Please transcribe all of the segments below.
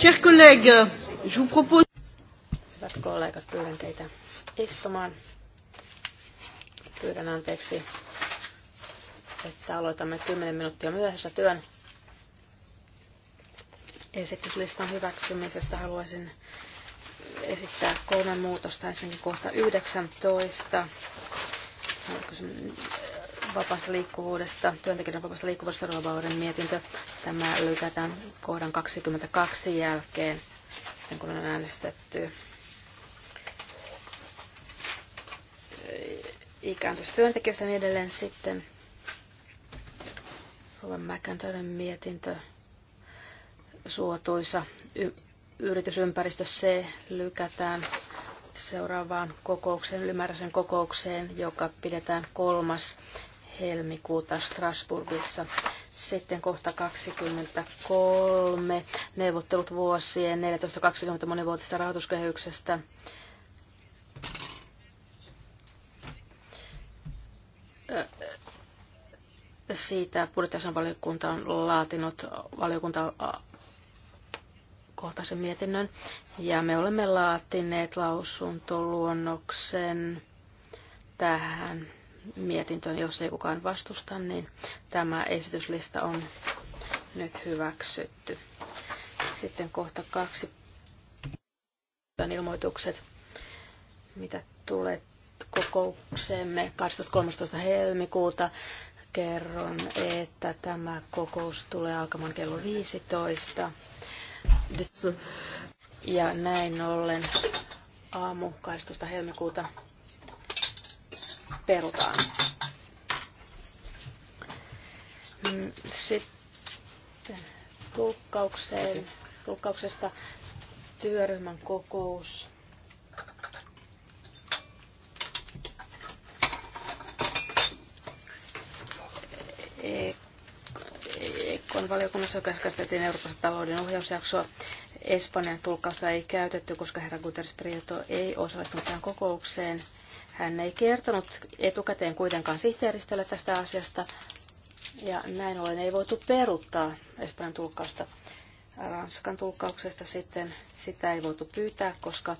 Chers collègues, je vous propose... Hyvät kollegat, pyydän teitä istumaan. Pyydän anteeksi, että aloitamme 10 minuuttia myöhässä työn. Esityslistan hyväksymisestä haluaisin esittää kolme muutosta. Ensinnäkin kohta 19 vapaasta liikkuvuudesta, työntekijän vapaasta liikkuvuudesta ruovauden mietintö. Tämä lykätään kohdan 22 jälkeen, sitten kun on äänestetty eh, Ikääntöistä työntekijöistä niin edelleen. Sitten Ruben McIntyren mietintö suotuisa y- yritysympäristö C lykätään seuraavaan kokoukseen, ylimääräiseen kokoukseen, joka pidetään kolmas helmikuuta Strasbourgissa. Sitten kohta 23 neuvottelut vuosien 14-20 monivuotisesta rahoituskehyksestä. Siitä budjettiasan valiokunta on laatinut valiokunta kohtaisen mietinnön ja me olemme laatineet lausuntoluonnoksen tähän mietintöön, jos ei kukaan vastusta, niin tämä esityslista on nyt hyväksytty. Sitten kohta kaksi ilmoitukset, mitä tulee kokoukseemme 12.13. helmikuuta. Kerron, että tämä kokous tulee alkamaan kello 15. Ja näin ollen aamu 12. helmikuuta perutaan. Mm, sitten tulkkaukseen, tulkkauksesta työryhmän kokous. E- Ekon valiokunnassa, käsiteltiin Euroopan talouden ohjausjaksoa, Espanjan tulkkausta ei käytetty, koska herra Guterres Prieto ei osallistunut tähän kokoukseen – hän ei kertonut etukäteen kuitenkaan sihteeristölle tästä asiasta, ja näin ollen ei voitu peruuttaa Espanjan tulkkausta. Ranskan tulkkauksesta sitten sitä ei voitu pyytää, koska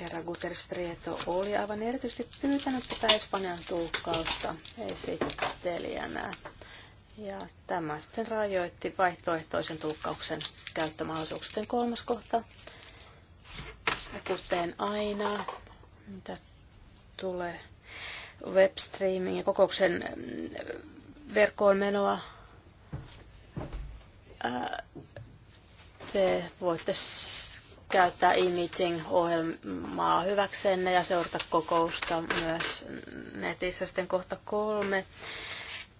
herra Guterres Prieto oli aivan erityisesti pyytänyt tätä Espanjan tulkkausta esittelijänä. Ja tämä sitten rajoitti vaihtoehtoisen tulkkauksen käyttömahdollisuuksien Kolmas kohta, kuten aina, mitä tulee webstreamin ja kokouksen mm, verkkoon menoa. Äh, te voitte käyttää e-meeting-ohjelmaa hyväksenne ja seurata kokousta myös netissä sitten kohta kolme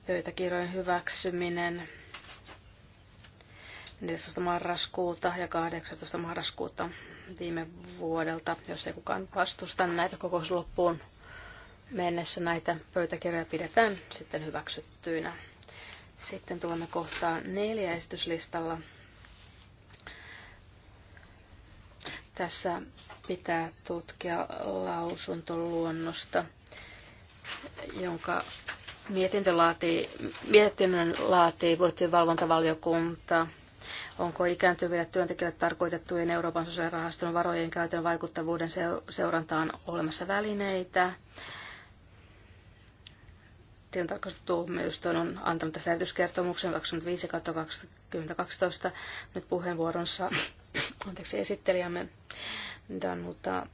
pöytäkirjojen hyväksyminen. 14. marraskuuta ja 18. marraskuuta viime vuodelta. Jos ei kukaan vastusta näitä kokousloppuun mennessä, näitä pöytäkirjoja pidetään sitten hyväksyttyinä. Sitten tulemme kohtaan neljä esityslistalla. Tässä pitää tutkia lausuntoluonnosta, jonka mietintö laatii, mietinnön laatii budjettivalvontavaliokunta. valvontavaliokunta Onko ikääntyville työntekijöille tarkoitettujen Euroopan sosiaalirahaston varojen käytön vaikuttavuuden seurantaan olemassa välineitä? Tilintarkastustuomioistuin on antanut tästä erityiskertomuksen 25-2012. Nyt puheenvuoronsa anteeksi, esittelijämme Danuta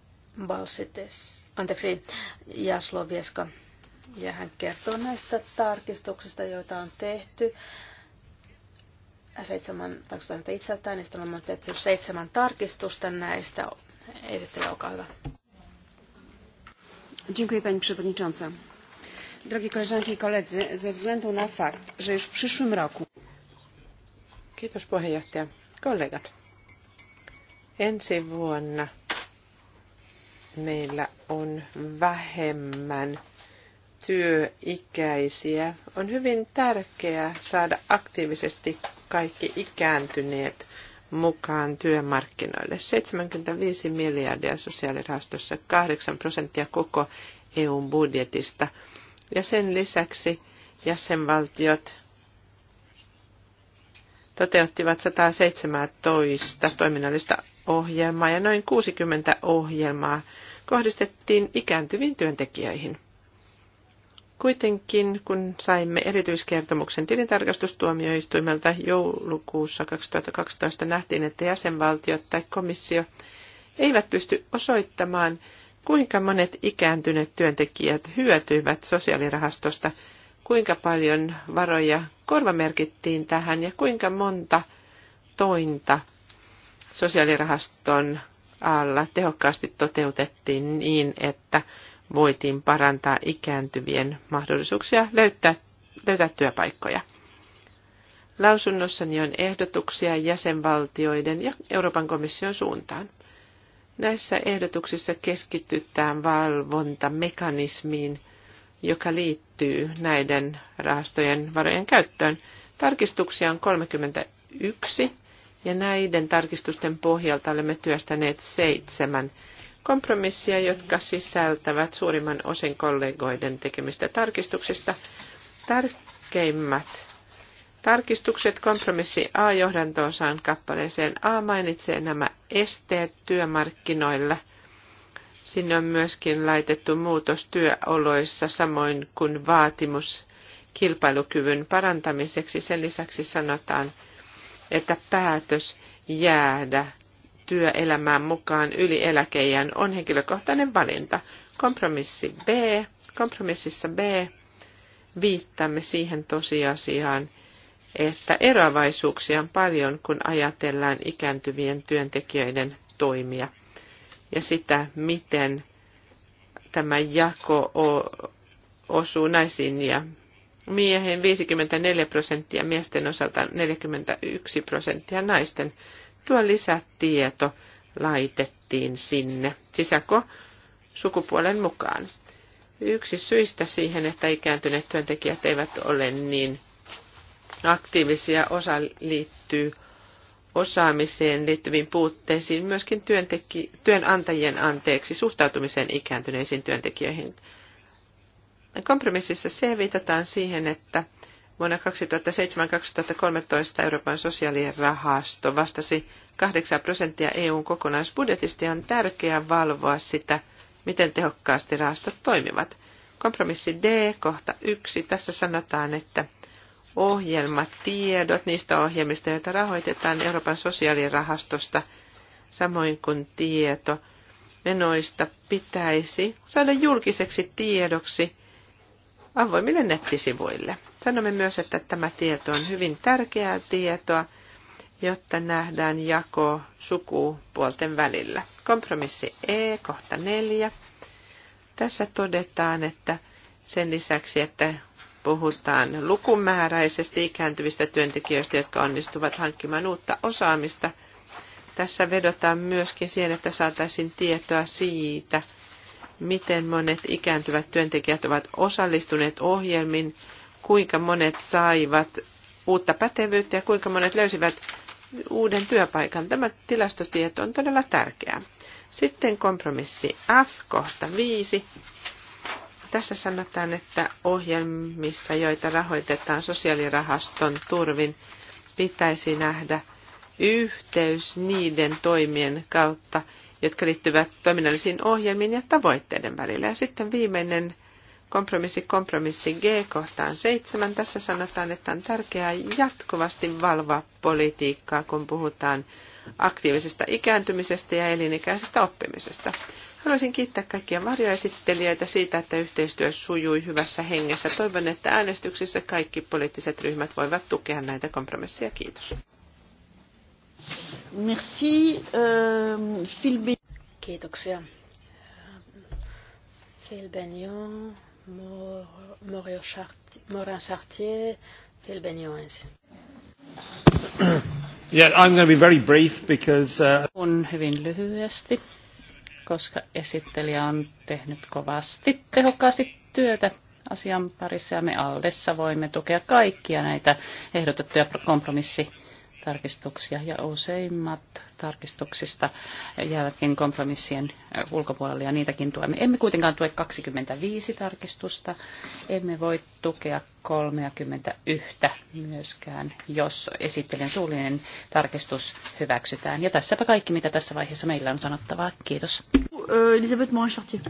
Balsites, anteeksi, Jaslo Vieska. Ja hän kertoo näistä tarkistuksista, joita on tehty seitsemän tai tarkistusta itseltään, niin sitten on tehty seitsemän tarkistusta näistä. Esittely, olkaa hyvä. Dziękuję Pani Przewodnicząca. Drogie koleżanki i koledzy, ze względu na fakt, że już w przyszłym roku... Kiitos puheenjohtaja. Kollegat, ensi vuonna meillä on vähemmän työikäisiä. On hyvin tärkeää saada aktiivisesti kaikki ikääntyneet mukaan työmarkkinoille. 75 miljardia sosiaalirahastossa, 8 prosenttia koko EUn budjetista. Ja sen lisäksi jäsenvaltiot toteuttivat 117 toiminnallista ohjelmaa ja noin 60 ohjelmaa kohdistettiin ikääntyviin työntekijöihin. Kuitenkin, kun saimme erityiskertomuksen tilintarkastustuomioistuimelta joulukuussa 2012, nähtiin, että jäsenvaltiot tai komissio eivät pysty osoittamaan, kuinka monet ikääntyneet työntekijät hyötyivät sosiaalirahastosta, kuinka paljon varoja korvamerkittiin tähän ja kuinka monta tointa sosiaalirahaston alla tehokkaasti toteutettiin niin, että voitiin parantaa ikääntyvien mahdollisuuksia löytää, löytää työpaikkoja. Lausunnossani on ehdotuksia jäsenvaltioiden ja Euroopan komission suuntaan. Näissä ehdotuksissa keskitytään valvontamekanismiin, joka liittyy näiden rahastojen varojen käyttöön. Tarkistuksia on 31 ja näiden tarkistusten pohjalta olemme työstäneet seitsemän kompromissia, jotka sisältävät suurimman osin kollegoiden tekemistä tarkistuksista. Tärkeimmät tarkistukset kompromissi A-johdantoosaan kappaleeseen A mainitsee nämä esteet työmarkkinoilla. Sinne on myöskin laitettu muutos työoloissa samoin kuin vaatimus kilpailukyvyn parantamiseksi. Sen lisäksi sanotaan, että päätös jäädä työelämään mukaan yli eläkeijän on henkilökohtainen valinta. Kompromissi B, kompromississa B viittamme siihen tosiasiaan, että eroavaisuuksia on paljon, kun ajatellaan ikääntyvien työntekijöiden toimia ja sitä, miten tämä jako osuu naisiin ja miehen 54 prosenttia miesten osalta 41 prosenttia naisten tuo lisätieto laitettiin sinne sisäko sukupuolen mukaan. Yksi syistä siihen, että ikääntyneet työntekijät eivät ole niin aktiivisia, osa liittyy osaamiseen liittyviin puutteisiin, myöskin työntekijä, työnantajien anteeksi suhtautumiseen ikääntyneisiin työntekijöihin. Kompromississa se viitataan siihen, että Vuonna 2007-2013 Euroopan sosiaalirahasto vastasi 8 prosenttia EUn kokonaisbudjetista ja on tärkeää valvoa sitä, miten tehokkaasti rahastot toimivat. Kompromissi D, kohta 1. Tässä sanotaan, että ohjelmatiedot niistä ohjelmista, joita rahoitetaan Euroopan sosiaalirahastosta, samoin kuin tieto menoista pitäisi saada julkiseksi tiedoksi avoimille nettisivuille. Sanomme myös, että tämä tieto on hyvin tärkeää tietoa, jotta nähdään jako sukupuolten välillä. Kompromissi E, kohta 4. Tässä todetaan, että sen lisäksi, että puhutaan lukumääräisesti ikääntyvistä työntekijöistä, jotka onnistuvat hankkimaan uutta osaamista, tässä vedotaan myöskin siihen, että saataisiin tietoa siitä, miten monet ikääntyvät työntekijät ovat osallistuneet ohjelmiin, kuinka monet saivat uutta pätevyyttä ja kuinka monet löysivät uuden työpaikan. Tämä tilastotieto on todella tärkeää. Sitten kompromissi F, kohta 5. Tässä sanotaan, että ohjelmissa, joita rahoitetaan sosiaalirahaston turvin, pitäisi nähdä yhteys niiden toimien kautta, jotka liittyvät toiminnallisiin ohjelmiin ja tavoitteiden välillä. Ja sitten viimeinen kompromissi kompromissi G kohtaan Seitsemän Tässä sanotaan, että on tärkeää jatkuvasti valvoa politiikkaa, kun puhutaan aktiivisesta ikääntymisestä ja elinikäisestä oppimisesta. Haluaisin kiittää kaikkia varjoesittelijöitä siitä, että yhteistyö sujui hyvässä hengessä. Toivon, että äänestyksissä kaikki poliittiset ryhmät voivat tukea näitä kompromisseja. Kiitos. Merci, euh, Kiitoksia. Phil Morin Chartier, Phil Benioens. Yeah, I'm going to be very brief because, uh... On hyvin lyhyesti, koska esittelijä on tehnyt kovasti tehokkaasti työtä asian parissa ja me Aldessa voimme tukea kaikkia näitä ehdotettuja kompromissi tarkistuksia ja useimmat tarkistuksista jäävätkin kompromissien ulkopuolelle ja niitäkin tuemme. Emme kuitenkaan tue 25 tarkistusta, emme voi tukea 31 myöskään, jos esittelen suullinen tarkistus hyväksytään. Ja tässäpä kaikki, mitä tässä vaiheessa meillä on sanottavaa. Kiitos. Elisabeth Monchartier.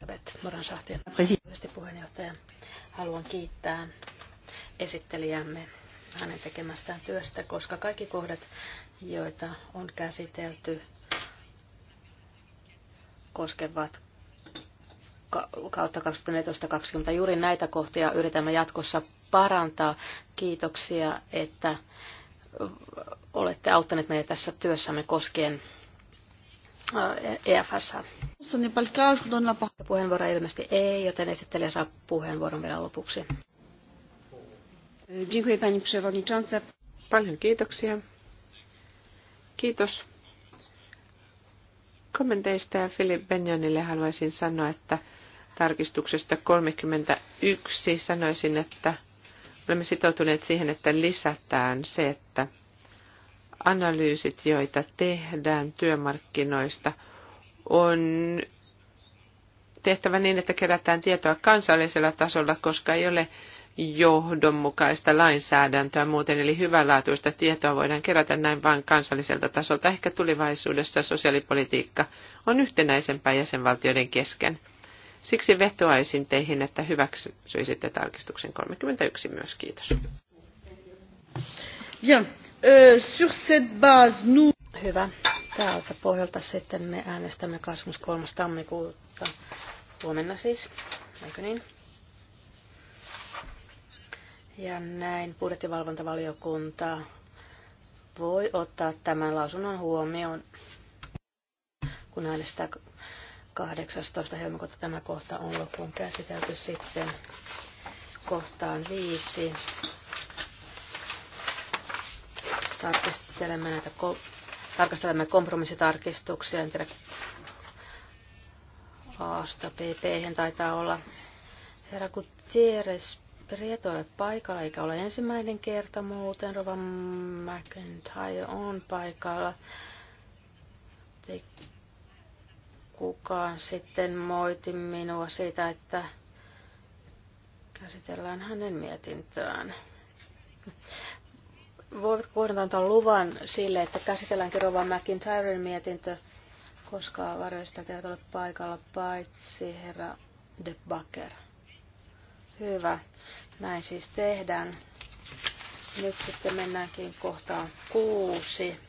Elisabeth Monchartier, puheenjohtaja. Haluan kiittää esittelijämme hänen tekemästään työstä, koska kaikki kohdat, joita on käsitelty, koskevat kautta 2014-2020. Juuri näitä kohtia yritämme jatkossa parantaa. Kiitoksia, että olette auttaneet meitä tässä työssämme koskien EFS. Niin Puheenvuoro ilmeisesti ei, joten esittelijä saa puheenvuoron vielä lopuksi. Dziękuję pani przewodnicząca. Paljon kiitoksia. Kiitos kommenteista ja Philip Benjonille haluaisin sanoa, että tarkistuksesta 31 sanoisin, että olemme sitoutuneet siihen, että lisätään se, että analyysit, joita tehdään työmarkkinoista, on tehtävä niin, että kerätään tietoa kansallisella tasolla, koska ei ole johdonmukaista lainsäädäntöä muuten, eli hyvänlaatuista tietoa voidaan kerätä näin vain kansalliselta tasolta. Ehkä tulevaisuudessa sosiaalipolitiikka on yhtenäisempää jäsenvaltioiden kesken. Siksi vetoaisin teihin, että hyväksyisitte tarkistuksen 31 myös. Kiitos. Bien. Euh, sur cette base, nous... Hyvä. Täältä pohjalta sitten me äänestämme 23. tammikuuta. Huomenna siis, eikö niin? Ja näin budjettivalvontavaliokunta voi ottaa tämän lausunnon huomioon, kun äänestää 18. helmikuuta tämä kohta on loppuun käsitelty sitten kohtaan viisi. Tarkistelemme näitä tarkastelemme kompromissitarkistuksia. En tiedä, A-sta taitaa olla. Herra Gutierrez Prieto ole paikalla, eikä ole ensimmäinen kerta muuten. Rova McIntyre on paikalla. Ei kukaan sitten moiti minua siitä, että käsitellään hänen mietintöään. Voitko antaa luvan sille, että käsitelläänkin Rova McIntyren mietintö, koska varjoista eivät ole paikalla paitsi herra De Bakker. Hyvä. Näin siis tehdään. Nyt sitten mennäänkin kohtaan kuusi.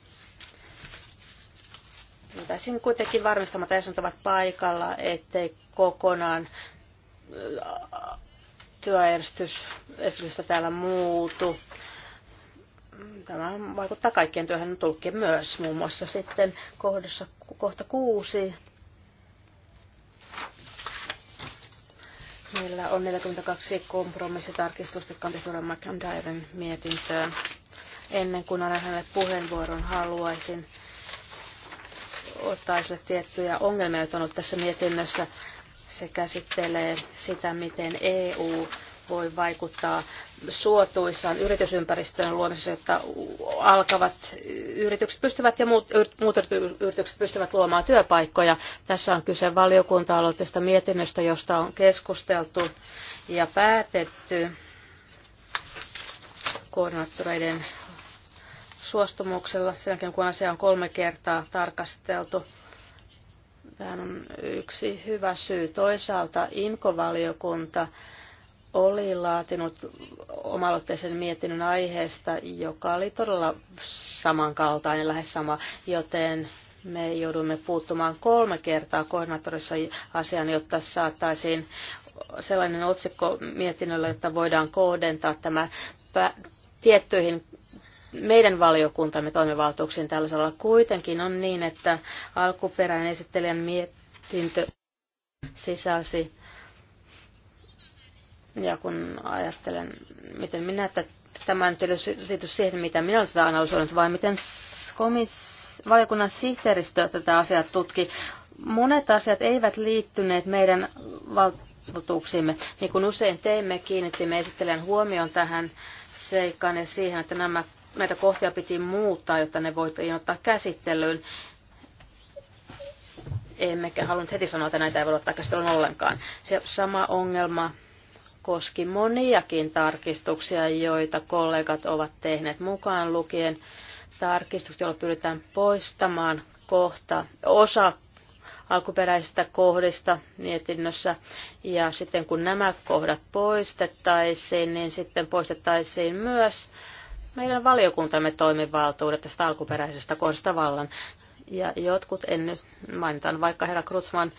Pitäisin kuitenkin varmistamatta, jos ovat paikalla, ettei kokonaan äh, työjärjestystä täällä muutu. Tämä vaikuttaa kaikkien työhön tulkkien myös, muun muassa sitten kohdassa, kohta kuusi Meillä on 42 kompromissitarkistusta Kantifura McIntyren mietintöön. Ennen kuin annan hänelle puheenvuoron, haluaisin ottaa esille tiettyjä ongelmia, joita on ollut tässä mietinnössä. Se käsittelee sitä, miten EU voi vaikuttaa suotuisaan yritysympäristöön luomisessa, että alkavat yritykset pystyvät ja muut, muut yritykset pystyvät luomaan työpaikkoja. Tässä on kyse valiokunta-aloitteesta mietinnöstä, josta on keskusteltu ja päätetty koordinaattoreiden suostumuksella, sen jälkeen kun asia on kolme kertaa tarkasteltu. Tämä on yksi hyvä syy. Toisaalta IMKO-valiokunta oli laatinut omaloitteisen mietinnön aiheesta, joka oli todella samankaltainen, lähes sama, joten me joudumme puuttumaan kolme kertaa koordinaattorissa asiaan, jotta saataisiin sellainen otsikko mietinnöllä, että voidaan kohdentaa tämä tiettyihin meidän valiokuntamme toimivaltuuksiin tällaisella. Kuitenkin on niin, että alkuperäinen esittelijän mietintö sisälsi ja kun ajattelen, miten minä tämän esitys siihen, mitä minä olen tätä analysoinut, vaan miten komis, valiokunnan sihteeristö tätä asiaa tutki. Monet asiat eivät liittyneet meidän valtuutuksiimme. Niin kuin usein teimme, kiinnittimme esittelijän huomion tähän seikkaan ja siihen, että nämä, näitä kohtia piti muuttaa, jotta ne voitiin ottaa käsittelyyn emmekä halunnut heti sanoa, että näitä ei voi ottaa käsittelyyn ollenkaan. Se sama ongelma koski moniakin tarkistuksia, joita kollegat ovat tehneet mukaan lukien tarkistukset, joilla pyritään poistamaan kohta osa alkuperäisistä kohdista mietinnössä. Ja sitten kun nämä kohdat poistettaisiin, niin sitten poistettaisiin myös meidän valiokuntamme toimivaltuudet tästä alkuperäisestä kohdasta vallan. Ja jotkut, en mainitaan vaikka herra Krutsman,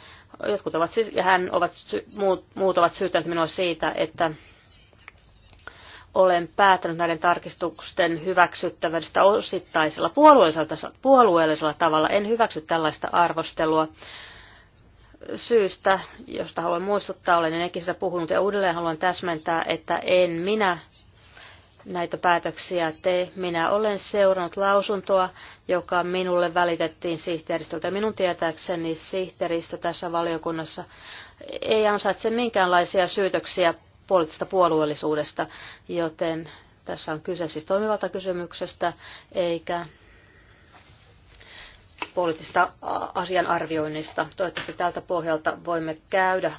jotkut ovat, siis, ja hän ovat, muut, muut ovat syytäneet minua siitä, että olen päättänyt näiden tarkistusten hyväksyttävästä osittaisella puolueellisella, puolueellisella tavalla. En hyväksy tällaista arvostelua syystä, josta haluan muistuttaa, olen ennenkin sitä puhunut ja uudelleen haluan täsmentää, että en minä näitä päätöksiä tee. Minä olen seurannut lausuntoa, joka minulle välitettiin sihteeristöltä. Minun tietääkseni sihteeristö tässä valiokunnassa ei ansaitse minkäänlaisia syytöksiä poliittisesta puolueellisuudesta, joten tässä on kyse siis toimivaltakysymyksestä eikä poliittisesta asianarvioinnista. Toivottavasti tältä pohjalta voimme käydä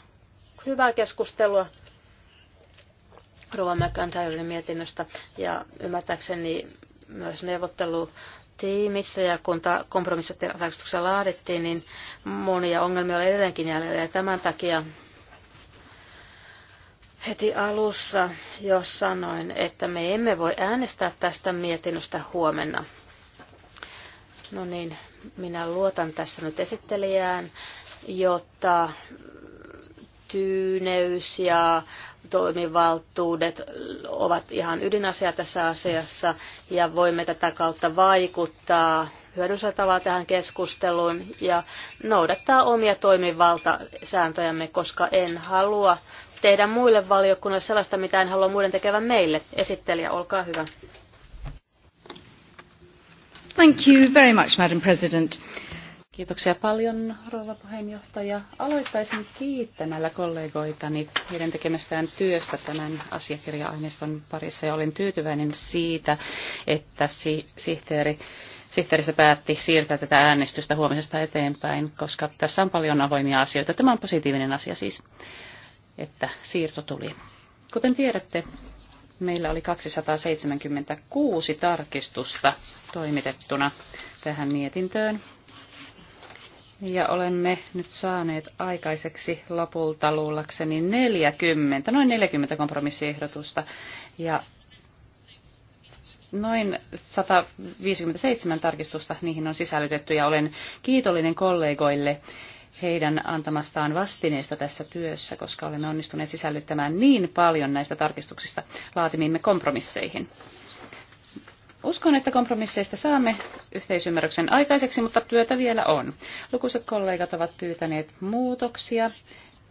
hyvää keskustelua Rova McIntyren mietinnöstä ja ymmärtääkseni myös neuvottelu tiimissä ja kun ta- kompromissitarkastuksia laadittiin, niin monia ongelmia oli edelleenkin jäljellä ja tämän takia heti alussa jo sanoin, että me emme voi äänestää tästä mietinnöstä huomenna. No niin, minä luotan tässä nyt esittelijään, jotta tyyneys ja toimivaltuudet ovat ihan ydinasia tässä asiassa ja voimme tätä kautta vaikuttaa hyödyllisellä tavalla tähän keskusteluun ja noudattaa omia toimivaltasääntöjämme, koska en halua tehdä muille valiokunnille sellaista, mitä en halua muiden tekevän meille. Esittelijä, olkaa hyvä. Thank you very much, Madam President. Kiitoksia paljon, rouva puheenjohtaja. Aloittaisin kiittämällä kollegoitani heidän tekemästään työstä tämän asiakirja-aineiston parissa ja olen tyytyväinen siitä, että si- sihteeri Sihteerissä päätti siirtää tätä äänestystä huomisesta eteenpäin, koska tässä on paljon avoimia asioita. Tämä on positiivinen asia siis, että siirto tuli. Kuten tiedätte, meillä oli 276 tarkistusta toimitettuna tähän mietintöön ja olemme nyt saaneet aikaiseksi lopulta luullakseni 40, noin 40 kompromissiehdotusta. Ja noin 157 tarkistusta niihin on sisällytetty ja olen kiitollinen kollegoille heidän antamastaan vastineesta tässä työssä, koska olemme onnistuneet sisällyttämään niin paljon näistä tarkistuksista laatimiimme kompromisseihin. Uskon, että kompromisseista saamme yhteisymmärryksen aikaiseksi, mutta työtä vielä on. Lukuisat kollegat ovat pyytäneet muutoksia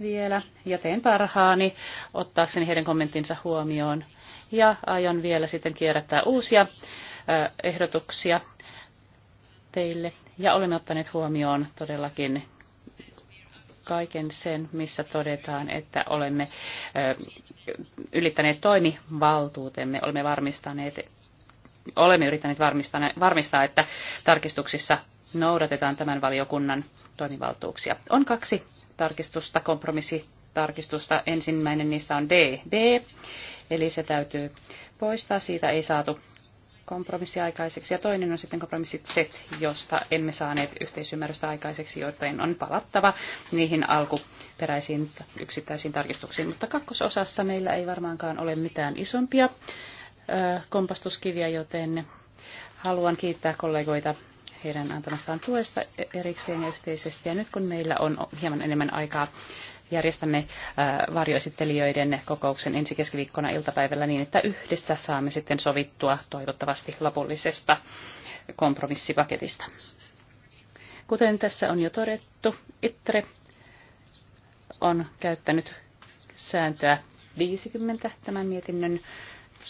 vielä ja teen parhaani ottaakseni heidän kommenttinsa huomioon. Ja aion vielä sitten kierrättää uusia ehdotuksia teille. Ja olemme ottaneet huomioon todellakin kaiken sen, missä todetaan, että olemme ylittäneet toimivaltuutemme, olemme varmistaneet olemme yrittäneet varmistaa, että tarkistuksissa noudatetaan tämän valiokunnan toimivaltuuksia. On kaksi tarkistusta, kompromissitarkistusta. Ensimmäinen niistä on D. D, eli se täytyy poistaa. Siitä ei saatu kompromissi aikaiseksi. Ja toinen on sitten kompromissit Z, josta emme saaneet yhteisymmärrystä aikaiseksi, joten on palattava niihin alkuperäisiin yksittäisiin tarkistuksiin. Mutta kakkososassa meillä ei varmaankaan ole mitään isompia kompastuskiviä, joten haluan kiittää kollegoita heidän antamastaan tuesta e- erikseen ja yhteisesti. Ja nyt kun meillä on hieman enemmän aikaa, järjestämme varjoesittelijöiden kokouksen ensi keskiviikkona iltapäivällä niin, että yhdessä saamme sitten sovittua toivottavasti lopullisesta kompromissipaketista. Kuten tässä on jo todettu, ITRE on käyttänyt sääntöä 50 tämän mietinnön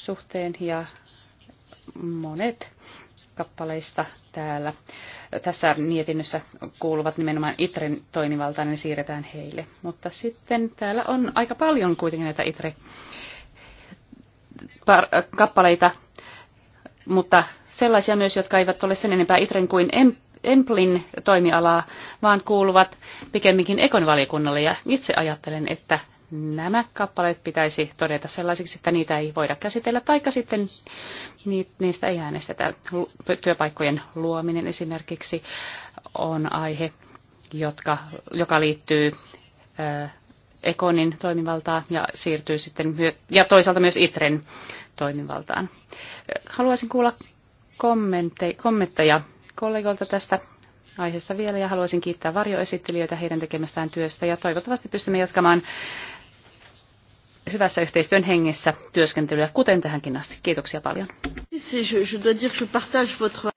suhteen ja monet kappaleista täällä tässä mietinnössä kuuluvat nimenomaan ITREn toimivaltaan, niin siirretään heille. Mutta sitten täällä on aika paljon kuitenkin näitä ITRE kappaleita, mutta sellaisia myös, jotka eivät ole sen enempää ITREn kuin EMPLin toimialaa, vaan kuuluvat pikemminkin ekonvaliokunnalle. Ja itse ajattelen, että nämä kappaleet pitäisi todeta sellaisiksi, että niitä ei voida käsitellä, taika sitten niistä ei äänestetä. Työpaikkojen luominen esimerkiksi on aihe, jotka, joka liittyy Ekonin toimivaltaan ja siirtyy sitten myö- ja toisaalta myös ITREN toimivaltaan. Haluaisin kuulla kommente- kommentteja kollegoilta tästä aiheesta vielä ja haluaisin kiittää varjoesittelijöitä heidän tekemästään työstä ja toivottavasti pystymme jatkamaan hyvässä yhteistyön hengessä työskentelyä, kuten tähänkin asti. Kiitoksia paljon.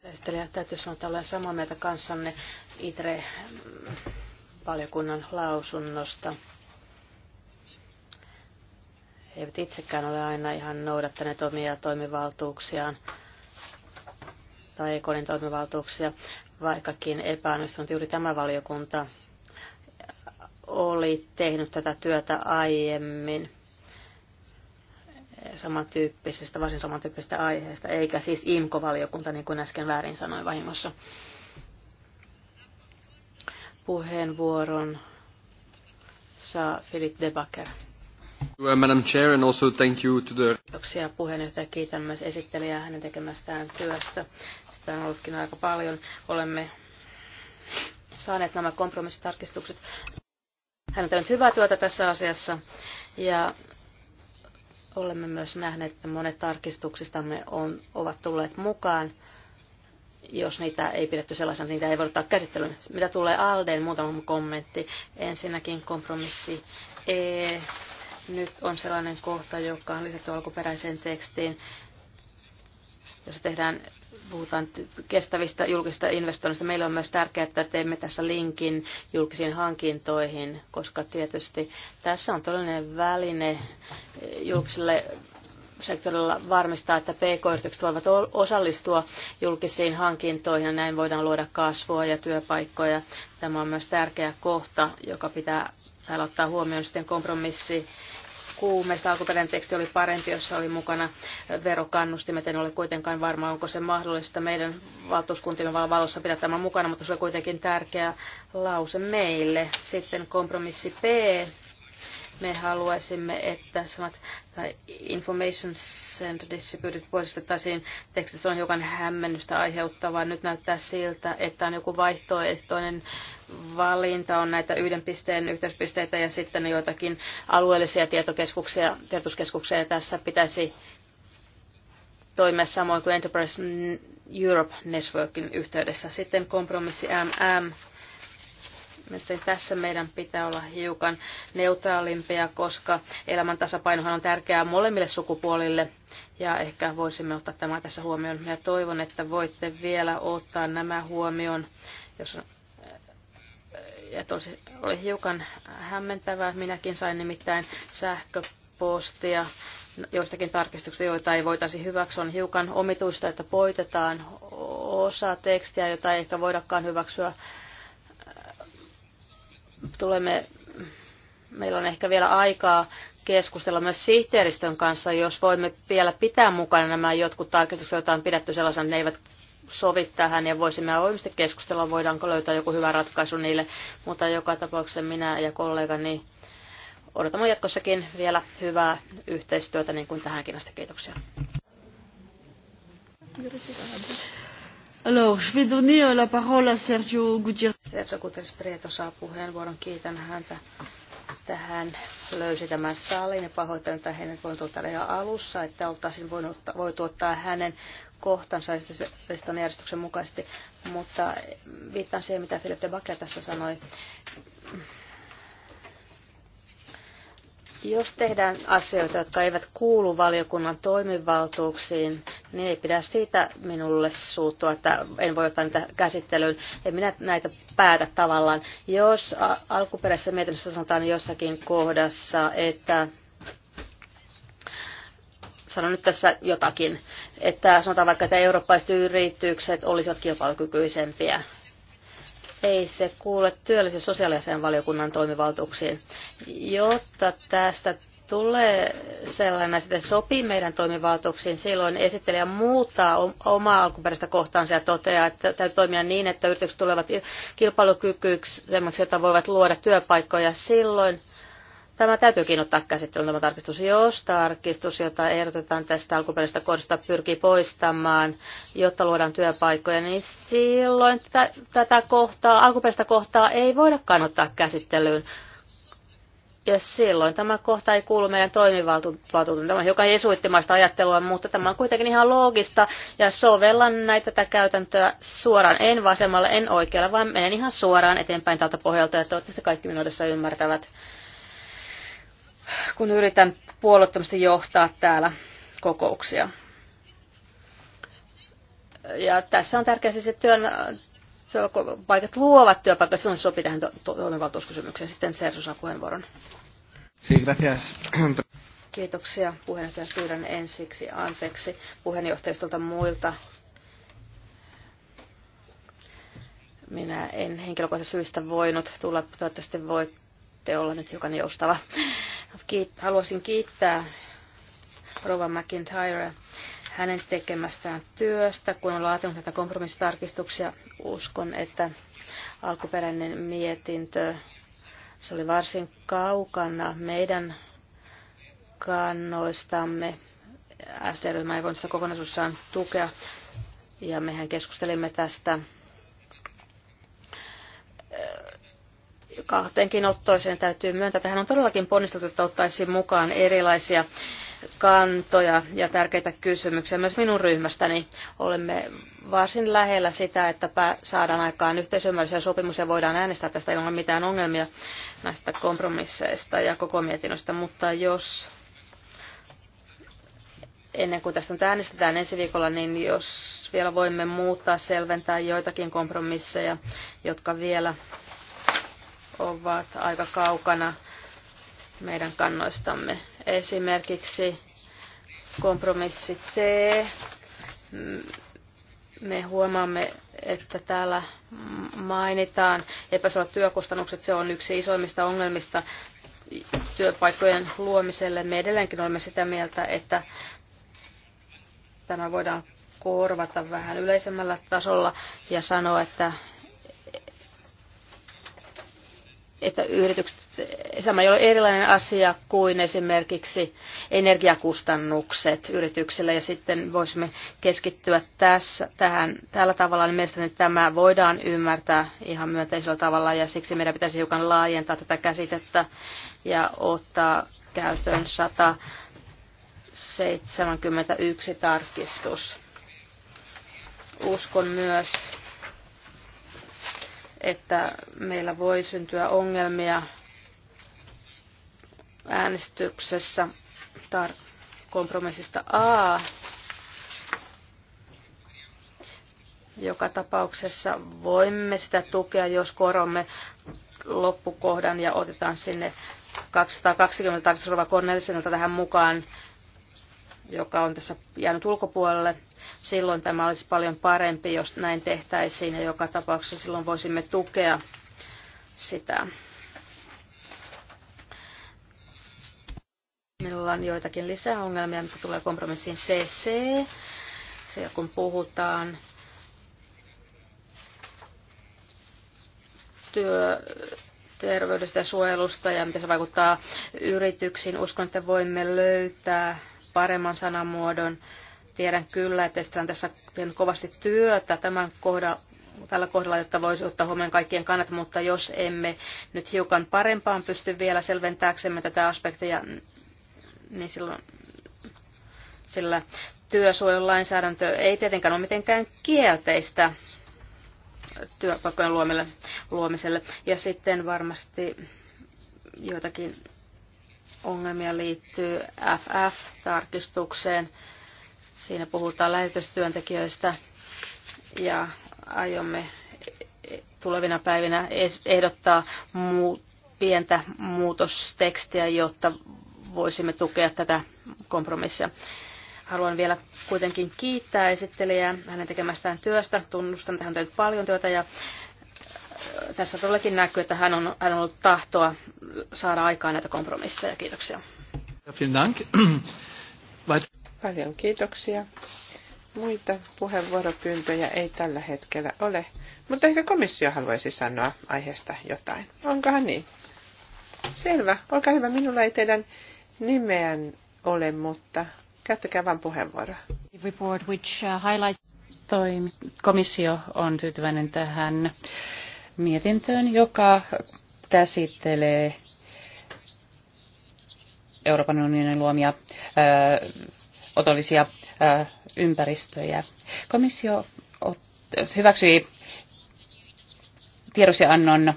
Esittelijä, täytyy sanoa, että olen samaa mieltä kanssanne ITRE-valiokunnan mm, lausunnosta. He eivät itsekään ole aina ihan noudattaneet omia toimivaltuuksiaan tai EKONin toimivaltuuksia, vaikkakin epäonnistunut juuri tämä valiokunta oli tehnyt tätä työtä aiemmin samantyyppisestä, varsin samantyyppisestä aiheesta, eikä siis IMKO-valiokunta, niin kuin äsken väärin sanoin vahingossa. Puheenvuoron saa Philip Debacker. Uh, Madam Chair, and also thank you to the... Kiitoksia puheenjohtaja. Kiitän myös esittelijää hänen tekemästään työstä. Sitä on ollutkin aika paljon. Olemme saaneet nämä kompromissitarkistukset. Hän on tehnyt hyvää työtä tässä asiassa ja Olemme myös nähneet, että monet tarkistuksistamme on, ovat tulleet mukaan. Jos niitä ei pidetty sellaisena, niin niitä ei voi ottaa käsittelyyn. Mitä tulee Aldeen, muutama kommentti. Ensinnäkin kompromissi E. Nyt on sellainen kohta, joka on lisätty alkuperäiseen tekstiin jossa tehdään puhutaan kestävistä julkisista investoinnista. Meillä on myös tärkeää, että teemme tässä linkin julkisiin hankintoihin, koska tietysti tässä on todellinen väline julkiselle sektorilla varmistaa, että pk-yritykset voivat osallistua julkisiin hankintoihin ja näin voidaan luoda kasvua ja työpaikkoja. Tämä on myös tärkeä kohta, joka pitää täällä ottaa huomioon sitten kompromissi kuumeista. Alkuperäinen teksti oli parempi, jossa oli mukana verokannustimet. En ole kuitenkaan varma, onko se mahdollista meidän valtuuskuntimme valossa pitää tämä mukana, mutta se oli kuitenkin tärkeä lause meille. Sitten kompromissi P me haluaisimme, että sanat tai information center distributed poistettaisiin. Tekstissä on hiukan hämmennystä aiheuttavaa. Nyt näyttää siltä, että on joku vaihtoehtoinen valinta. On näitä yhden pisteen yhteyspisteitä ja sitten joitakin alueellisia tietokeskuksia, ja Tässä pitäisi toimia samoin kuin Enterprise Europe Networkin yhteydessä. Sitten kompromissi MM Mielestäni tässä meidän pitää olla hiukan neutraalimpia, koska elämän tasapainohan on tärkeää molemmille sukupuolille ja ehkä voisimme ottaa tämä tässä huomioon. Ja toivon, että voitte vielä ottaa nämä huomioon, jos ja tosi oli hiukan hämmentävää. Minäkin sain nimittäin sähköpostia joistakin tarkistuksista, joita ei voitaisi hyväksyä. On hiukan omituista, että poitetaan osa tekstiä, jota ei ehkä voidakaan hyväksyä tulemme, meillä on ehkä vielä aikaa keskustella myös sihteeristön kanssa, jos voimme vielä pitää mukana nämä jotkut tarkistukset, joita on pidetty sellaisen, ne eivät sovi tähän ja voisimme oivasti keskustella, voidaanko löytää joku hyvä ratkaisu niille, mutta joka tapauksessa minä ja kollegani odotamme jatkossakin vielä hyvää yhteistyötä niin kuin tähänkin asti. Kiitoksia. Alors, je vais donner euh, la parole à Sergio Gutierrez. Sergio saa puheenvuoron. Kiitän häntä. Tähän löysi tämän salin ja pahoittelen, että hänen voi tuottaa ihan alussa, että oltaisiin voinut, voi tuottaa hänen kohtansa listan järjestyksen mukaisesti. Mutta viittaan siihen, mitä Philip de Bacchia tässä sanoi. Jos tehdään asioita, jotka eivät kuulu valiokunnan toimivaltuuksiin, niin ei pidä siitä minulle suuttua, että en voi ottaa niitä käsittelyyn. En minä näitä päätä tavallaan. Jos alkuperäisessä mietinnössä sanotaan jossakin kohdassa, että sanon nyt tässä jotakin, että sanotaan vaikka, että eurooppalaiset yritykset olisivat kilpailukykyisempiä ei se kuule työllisyys- ja sosiaalisen valiokunnan toimivaltuuksiin. Jotta tästä tulee sellainen, että se sopii meidän toimivaltuuksiin, silloin esittelijä muuttaa omaa alkuperäistä kohtaansa ja toteaa, että täytyy toimia niin, että yritykset tulevat kilpailukykyiksi, jota voivat luoda työpaikkoja. Silloin Tämä täytyykin ottaa käsittelyyn tämä tarkistus, jos tarkistus, jota ehdotetaan tästä alkuperäisestä kohdasta, pyrkii poistamaan, jotta luodaan työpaikkoja, niin silloin tätä, tätä kohtaa, alkuperäistä kohtaa ei voida ottaa käsittelyyn. Ja silloin tämä kohta ei kuulu meidän toimivaltuutuun. Tämä on hiukan esuittimaista ajattelua, mutta tämä on kuitenkin ihan loogista. Ja sovellan näitä tätä käytäntöä suoraan, en vasemmalle, en oikealle, vaan menen ihan suoraan eteenpäin tältä pohjalta. Ja toivottavasti kaikki minua tässä ymmärtävät kun yritän puolottomasti johtaa täällä kokouksia. Ja tässä on tärkeää siis, että työn, työpaikat luovat työpaikat, silloin se sopii tähän toimivaltuuskysymykseen. Sitten Sersu saa puheenvuoron. Sí, gracias. Kiitoksia puheenjohtaja. Suuren ensiksi anteeksi puheenjohtajistolta muilta. Minä en henkilökohtaisesti syystä voinut tulla. Toivottavasti voitte olla nyt hiukan joustava haluaisin kiittää Rova McIntyre hänen tekemästään työstä, kun on laatinut näitä kompromissitarkistuksia. Uskon, että alkuperäinen mietintö se oli varsin kaukana meidän kannoistamme. SD-ryhmä ei voinut sitä kokonaisuudessaan tukea. Ja mehän keskustelimme tästä kahteenkin ottoiseen täytyy myöntää. Tähän on todellakin ponnisteltu, että ottaisiin mukaan erilaisia kantoja ja tärkeitä kysymyksiä myös minun ryhmästäni. Olemme varsin lähellä sitä, että saadaan aikaan yhteisymmärrys ja sopimus ja voidaan äänestää tästä ilman mitään ongelmia näistä kompromisseista ja koko mietinnöstä, mutta jos ennen kuin tästä nyt äänestetään ensi viikolla, niin jos vielä voimme muuttaa, selventää joitakin kompromisseja, jotka vielä ovat aika kaukana meidän kannoistamme. Esimerkiksi kompromissi T. Me huomaamme, että täällä mainitaan epäsuorat työkustannukset. Se on yksi isoimmista ongelmista työpaikkojen luomiselle. Me edelleenkin olemme sitä mieltä, että tämä voidaan korvata vähän yleisemmällä tasolla ja sanoa, että että yritykset, sama ei ole erilainen asia kuin esimerkiksi energiakustannukset yrityksille ja sitten voisimme keskittyä tässä, tähän tällä tavalla, niin mielestäni tämä voidaan ymmärtää ihan myönteisellä tavalla ja siksi meidän pitäisi hiukan laajentaa tätä käsitettä ja ottaa käyttöön 171 tarkistus. Uskon myös, että meillä voi syntyä ongelmia äänestyksessä tar- kompromissista A. Joka tapauksessa voimme sitä tukea, jos koromme loppukohdan ja otetaan sinne 220 tarkastusrova Cornelisenilta tähän mukaan, joka on tässä jäänyt ulkopuolelle. Silloin tämä olisi paljon parempi, jos näin tehtäisiin ja joka tapauksessa silloin voisimme tukea sitä. Minulla on joitakin lisäongelmia, mitä tulee kompromissiin CC. Se, kun puhutaan työ, terveydestä ja suojelusta ja miten se vaikuttaa yrityksiin. Uskon, että voimme löytää paremman sanamuodon Tiedän kyllä, että sitä on tässä tehnyt kovasti työtä tämän kohdan tällä kohdalla, että voisi ottaa huomioon kaikkien kannat, mutta jos emme nyt hiukan parempaan pysty vielä selventääksemme tätä aspektia, niin silloin sillä työsuojelulainsäädäntö ei tietenkään ole mitenkään kielteistä työpaikkojen luomiselle. Ja sitten varmasti joitakin ongelmia liittyy FF-tarkistukseen Siinä puhutaan lähetystyöntekijöistä ja aiomme tulevina päivinä ehdottaa muu, pientä muutostekstiä, jotta voisimme tukea tätä kompromissia. Haluan vielä kuitenkin kiittää esittelijää hänen tekemästään työstä. Tunnustan, että hän on paljon työtä ja tässä todellakin näkyy, että hän on, hän on ollut tahtoa saada aikaan näitä kompromisseja. Kiitoksia. Vielen Dank. Paljon kiitoksia. Muita puheenvuoropyyntöjä ei tällä hetkellä ole, mutta ehkä komissio haluaisi sanoa aiheesta jotain. Onkohan niin? Selvä. Olkaa hyvä. Minulla ei teidän nimeän ole, mutta käyttäkää vain puheenvuoroa. Report which uh, highlights... Toi komissio on tyytyväinen tähän mietintöön, joka käsittelee Euroopan unionin luomia otollisia ympäristöjä. Komissio hyväksyi tiedoksiannon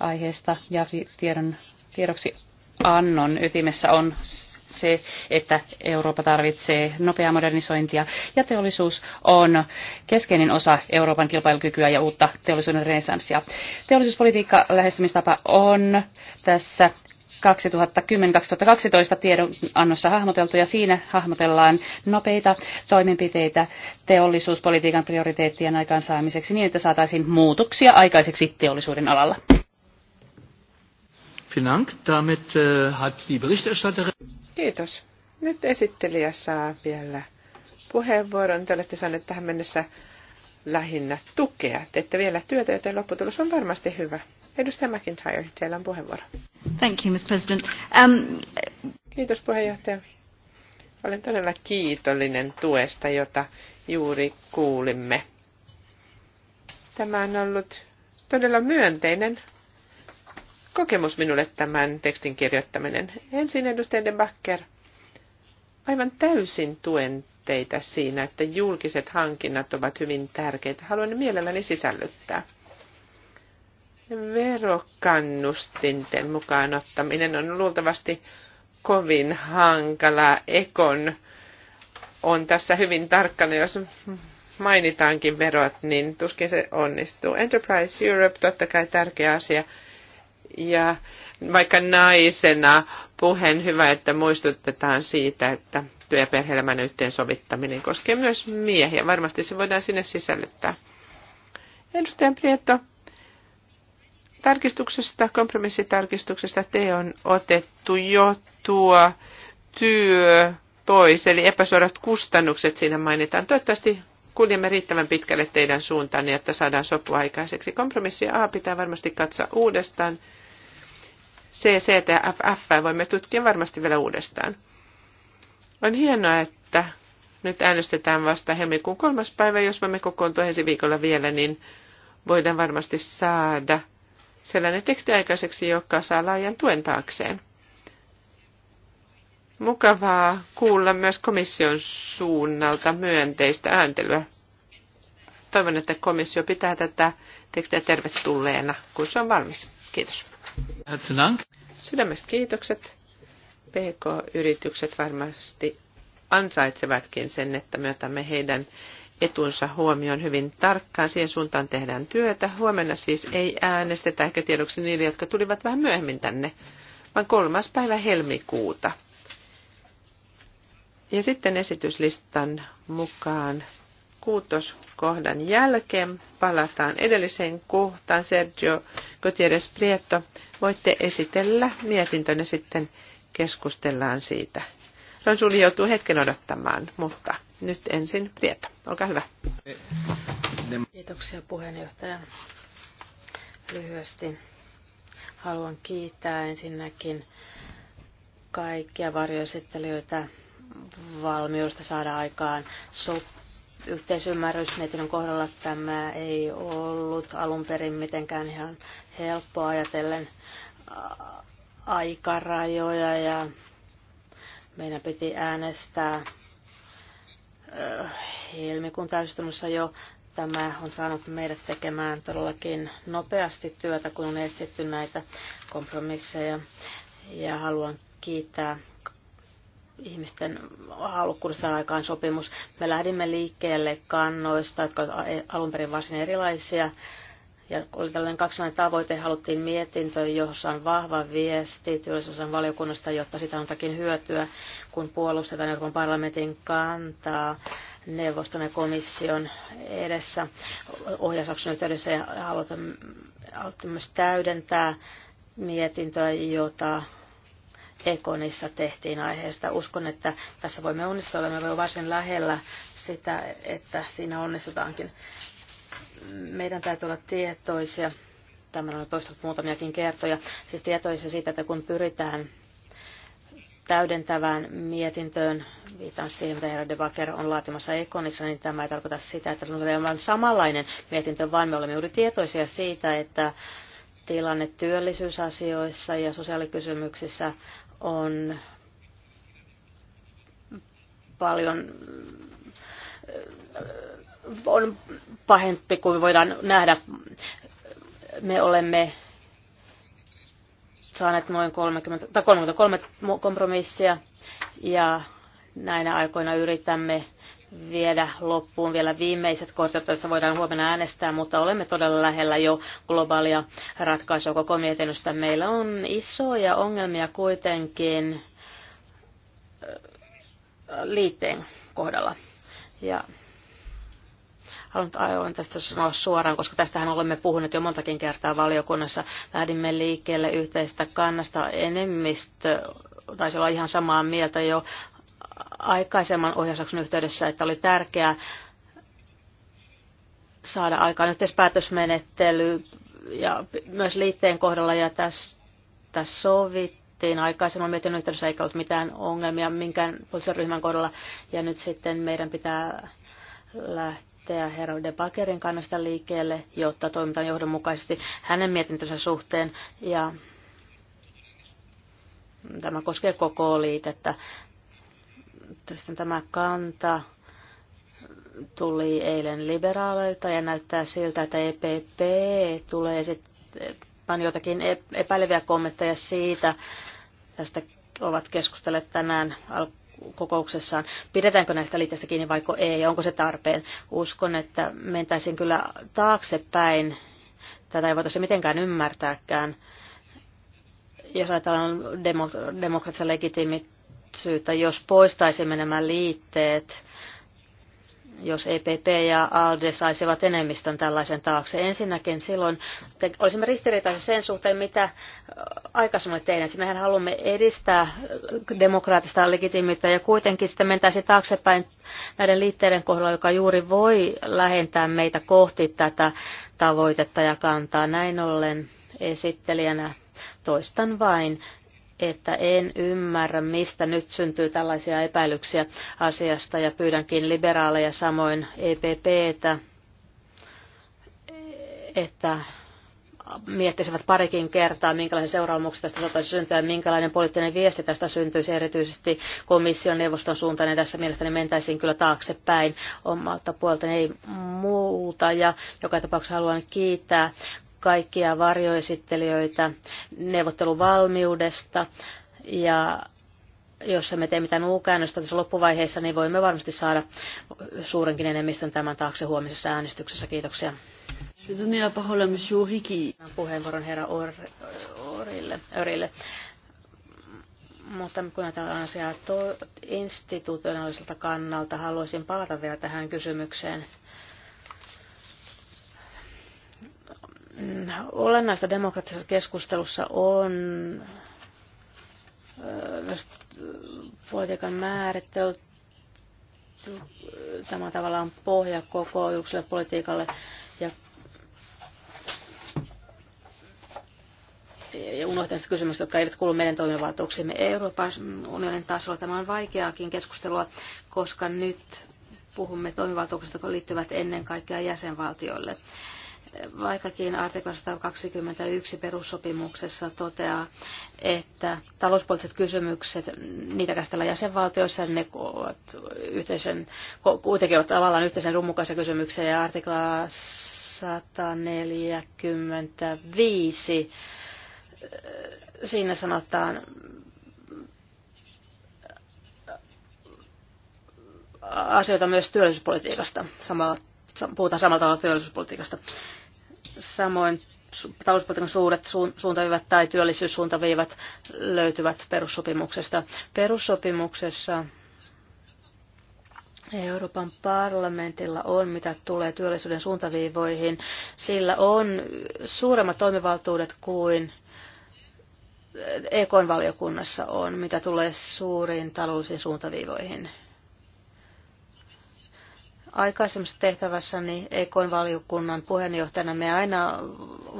aiheesta ja tiedon, tiedoksi annon ytimessä on se, että Eurooppa tarvitsee nopeaa modernisointia ja teollisuus on keskeinen osa Euroopan kilpailukykyä ja uutta teollisuuden renesanssia. Teollisuuspolitiikka lähestymistapa on tässä 2010-2012 tiedonannossa hahmoteltu ja siinä hahmotellaan nopeita toimenpiteitä teollisuuspolitiikan prioriteettien aikaansaamiseksi niin, että saataisiin muutoksia aikaiseksi teollisuuden alalla. Äh, Kiitos. Nyt esittelijä saa vielä puheenvuoron. Te olette saaneet tähän mennessä lähinnä tukea. Teette vielä työtä, joten lopputulos on varmasti hyvä. Edustaja McIntyre, teillä on puheenvuoro. Thank you, Mr. President. Um... Kiitos puheenjohtaja. Olen todella kiitollinen tuesta, jota juuri kuulimme. Tämä on ollut todella myönteinen kokemus minulle tämän tekstin kirjoittaminen. Ensin edustaja De Backer. Aivan täysin tuen teitä siinä, että julkiset hankinnat ovat hyvin tärkeitä. Haluan ne mielelläni sisällyttää verokannustinten mukaan ottaminen on luultavasti kovin hankalaa. Ekon on tässä hyvin tarkkana, jos mainitaankin verot, niin tuskin se onnistuu. Enterprise Europe, totta kai tärkeä asia. Ja vaikka naisena puheen hyvä, että muistutetaan siitä, että työ- ja perhe-elämän yhteensovittaminen koskee myös miehiä. Varmasti se voidaan sinne sisällyttää. Edustaja Prieto tarkistuksesta, kompromissitarkistuksesta te on otettu jo tuo työ pois, eli epäsuorat kustannukset siinä mainitaan. Toivottavasti kuljemme riittävän pitkälle teidän suuntaan, niin että saadaan sopu aikaiseksi. Kompromissi A pitää varmasti katsoa uudestaan. C, C ja F, voimme tutkia varmasti vielä uudestaan. On hienoa, että nyt äänestetään vasta helmikuun kolmas päivä. Jos voimme kokoontua ensi viikolla vielä, niin voidaan varmasti saada – sellainen teksti aikaiseksi, joka saa laajan tuen taakseen. Mukavaa kuulla myös komission suunnalta myönteistä ääntelyä. Toivon, että komissio pitää tätä tekstiä tervetulleena, kun se on valmis. Kiitos. Sydämestä kiitokset. PK-yritykset varmasti ansaitsevatkin sen, että myötämme heidän etunsa huomioon hyvin tarkkaan. Siihen suuntaan tehdään työtä. Huomenna siis ei äänestetä ehkä tiedoksi niille, jotka tulivat vähän myöhemmin tänne, vaan kolmas päivä helmikuuta. Ja sitten esityslistan mukaan kuutoskohdan jälkeen palataan edelliseen kohtaan. Sergio Gutierrez Prieto, voitte esitellä mietintönne sitten keskustellaan siitä. Ransuli joutuu hetken odottamaan, mutta nyt ensin Prieto. Olkaa hyvä. Kiitoksia puheenjohtaja. Lyhyesti haluan kiittää ensinnäkin kaikkia varjoesittelijöitä valmiudesta saada aikaan sop- yhteisymmärrys mietinnön kohdalla. Tämä ei ollut alun perin mitenkään ihan helppoa ajatellen aikarajoja ja meidän piti äänestää helmikuun täysistunnossa jo. Tämä on saanut meidät tekemään todellakin nopeasti työtä, kun on etsitty näitä kompromisseja. Ja haluan kiittää ihmisten halukkuudesta aikaan sopimus. Me lähdimme liikkeelle kannoista, jotka ovat alun perin varsin erilaisia. Ja oli tällainen kaksinainen tavoite, haluttiin mietintö, jossa on vahva viesti työllisyysosan valiokunnasta, jotta sitä on jotakin hyötyä, kun puolustetaan Euroopan parlamentin kantaa neuvoston ja komission edessä ohjausakson yhteydessä ja haluttiin myös täydentää mietintöä, jota Ekonissa tehtiin aiheesta. Uskon, että tässä voimme onnistua, olemme jo varsin lähellä sitä, että siinä onnistutaankin meidän täytyy olla tietoisia, tämän on toistunut muutamiakin kertoja, siis tietoisia siitä, että kun pyritään täydentävään mietintöön, viitan siihen, mitä herra De on laatimassa Ekonissa, niin tämä ei tarkoita sitä, että on vain samanlainen mietintö, vaan me olemme juuri tietoisia siitä, että tilanne työllisyysasioissa ja sosiaalikysymyksissä on paljon on pahempi kuin voidaan nähdä. Me olemme saaneet noin 30, tai 33 kompromissia ja näinä aikoina yritämme viedä loppuun vielä viimeiset kohdat, joissa voidaan huomenna äänestää, mutta olemme todella lähellä jo globaalia ratkaisua koko mietinnöstä. Meillä on isoja ongelmia kuitenkin liitteen kohdalla. Ja halunnut aivan tästä sanoa suoraan, koska tästähän olemme puhuneet jo montakin kertaa valiokunnassa. Lähdimme liikkeelle yhteistä kannasta enemmistö, taisi olla ihan samaa mieltä jo aikaisemman ohjausjakson yhteydessä, että oli tärkeää saada aikaan yhteispäätösmenettely ja myös liitteen kohdalla ja tästä sovittiin aikaisemman mietinnön yhteydessä eikä ollut mitään ongelmia minkään poliittisen ryhmän kohdalla ja nyt sitten meidän pitää lähteä lähteä herra De Bakerin kannasta liikkeelle, jotta toimitaan johdonmukaisesti hänen mietintönsä suhteen. Ja tämä koskee koko liitettä. Sitten tämä kanta tuli eilen liberaaleilta ja näyttää siltä, että EPP tulee sitten jotakin e- epäileviä kommentteja siitä. Tästä ovat keskustelleet tänään kokouksessaan. Pidetäänkö näistä liitteistä kiinni vaiko ei ja onko se tarpeen? Uskon, että mentäisin kyllä taaksepäin. Tätä ei voitaisiin mitenkään ymmärtääkään. Jos ajatellaan demok- demokratian legitiimisyyttä, jos poistaisimme nämä liitteet, jos EPP ja ALDE saisivat enemmistön tällaisen taakse. Ensinnäkin silloin olisimme ristiriitaisia sen suhteen, mitä aikaisemmin tehneet. Mehän haluamme edistää demokraattista legitimiteettiä ja kuitenkin sitten mentäisiin taaksepäin näiden liitteiden kohdalla, joka juuri voi lähentää meitä kohti tätä tavoitetta ja kantaa näin ollen esittelijänä. Toistan vain, että en ymmärrä, mistä nyt syntyy tällaisia epäilyksiä asiasta ja pyydänkin liberaaleja samoin EPPtä, että miettisivät parikin kertaa, minkälaisia seuraamuksia tästä saattaisi syntyä ja minkälainen poliittinen viesti tästä syntyisi erityisesti komission neuvoston suuntaan. Ja niin tässä mielestäni mentäisiin kyllä taaksepäin omalta puolta, ei muuta. Ja joka tapauksessa haluan kiittää kaikkia varjoesittelijöitä neuvotteluvalmiudesta ja jos me teemme mitään uukäännöstä tässä loppuvaiheessa, niin voimme varmasti saada suurenkin enemmistön tämän taakse huomisessa äänestyksessä. Kiitoksia. Puheenvuoron herra Or, Orille, Orille. Mutta kun ajatellaan asiaa to, institutionaaliselta kannalta, haluaisin palata vielä tähän kysymykseen Olennaista demokraattisessa keskustelussa on myös politiikan määrittely. Tämä on tavallaan pohja koko julkiselle politiikalle ja ja unohtaa sitä kysymystä, jotka eivät kuulu meidän toimivaltuuksiimme Euroopan unionin tasolla. Tämä on vaikeaakin keskustelua, koska nyt puhumme toimivaltuuksista, jotka liittyvät ennen kaikkea jäsenvaltioille vaikkakin artikla 121 perussopimuksessa toteaa, että talouspoliittiset kysymykset, niitä käsitellään jäsenvaltioissa, ne ovat yhteisen, kuitenkin ovat tavallaan yhteisen rummukaisen kysymyksiä, ja artikla 145, siinä sanotaan asioita myös työllisyyspolitiikasta samalla puhutaan samalla tavalla työllisyyspolitiikasta. Samoin talouspolitiikan suuret suuntaviivat tai työllisyyssuuntaviivat löytyvät perussopimuksesta. Perussopimuksessa Euroopan parlamentilla on, mitä tulee työllisyyden suuntaviivoihin. Sillä on suuremmat toimivaltuudet kuin EK-valiokunnassa on, mitä tulee suuriin taloudellisiin suuntaviivoihin aikaisemmassa tehtävässäni EKn valiokunnan puheenjohtajana me aina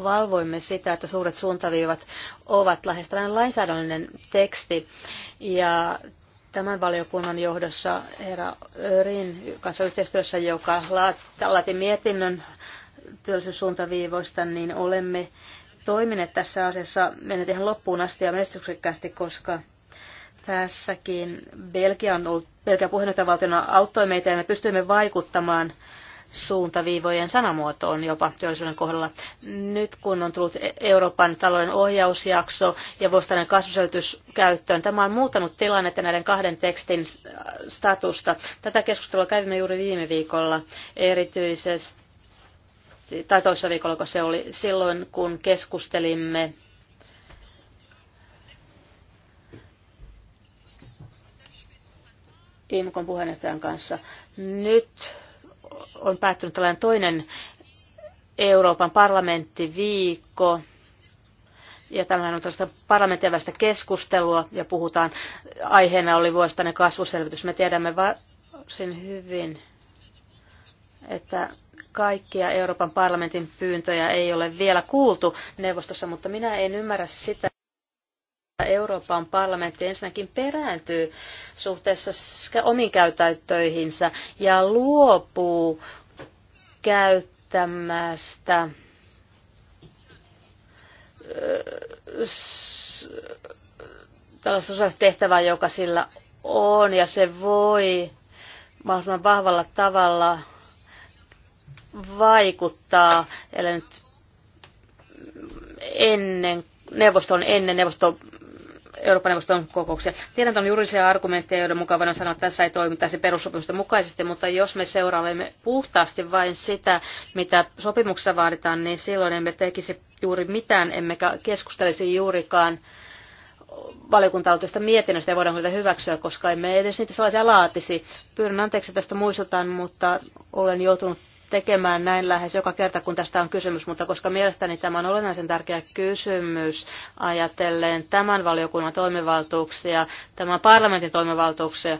valvoimme sitä, että suuret suuntaviivat ovat lähes tällainen lainsäädännöllinen teksti. Ja tämän valiokunnan johdossa herra Örin kanssa yhteistyössä, joka laati mietinnön työllisyyssuuntaviivoista, niin olemme toimineet tässä asiassa mennyt ihan loppuun asti ja menestyksekkäästi, koska Tässäkin Belgia on ollut, Belgia puheenjohtajavaltiona auttoi meitä ja me pystyimme vaikuttamaan suuntaviivojen sanamuotoon jopa työllisyyden kohdalla. Nyt kun on tullut e- Euroopan talouden ohjausjakso ja vuosittainen kasvuselitys käyttöön, tämä on muuttanut tilannetta näiden kahden tekstin statusta. Tätä keskustelua kävimme juuri viime viikolla erityisesti, tai toisessa viikolla, kun se oli silloin, kun keskustelimme IMKon puheenjohtajan kanssa. Nyt on päättynyt tällainen toinen Euroopan parlamenttiviikko. Ja tämä on tällaista parlamentin keskustelua ja puhutaan, aiheena oli vuosittainen kasvuselvitys. Me tiedämme varsin hyvin, että kaikkia Euroopan parlamentin pyyntöjä ei ole vielä kuultu neuvostossa, mutta minä en ymmärrä sitä, Euroopan parlamentti ensinnäkin perääntyy suhteessa omiin käytäytöihinsä ja luopuu käyttämästä tällaista sosiaalista tehtävää, joka sillä on, ja se voi mahdollisimman vahvalla tavalla vaikuttaa, eli nyt ennen neuvoston ennen neuvosto Euroopan neuvoston kokouksia. Tiedän, että on juridisia argumentteja, joiden mukaan voidaan sanoa, että tässä ei toimittaisi perussopimusten mukaisesti, mutta jos me seuraamme puhtaasti vain sitä, mitä sopimuksessa vaaditaan, niin silloin emme tekisi juuri mitään, emmekä keskustelisi juurikaan valiokunta mietinnöstä ja voidaanko niitä hyväksyä, koska emme edes niitä sellaisia laatisi. Pyydän anteeksi tästä muistutan, mutta olen joutunut tekemään näin lähes joka kerta, kun tästä on kysymys, mutta koska mielestäni tämä on olennaisen tärkeä kysymys ajatellen tämän valiokunnan toimivaltuuksia, tämän parlamentin toimivaltuuksia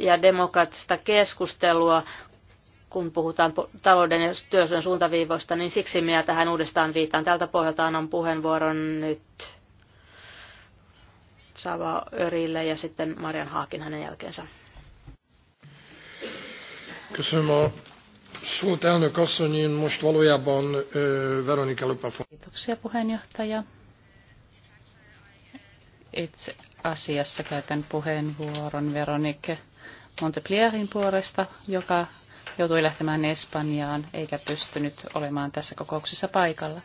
ja demokraattista keskustelua, kun puhutaan talouden ja työllisyyden suuntaviivoista, niin siksi minä tähän uudestaan viitaan. Tältä pohjalta annan puheenvuoron nyt Sava Örille ja sitten Marian Haakin hänen jälkeensä. Kysymys. Suut elnök asszony, most valójában Veronika Lopafon. Kiitoksia puheenjohtaja. Itse asiassa käytän puheenvuoron Veronike Montepierin puolesta, joka joutui lähtemään Espanjaan eikä pystynyt olemaan tässä kokouksessa paikalla.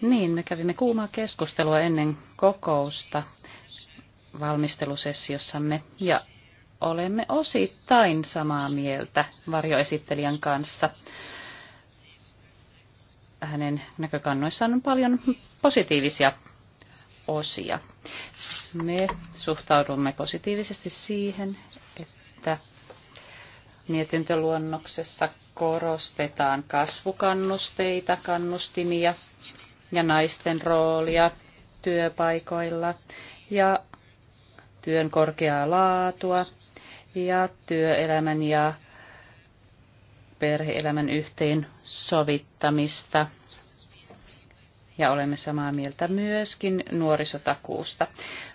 Niin, me kävimme kuumaa keskustelua ennen kokousta valmistelusessiossamme ja olemme osittain samaa mieltä varjoesittelijän kanssa. Hänen näkökannoissaan on paljon positiivisia osia. Me suhtaudumme positiivisesti siihen, että mietintöluonnoksessa korostetaan kasvukannusteita, kannustimia ja naisten roolia työpaikoilla ja työn korkeaa laatua ja työelämän ja perheelämän yhteen sovittamista. Ja olemme samaa mieltä myöskin nuorisotakuusta.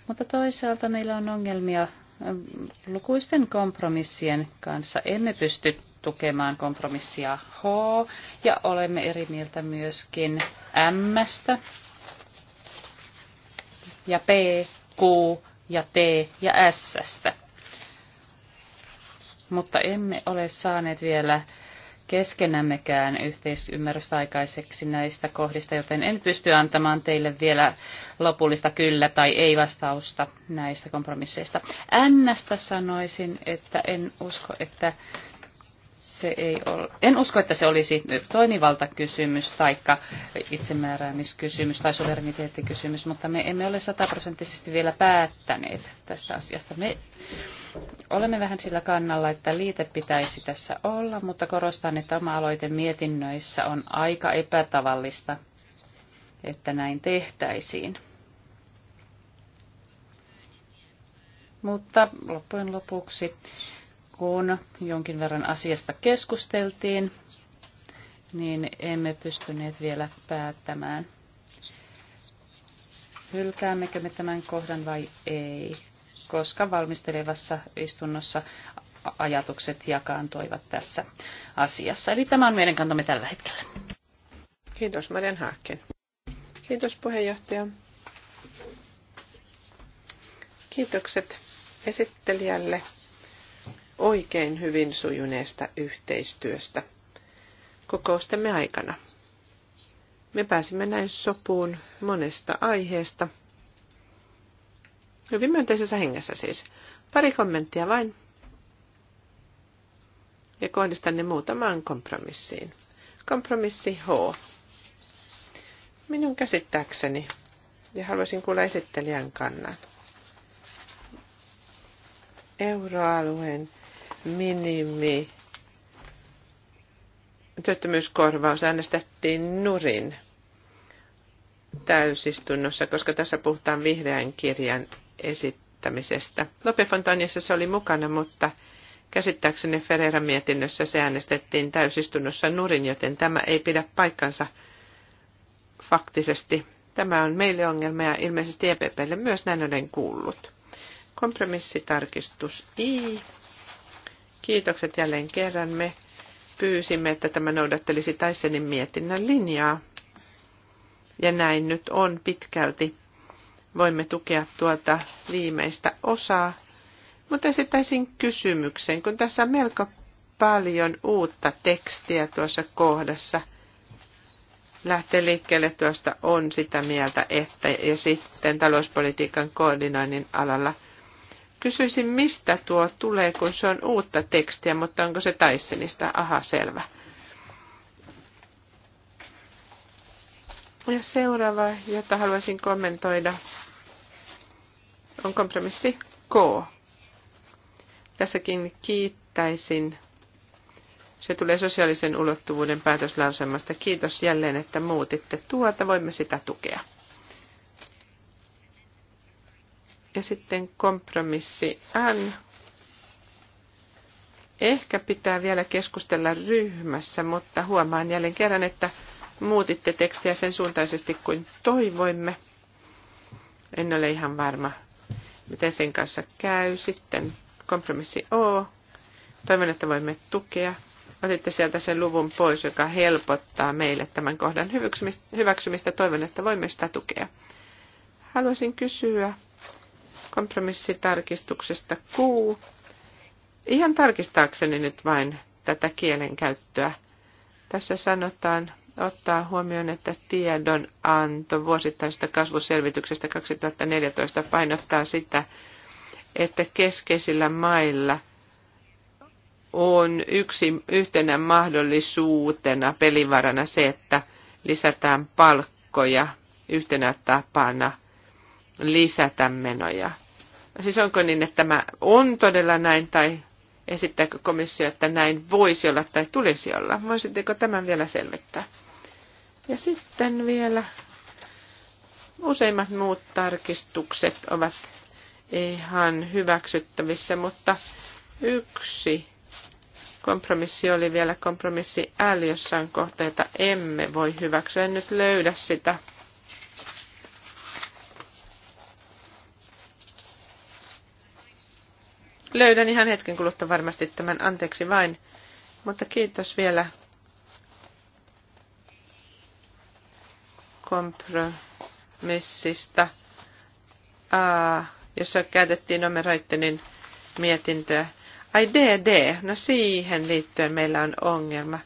Mutta toisaalta meillä on ongelmia ähm, lukuisten kompromissien kanssa. Emme pysty tukemaan kompromissia H ja olemme eri mieltä myöskin stä ja P, Q ja T ja stä mutta emme ole saaneet vielä keskenämmekään yhteisymmärrystä aikaiseksi näistä kohdista, joten en pysty antamaan teille vielä lopullista kyllä tai ei vastausta näistä kompromisseista. Ännästä sanoisin, että en usko, että se ei ole, en usko, että se olisi toimivaltakysymys tai itsemääräämiskysymys tai suvereniteettikysymys, mutta me emme ole sataprosenttisesti vielä päättäneet tästä asiasta. Me olemme vähän sillä kannalla, että liite pitäisi tässä olla, mutta korostan, että oma aloite mietinnöissä on aika epätavallista, että näin tehtäisiin. Mutta loppujen lopuksi kun jonkin verran asiasta keskusteltiin, niin emme pystyneet vielä päättämään, hylkäämmekö me tämän kohdan vai ei, koska valmistelevassa istunnossa ajatukset jakaantoivat tässä asiassa. Eli tämä on meidän kantamme tällä hetkellä. Kiitos Marian Haakken. Kiitos puheenjohtaja. Kiitokset esittelijälle oikein hyvin sujuneesta yhteistyöstä kokoustemme aikana. Me pääsimme näin sopuun monesta aiheesta. Hyvin myönteisessä hengessä siis. Pari kommenttia vain. Ja kohdistan ne muutamaan kompromissiin. Kompromissi H. Minun käsittääkseni, ja haluaisin kuulla esittelijän kannan. Euroalueen minimi työttömyyskorvaus äänestettiin nurin täysistunnossa, koska tässä puhutaan vihreän kirjan esittämisestä. Lope Fontaniassa se oli mukana, mutta käsittääkseni Ferreira mietinnössä se äänestettiin täysistunnossa nurin, joten tämä ei pidä paikkansa faktisesti. Tämä on meille ongelma ja ilmeisesti EPPlle myös näin olen kuullut. Kompromissitarkistus I Kiitokset jälleen kerran. Me pyysimme, että tämä noudattelisi Taisenin mietinnän linjaa. Ja näin nyt on pitkälti. Voimme tukea tuota viimeistä osaa. Mutta esittäisin kysymyksen, kun tässä on melko paljon uutta tekstiä tuossa kohdassa. Lähtee liikkeelle tuosta on sitä mieltä, että ja sitten talouspolitiikan koordinoinnin alalla – Kysyisin, mistä tuo tulee, kun se on uutta tekstiä, mutta onko se Tysonista? Aha, selvä. Ja seuraava, jota haluaisin kommentoida, on kompromissi K. Tässäkin kiittäisin. Se tulee sosiaalisen ulottuvuuden päätöslausemasta. Kiitos jälleen, että muutitte tuota. Voimme sitä tukea. Ja sitten kompromissi N. Ehkä pitää vielä keskustella ryhmässä, mutta huomaan jälleen kerran, että muutitte tekstiä sen suuntaisesti kuin toivoimme. En ole ihan varma, miten sen kanssa käy. Sitten kompromissi O. Toivon, että voimme tukea. Otitte sieltä sen luvun pois, joka helpottaa meille tämän kohdan hyväksymistä. Toivon, että voimme sitä tukea. Haluaisin kysyä, kompromissitarkistuksesta Q. Ihan tarkistaakseni nyt vain tätä kielenkäyttöä. Tässä sanotaan ottaa huomioon, että tiedonanto vuosittaisesta kasvuselvityksestä 2014 painottaa sitä, että keskeisillä mailla on yksi yhtenä mahdollisuutena pelivarana se, että lisätään palkkoja yhtenä tapana – lisätä menoja. Siis onko niin, että tämä on todella näin tai esittääkö komissio, että näin voisi olla tai tulisi olla? Voisitteko tämän vielä selvittää? Ja sitten vielä useimmat muut tarkistukset ovat ihan hyväksyttävissä, mutta yksi kompromissi oli vielä kompromissi L, jossa on kohta, jota emme voi hyväksyä. En nyt löydä sitä Löydän ihan hetken kuluttua varmasti tämän, anteeksi vain. Mutta kiitos vielä kompromissista, Aa, jossa käytettiin numeroittenin mietintöä. Ai DD, no siihen liittyen meillä on ongelma.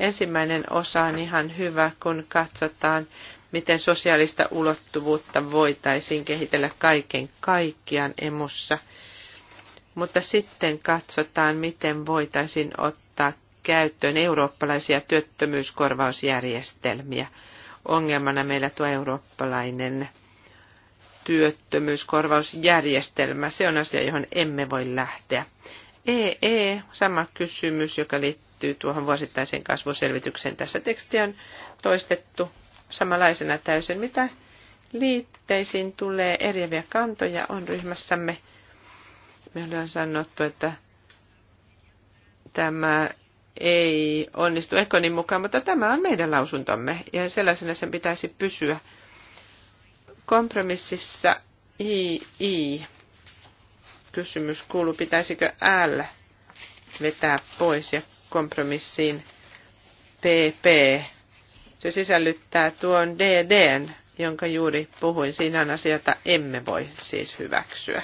Ensimmäinen osa on ihan hyvä, kun katsotaan, miten sosiaalista ulottuvuutta voitaisiin kehitellä kaiken kaikkiaan emussa – mutta sitten katsotaan, miten voitaisiin ottaa käyttöön eurooppalaisia työttömyyskorvausjärjestelmiä. Ongelmana meillä tuo eurooppalainen työttömyyskorvausjärjestelmä, se on asia, johon emme voi lähteä. EE, e, sama kysymys, joka liittyy tuohon vuosittaiseen kasvuselvitykseen. Tässä teksti on toistettu samanlaisena täysin, mitä liitteisiin tulee eriäviä kantoja on ryhmässämme. Meillä on sanottu, että tämä ei onnistu Ekonin mukaan, mutta tämä on meidän lausuntomme ja sellaisena sen pitäisi pysyä. Kompromississa II kysymys kuuluu, pitäisikö L vetää pois ja kompromissiin PP. Se sisällyttää tuon DDn, jonka juuri puhuin. Siinä on asioita emme voi siis hyväksyä.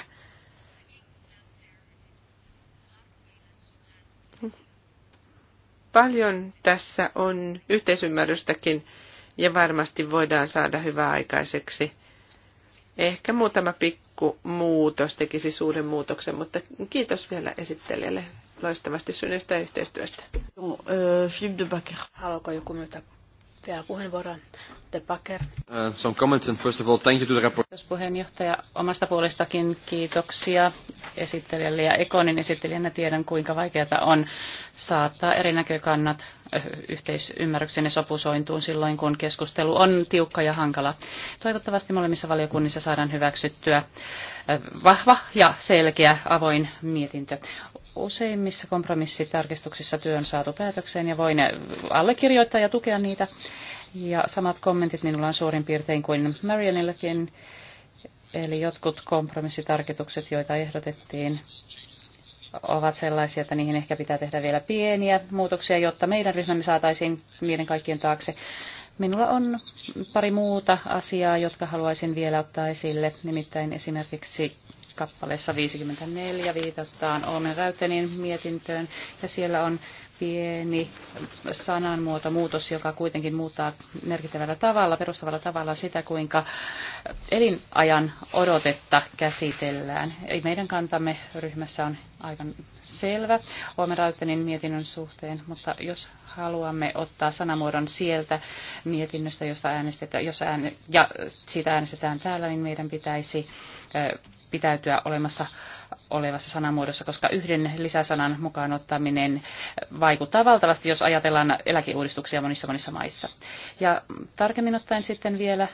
Paljon tässä on yhteisymmärrystäkin ja varmasti voidaan saada hyvää aikaiseksi. Ehkä muutama pikku muutos tekisi suuren muutoksen, mutta kiitos vielä esittelijälle loistavasti synnystä yhteistyöstä. Euh, Haluaako joku myötä vielä puheenvuoroa. De Backer. Uh, some comments and first of all thank you to the report. Kiitos puheenjohtaja. Omasta puolestakin kiitoksia esittelijälle ja Ekonin esittelijänä tiedän kuinka vaikeata on saattaa eri näkökannat yhteisymmärryksen ja sopusointuun silloin, kun keskustelu on tiukka ja hankala. Toivottavasti molemmissa valiokunnissa saadaan hyväksyttyä vahva ja selkeä avoin mietintö. Useimmissa kompromissitarkistuksissa työ on saatu päätökseen ja voin allekirjoittaa ja tukea niitä. Ja samat kommentit minulla on suurin piirtein kuin Marianillekin. Eli jotkut kompromissitarkistukset, joita ehdotettiin, ovat sellaisia, että niihin ehkä pitää tehdä vielä pieniä muutoksia, jotta meidän ryhmämme saataisiin niiden kaikkien taakse. Minulla on pari muuta asiaa, jotka haluaisin vielä ottaa esille, nimittäin esimerkiksi kappaleessa 54 viitataan Oomen Räytenin mietintöön ja siellä on pieni sananmuoto muutos, joka kuitenkin muuttaa merkittävällä tavalla, perustavalla tavalla sitä, kuinka elinajan odotetta käsitellään. Eli meidän kantamme ryhmässä on aika selvä Olemme Rautenin mietinnön suhteen, mutta jos haluamme ottaa sanamuodon sieltä mietinnöstä, josta äänestetään, jos ään, ja siitä äänestetään täällä, niin meidän pitäisi pitäytyä olemassa olevassa sanamuodossa, koska yhden lisäsanan mukaan ottaminen vaikuttaa valtavasti, jos ajatellaan eläkeuudistuksia monissa monissa maissa. Ja tarkemmin ottaen sitten vielä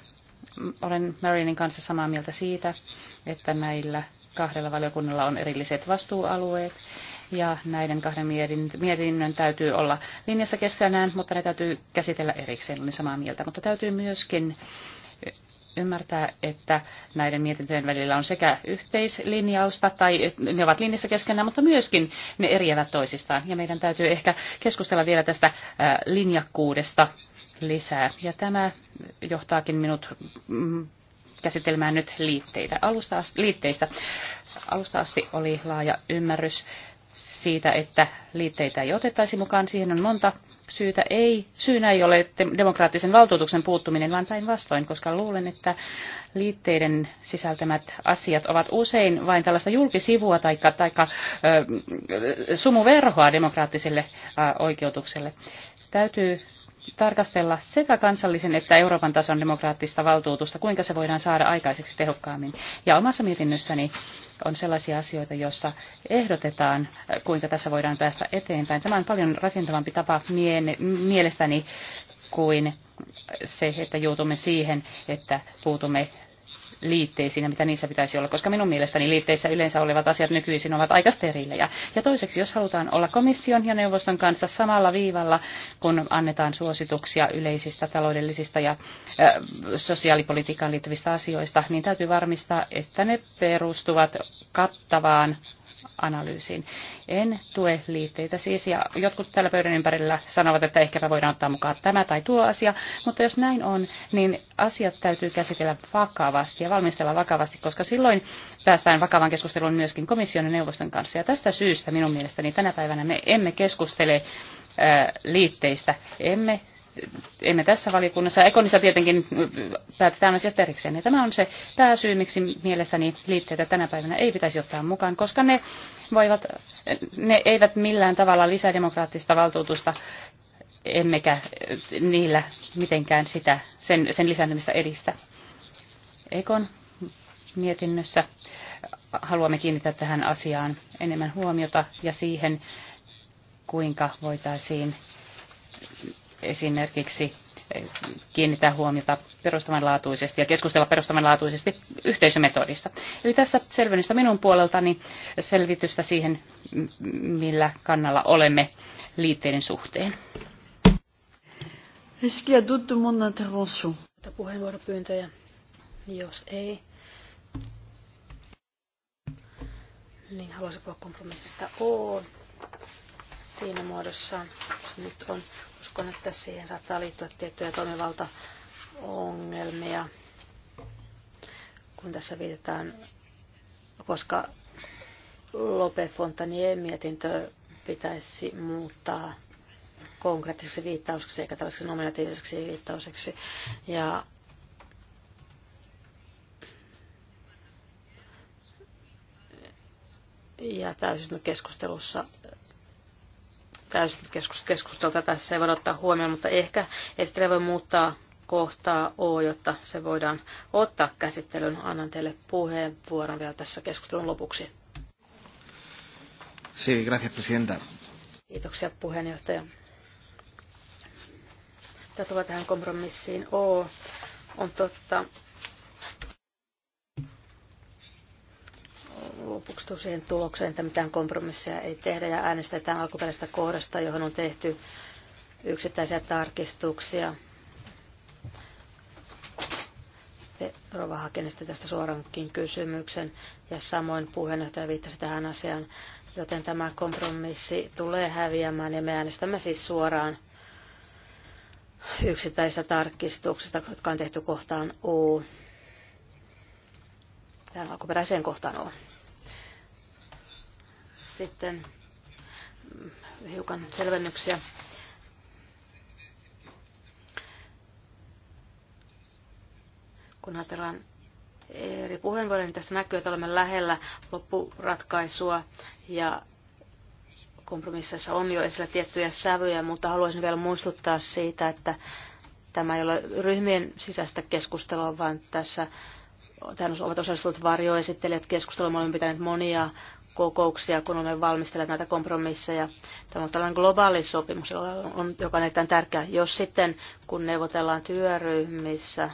olen Marianin kanssa samaa mieltä siitä, että näillä kahdella valiokunnalla on erilliset vastuualueet ja näiden kahden mietinnön täytyy olla linjassa keskenään, mutta ne täytyy käsitellä erikseen, olen samaa mieltä. Mutta täytyy myöskin ymmärtää, että näiden mietintöjen välillä on sekä yhteislinjausta, tai ne ovat linjassa keskenään, mutta myöskin ne eriävät toisistaan. Ja meidän täytyy ehkä keskustella vielä tästä äh, linjakkuudesta lisää. Ja tämä johtaakin minut mm, käsittelemään nyt liitteitä. Alusta asti, liitteistä. Alusta asti oli laaja ymmärrys siitä, että liitteitä ei otettaisi mukaan. Siihen on monta syytä. Ei, syynä ei ole demokraattisen valtuutuksen puuttuminen, vaan päinvastoin, koska luulen, että liitteiden sisältämät asiat ovat usein vain tällaista julkisivua tai taikka, ö, sumuverhoa demokraattiselle ä, oikeutukselle. Täytyy tarkastella sekä kansallisen että Euroopan tason demokraattista valtuutusta, kuinka se voidaan saada aikaiseksi tehokkaammin. Ja omassa mietinnössäni on sellaisia asioita, joissa ehdotetaan, kuinka tässä voidaan päästä eteenpäin. Tämä on paljon rakentavampi tapa mielestäni kuin se, että joutumme siihen, että puutumme liitteisiin ja mitä niissä pitäisi olla, koska minun mielestäni liitteissä yleensä olevat asiat nykyisin ovat aika sterilejä. Ja toiseksi, jos halutaan olla komission ja neuvoston kanssa samalla viivalla, kun annetaan suosituksia yleisistä taloudellisista ja sosiaalipolitiikkaan liittyvistä asioista, niin täytyy varmistaa, että ne perustuvat kattavaan analyysiin. En tue liitteitä siis, ja jotkut täällä pöydän ympärillä sanovat, että ehkäpä voidaan ottaa mukaan tämä tai tuo asia, mutta jos näin on, niin asiat täytyy käsitellä vakavasti ja valmistella vakavasti, koska silloin päästään vakavaan keskusteluun myöskin komission ja neuvoston kanssa. Ja tästä syystä minun mielestäni tänä päivänä me emme keskustele liitteistä, emme emme tässä valiokunnassa. Ekonissa tietenkin päätetään asiasta erikseen. Ja tämä on se pääsyy, miksi mielestäni liitteitä tänä päivänä ei pitäisi ottaa mukaan, koska ne, voivat, ne eivät millään tavalla lisää demokraattista valtuutusta emmekä niillä mitenkään sitä, sen, sen lisääntymistä edistä. Ekon mietinnössä haluamme kiinnittää tähän asiaan enemmän huomiota ja siihen, kuinka voitaisiin esimerkiksi eh, kiinnittää huomiota perustavanlaatuisesti ja keskustella perustavanlaatuisesti yhteisömetodista. Eli tässä selvennystä minun puoleltani selvitystä siihen, millä kannalla olemme liitteiden suhteen. Eskia tuttu qu'il y Puheenvuoropyyntöjä, jos ei. Niin haluaisin puhua kompromissista O siinä muodossa se nyt on. Uskon, että siihen saattaa liittyä tiettyjä toimivaltaongelmia, kun tässä viitataan, koska Lope Fontanien mietintö pitäisi muuttaa konkreettiseksi viittaukseksi eikä tällaiseksi nominatiiviseksi viittaukseksi. Ja ja täysin keskustelussa täysin keskustella tätä, se ei voida ottaa huomioon, mutta ehkä esittelijä voi muuttaa kohtaa O, jotta se voidaan ottaa käsittelyyn. Annan teille puheenvuoron vielä tässä keskustelun lopuksi. Sí, gracias, presidenta. Kiitoksia puheenjohtaja. Tätä tähän kompromissiin O, on totta, lopuksi tosiaan tulokseen, että mitään kompromisseja ei tehdä ja äänestetään alkuperäisestä kohdasta, johon on tehty yksittäisiä tarkistuksia. Rova Hakenista tästä suorankin kysymyksen ja samoin puheenjohtaja viittasi tähän asiaan, joten tämä kompromissi tulee häviämään ja me äänestämme siis suoraan yksittäisistä tarkistuksista, jotka on tehty kohtaan U Tämä alkuperäiseen kohtaan on. Sitten hiukan selvennyksiä. Kun ajatellaan eri puheenvuoroja, niin tässä näkyy, että olemme lähellä loppuratkaisua ja kompromisseissa on jo esillä tiettyjä sävyjä, mutta haluaisin vielä muistuttaa siitä, että tämä ei ole ryhmien sisäistä keskustelua, vaan tässä tähän ovat osallistuneet varjoesittelijät keskustelua. Me olemme pitäneet monia kokouksia, kun olemme valmistelleet näitä kompromisseja. Tämä on tällainen globaali sopimus, joka on erittäin tärkeä. Jos sitten, kun neuvotellaan työryhmissä,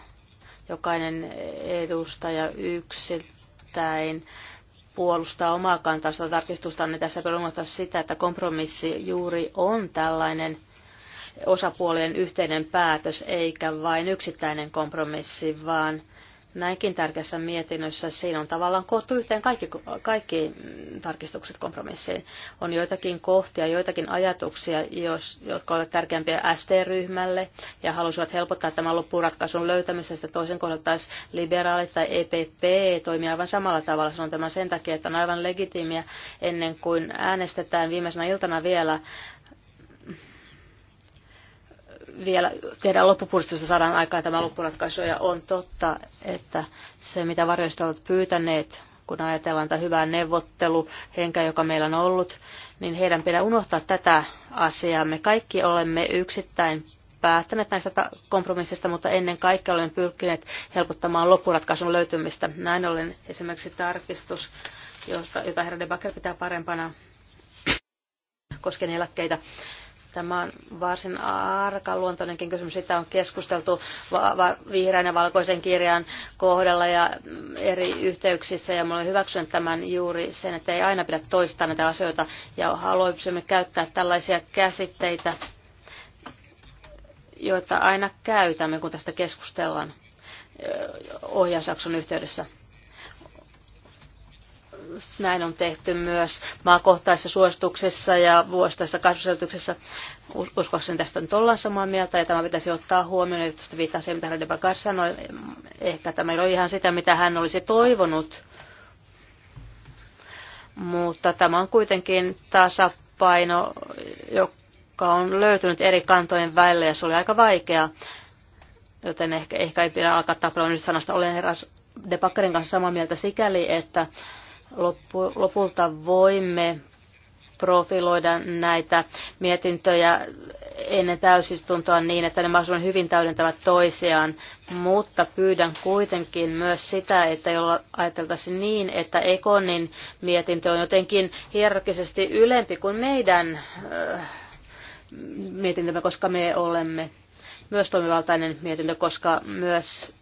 jokainen edustaja yksittäin puolustaa omaa kantansa tarkistusta, niin tässä kyllä unohtaa sitä, että kompromissi juuri on tällainen osapuolien yhteinen päätös, eikä vain yksittäinen kompromissi, vaan – näinkin tärkeässä mietinnössä siinä on tavallaan koottu yhteen kaikki, kaikki tarkistukset kompromissiin. On joitakin kohtia, joitakin ajatuksia, jos, jotka ovat tärkeämpiä ST-ryhmälle ja halusivat helpottaa tämän loppuratkaisun löytämisestä. Toisen kohdalla taas liberaalit tai EPP toimii aivan samalla tavalla. se on tämä sen takia, että on aivan legitiimiä ennen kuin äänestetään viimeisenä iltana vielä vielä tehdään loppupuolistusta, saadaan aikaan tämä loppuratkaisu. Ja on totta, että se mitä varjoista ovat pyytäneet, kun ajatellaan tätä hyvää neuvotteluhenkeä, joka meillä on ollut, niin heidän pitää unohtaa tätä asiaa. Me kaikki olemme yksittäin päättäneet näistä kompromissista, mutta ennen kaikkea olemme pyrkineet helpottamaan loppuratkaisun löytymistä. Näin ollen esimerkiksi tarkistus, jota herra Debakker pitää parempana, koskien eläkkeitä Tämä on varsin arkaluontoinenkin kysymys. Sitä on keskusteltu vihreän ja valkoisen kirjan kohdalla ja mm, eri yhteyksissä. Ja olen hyväksynyt tämän juuri sen, että ei aina pidä toistaa näitä asioita. Ja haluaisimme käyttää tällaisia käsitteitä, joita aina käytämme, kun tästä keskustellaan ohjausjakson yhteydessä. Näin on tehty myös maakohtaisessa suosituksessa ja vuosittaisessa kasvuselvityksessä. Uskoakseni tästä on ollaan samaa mieltä ja tämä pitäisi ottaa huomioon. tästä viittaa siihen, mitä Radebakar sanoi. Ehkä tämä ei ole ihan sitä, mitä hän olisi toivonut. Mutta tämä on kuitenkin tasapaino, joka on löytynyt eri kantojen välillä ja se oli aika vaikea. Joten ehkä, ehkä ei pidä alkaa tapella nyt sanasta. Olen herras Debakkerin kanssa samaa mieltä sikäli, että loppu, lopulta voimme profiloida näitä mietintöjä ennen täysistuntoa niin, että ne mahdollisimman hyvin täydentävät toisiaan, mutta pyydän kuitenkin myös sitä, että jolla ajateltaisiin niin, että Ekonin mietintö on jotenkin hierarkisesti ylempi kuin meidän äh, mietintömme, koska me olemme myös toimivaltainen mietintö, koska myös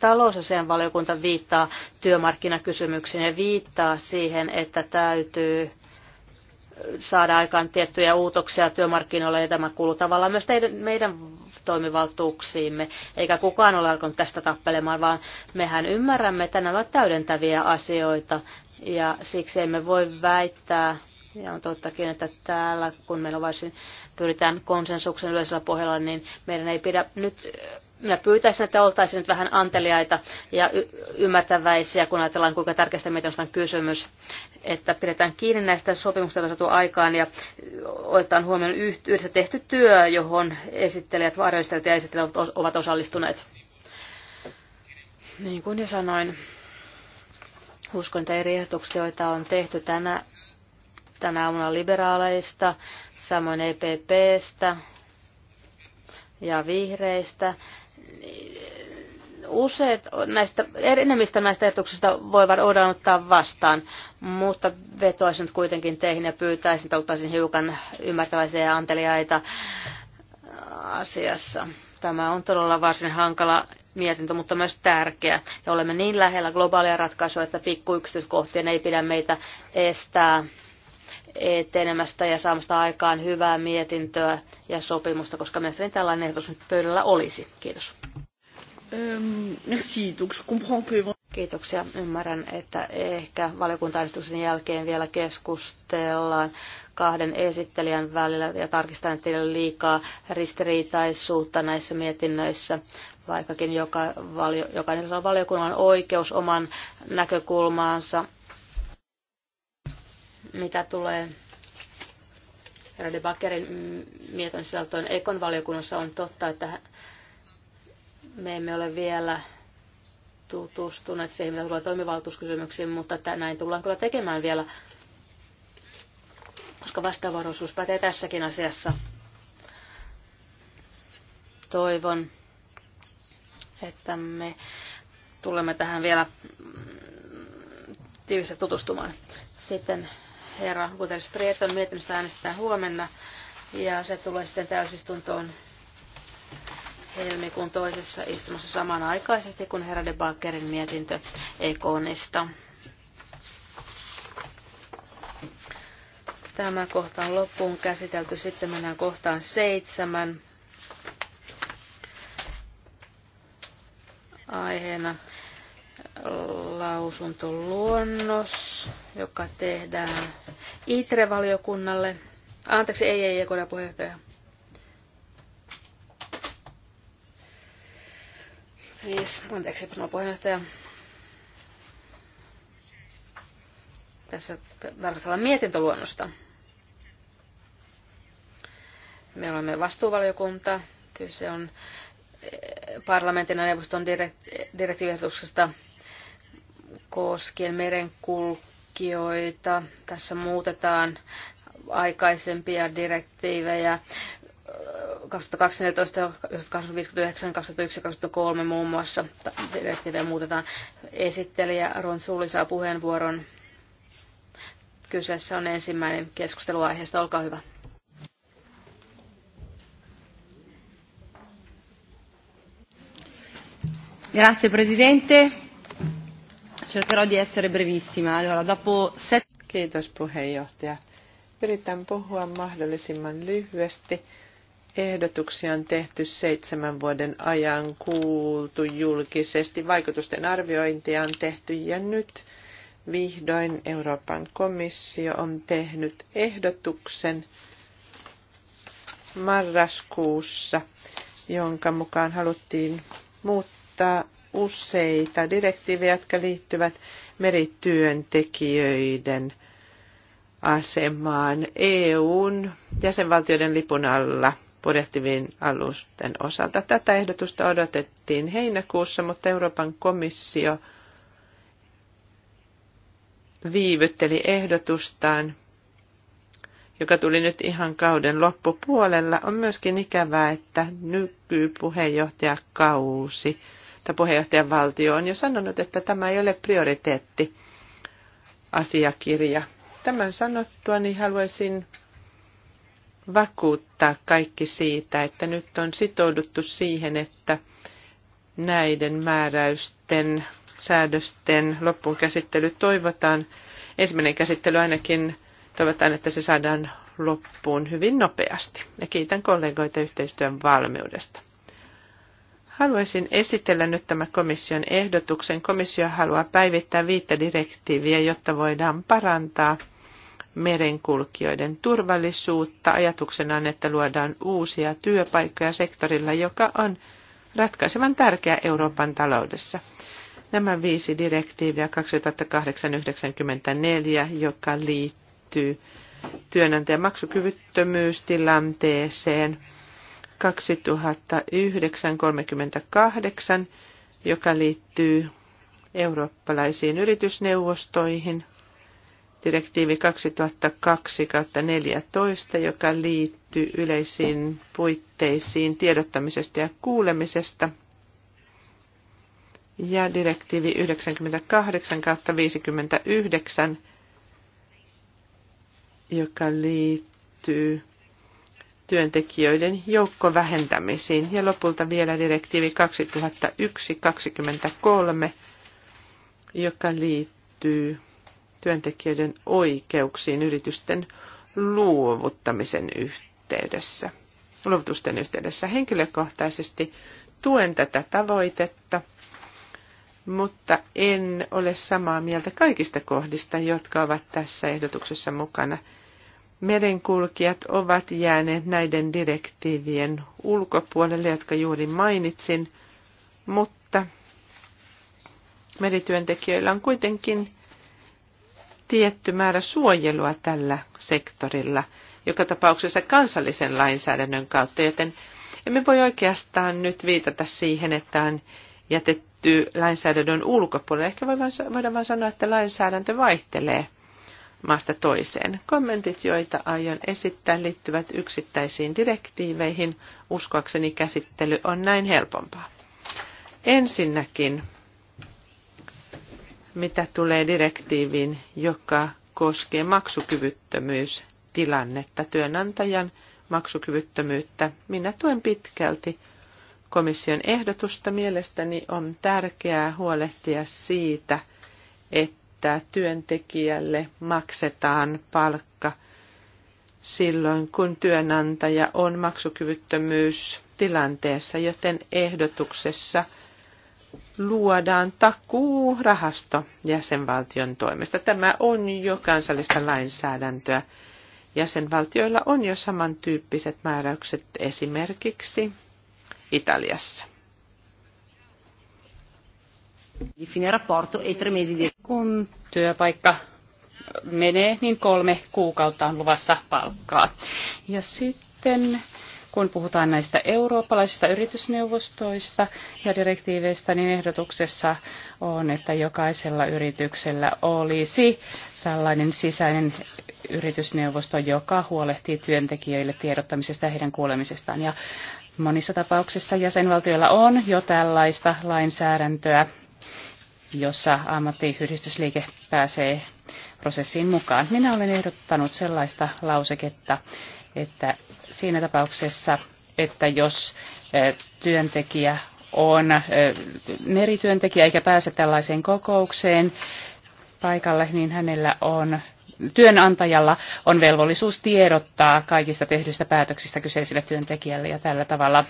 talousasian valiokunta viittaa työmarkkinakysymyksiin ja viittaa siihen, että täytyy saada aikaan tiettyjä uutoksia työmarkkinoilla ja tämä kuuluu tavallaan myös teidän, meidän toimivaltuuksiimme, eikä kukaan ole alkanut tästä tappelemaan, vaan mehän ymmärrämme, että nämä ovat täydentäviä asioita ja siksi emme voi väittää, ja on tottakin, että täällä kun meillä varsin pyritään konsensuksen yleisellä pohjalla, niin meidän ei pidä nyt minä pyytäisin, että oltaisiin nyt vähän anteliaita ja y- ymmärtäväisiä, kun ajatellaan, kuinka tärkeästä meitä on kysymys, että pidetään kiinni näistä sopimuksista, joita saatu aikaan, ja otetaan huomioon yhdessä tehty työ, johon esittelijät, varjoistelijat ja esittelijät ovat osallistuneet. Niin kuin jo sanoin, uskon, että eri ehdotukset, joita on tehty tänä, tänä aamuna liberaaleista, samoin EPPstä, ja vihreistä useat näistä, enemmistä näistä voi voivat odottaa vastaan, mutta vetoaisin nyt kuitenkin teihin ja pyytäisin, että oltaisiin hiukan ymmärtäväisiä ja anteliaita asiassa. Tämä on todella varsin hankala mietintö, mutta myös tärkeä. Ja olemme niin lähellä globaalia ratkaisua, että pikku yksityiskohtien ei pidä meitä estää etenemästä ja saamasta aikaan hyvää mietintöä ja sopimusta, koska mielestäni tällainen ehdotus nyt pöydällä olisi. Kiitos. Ähm, Kiitoksia. Ymmärrän, että ehkä valiokuntaäänestyksen jälkeen vielä keskustellaan kahden esittelijän välillä ja tarkistan, että ei ole liikaa ristiriitaisuutta näissä mietinnöissä, vaikkakin joka valio, jokainen valiokunnan on oikeus oman näkökulmaansa mitä tulee herra de Bakkerin mietön sisältöön Ekon valiokunnassa, on totta, että me emme ole vielä tutustuneet siihen, mitä tulee toimivaltuuskysymyksiin, mutta näin tullaan kyllä tekemään vielä, koska vastaavaroisuus pätee tässäkin asiassa. Toivon, että me tulemme tähän vielä tiivistä tutustumaan. Sitten herra Guterres Prieton mietinnöstä äänestetään huomenna ja se tulee sitten täysistuntoon helmikuun toisessa istunnossa samanaikaisesti kuin herra de Bakkerin mietintö Ekonista. Tämä kohta on loppuun käsitelty. Sitten mennään kohtaan seitsemän. Aiheena lausuntoluonnos, joka tehdään ITRE-valiokunnalle. Anteeksi, ei, ei, ei, puheenjohtaja. Siis, anteeksi, no puheenjohtaja. Tässä tarkastellaan mietintöluonnosta. Me olemme vastuuvaliokunta. Kyse on eh, parlamentin ja neuvoston direktiivehdotuksesta koskien merenkulkijoita. Tässä muutetaan aikaisempia direktiivejä 2014, 2059, 2001 ja 2003 muun muassa direktiivejä muutetaan. Esittelijä Ron Sulli saa puheenvuoron. Kyseessä on ensimmäinen keskustelu aiheesta. Olkaa hyvä. Grazie Presidente cercherò di essere brevissima. Allora, dopo set... Kiitos puheenjohtaja. Yritän puhua mahdollisimman lyhyesti. Ehdotuksia on tehty seitsemän vuoden ajan kuultu julkisesti. Vaikutusten arviointia on tehty ja nyt vihdoin Euroopan komissio on tehnyt ehdotuksen marraskuussa, jonka mukaan haluttiin muuttaa useita direktiivejä, jotka liittyvät merityöntekijöiden asemaan EUn jäsenvaltioiden lipun alla purjehtivien alusten osalta. Tätä ehdotusta odotettiin heinäkuussa, mutta Euroopan komissio viivytteli ehdotustaan, joka tuli nyt ihan kauden loppupuolella. On myöskin ikävää, että nykypuheenjohtajakausi kausi tai puheenjohtajan valtio on jo sanonut, että tämä ei ole prioriteetti asiakirja. Tämän sanottua niin haluaisin vakuuttaa kaikki siitä, että nyt on sitouduttu siihen, että näiden määräysten, säädösten loppuun käsittely toivotaan, ensimmäinen käsittely ainakin toivotaan, että se saadaan loppuun hyvin nopeasti. Ja kiitän kollegoita yhteistyön valmiudesta. Haluaisin esitellä nyt tämä komission ehdotuksen. Komissio haluaa päivittää viittä direktiiviä, jotta voidaan parantaa merenkulkijoiden turvallisuutta. Ajatuksena on, että luodaan uusia työpaikkoja sektorilla, joka on ratkaisevan tärkeä Euroopan taloudessa. Nämä viisi direktiiviä 2008-94, joka liittyy työnantajan maksukyvyttömyystilanteeseen – 2009-38, joka liittyy eurooppalaisiin yritysneuvostoihin. Direktiivi 2002-14, joka liittyy yleisiin puitteisiin tiedottamisesta ja kuulemisesta. Ja direktiivi 98-59, joka liittyy työntekijöiden joukkovähentämisiin ja lopulta vielä direktiivi 2001-23, joka liittyy työntekijöiden oikeuksiin yritysten luovuttamisen yhteydessä, luovutusten yhteydessä. Henkilökohtaisesti tuen tätä tavoitetta, mutta en ole samaa mieltä kaikista kohdista, jotka ovat tässä ehdotuksessa mukana – merenkulkijat ovat jääneet näiden direktiivien ulkopuolelle, jotka juuri mainitsin, mutta merityöntekijöillä on kuitenkin tietty määrä suojelua tällä sektorilla, joka tapauksessa kansallisen lainsäädännön kautta, joten emme voi oikeastaan nyt viitata siihen, että on jätetty lainsäädännön ulkopuolelle. Ehkä voidaan vain sanoa, että lainsäädäntö vaihtelee – maasta toiseen. Kommentit, joita aion esittää, liittyvät yksittäisiin direktiiveihin. Uskoakseni käsittely on näin helpompaa. Ensinnäkin, mitä tulee direktiiviin, joka koskee maksukyvyttömyystilannetta, työnantajan maksukyvyttömyyttä, minä tuen pitkälti komission ehdotusta. Mielestäni on tärkeää huolehtia siitä, että että työntekijälle maksetaan palkka silloin, kun työnantaja on maksukyvyttömyys tilanteessa, joten ehdotuksessa luodaan takuurahasto jäsenvaltion toimesta. Tämä on jo kansallista lainsäädäntöä. Jäsenvaltioilla on jo samantyyppiset määräykset esimerkiksi Italiassa. E kun työpaikka menee, niin kolme kuukautta on luvassa palkkaa. Ja sitten kun puhutaan näistä eurooppalaisista yritysneuvostoista ja direktiiveistä, niin ehdotuksessa on, että jokaisella yrityksellä olisi tällainen sisäinen yritysneuvosto, joka huolehtii työntekijöille tiedottamisesta ja heidän kuulemisestaan. Ja monissa tapauksissa jäsenvaltioilla on jo tällaista lainsäädäntöä jossa ammattiyhdistysliike pääsee prosessiin mukaan. Minä olen ehdottanut sellaista lauseketta, että siinä tapauksessa, että jos eh, työntekijä on eh, merityöntekijä eikä pääse tällaiseen kokoukseen paikalle, niin hänellä on työnantajalla on velvollisuus tiedottaa kaikista tehdyistä päätöksistä kyseiselle työntekijälle ja tällä tavalla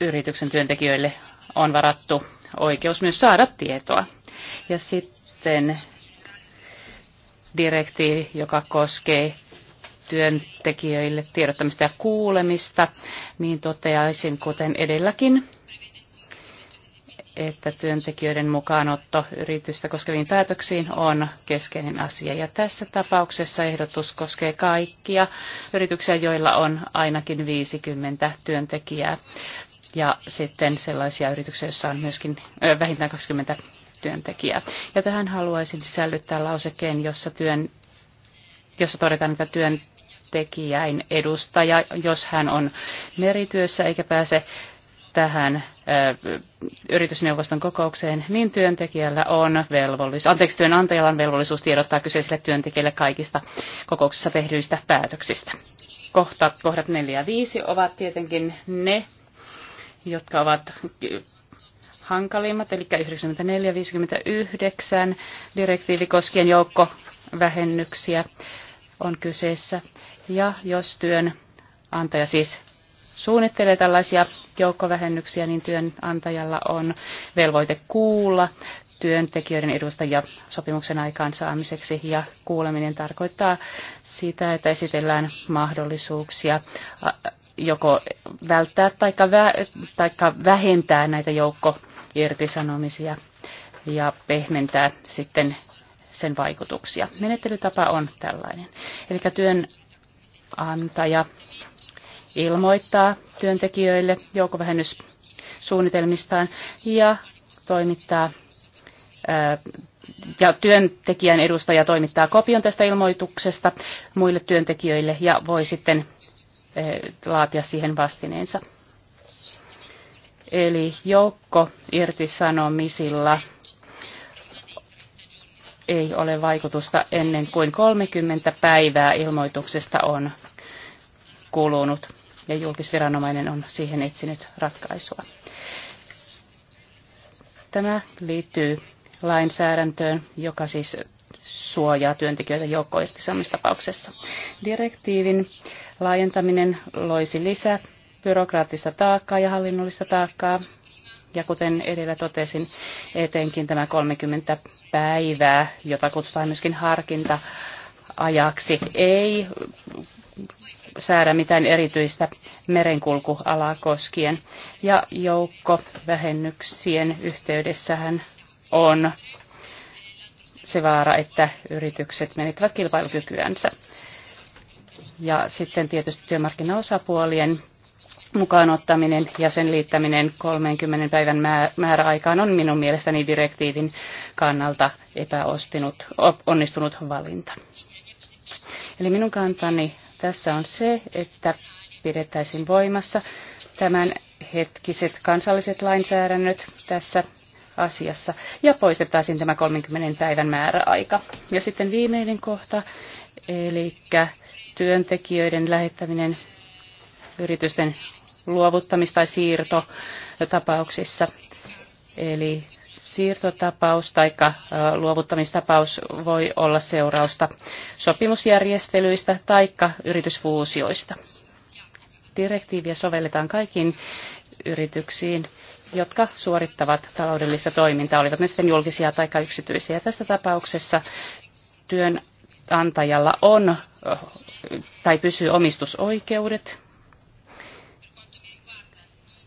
yrityksen työntekijöille on varattu oikeus myös saada tietoa. Ja sitten direktiivi, joka koskee työntekijöille tiedottamista ja kuulemista, niin toteaisin kuten edelläkin, että työntekijöiden mukaanotto yritystä koskeviin päätöksiin on keskeinen asia. Ja tässä tapauksessa ehdotus koskee kaikkia yrityksiä, joilla on ainakin 50 työntekijää ja sitten sellaisia yrityksiä, joissa on myöskin vähintään 20 työntekijää. Ja tähän haluaisin sisällyttää lausekkeen, jossa, työn, jossa todetaan, että työntekijäin edustaja, jos hän on merityössä eikä pääse tähän ö, yritysneuvoston kokoukseen, niin työntekijällä on velvollisuus, anteeksi, työnantajalla on velvollisuus tiedottaa kyseiselle työntekijälle kaikista kokouksessa tehdyistä päätöksistä. Kohta, kohdat 4 ja 5 ovat tietenkin ne, jotka ovat hankalimmat, eli 9459 direktiivi koskien joukkovähennyksiä on kyseessä. Ja jos työnantaja siis suunnittelee tällaisia joukkovähennyksiä, niin työnantajalla on velvoite kuulla työntekijöiden edustajia sopimuksen aikaansaamiseksi ja kuuleminen tarkoittaa sitä, että esitellään mahdollisuuksia joko välttää tai vähentää näitä joukkoirtisanomisia ja pehmentää sitten sen vaikutuksia. Menettelytapa on tällainen. Eli työnantaja ilmoittaa työntekijöille joukkovähennyssuunnitelmistaan ja toimittaa ja työntekijän edustaja toimittaa kopion tästä ilmoituksesta muille työntekijöille ja voi sitten Eh, laatia siihen vastineensa. Eli joukko irtisanomisilla ei ole vaikutusta ennen kuin 30 päivää ilmoituksesta on kulunut ja julkisviranomainen on siihen etsinyt ratkaisua. Tämä liittyy lainsäädäntöön, joka siis suojaa työntekijöitä joukkoirtisanomistapauksessa. Direktiivin laajentaminen loisi lisää byrokraattista taakkaa ja hallinnollista taakkaa, ja kuten edellä totesin, etenkin tämä 30 päivää, jota kutsutaan myöskin harkinta-ajaksi, ei säädä mitään erityistä merenkulkualaa koskien. Ja joukkovähennyksien yhteydessähän on se vaara, että yritykset menettävät kilpailukykyänsä. Ja sitten tietysti työmarkkinaosapuolien mukaan ottaminen ja sen liittäminen 30 päivän määräaikaan on minun mielestäni direktiivin kannalta epäostinut, onnistunut valinta. Eli minun kantani tässä on se, että pidettäisiin voimassa tämän hetkiset kansalliset lainsäädännöt tässä asiassa ja poistettaisiin tämä 30 päivän määräaika. Ja sitten viimeinen kohta, eli työntekijöiden lähettäminen yritysten luovuttamis- tai siirtotapauksissa. Eli siirtotapaus tai luovuttamistapaus voi olla seurausta sopimusjärjestelyistä tai yritysfuusioista. Direktiiviä sovelletaan kaikkiin yrityksiin, jotka suorittavat taloudellista toimintaa, olivat ne sitten julkisia tai yksityisiä. Tässä tapauksessa työnantajalla on tai pysyy omistusoikeudet.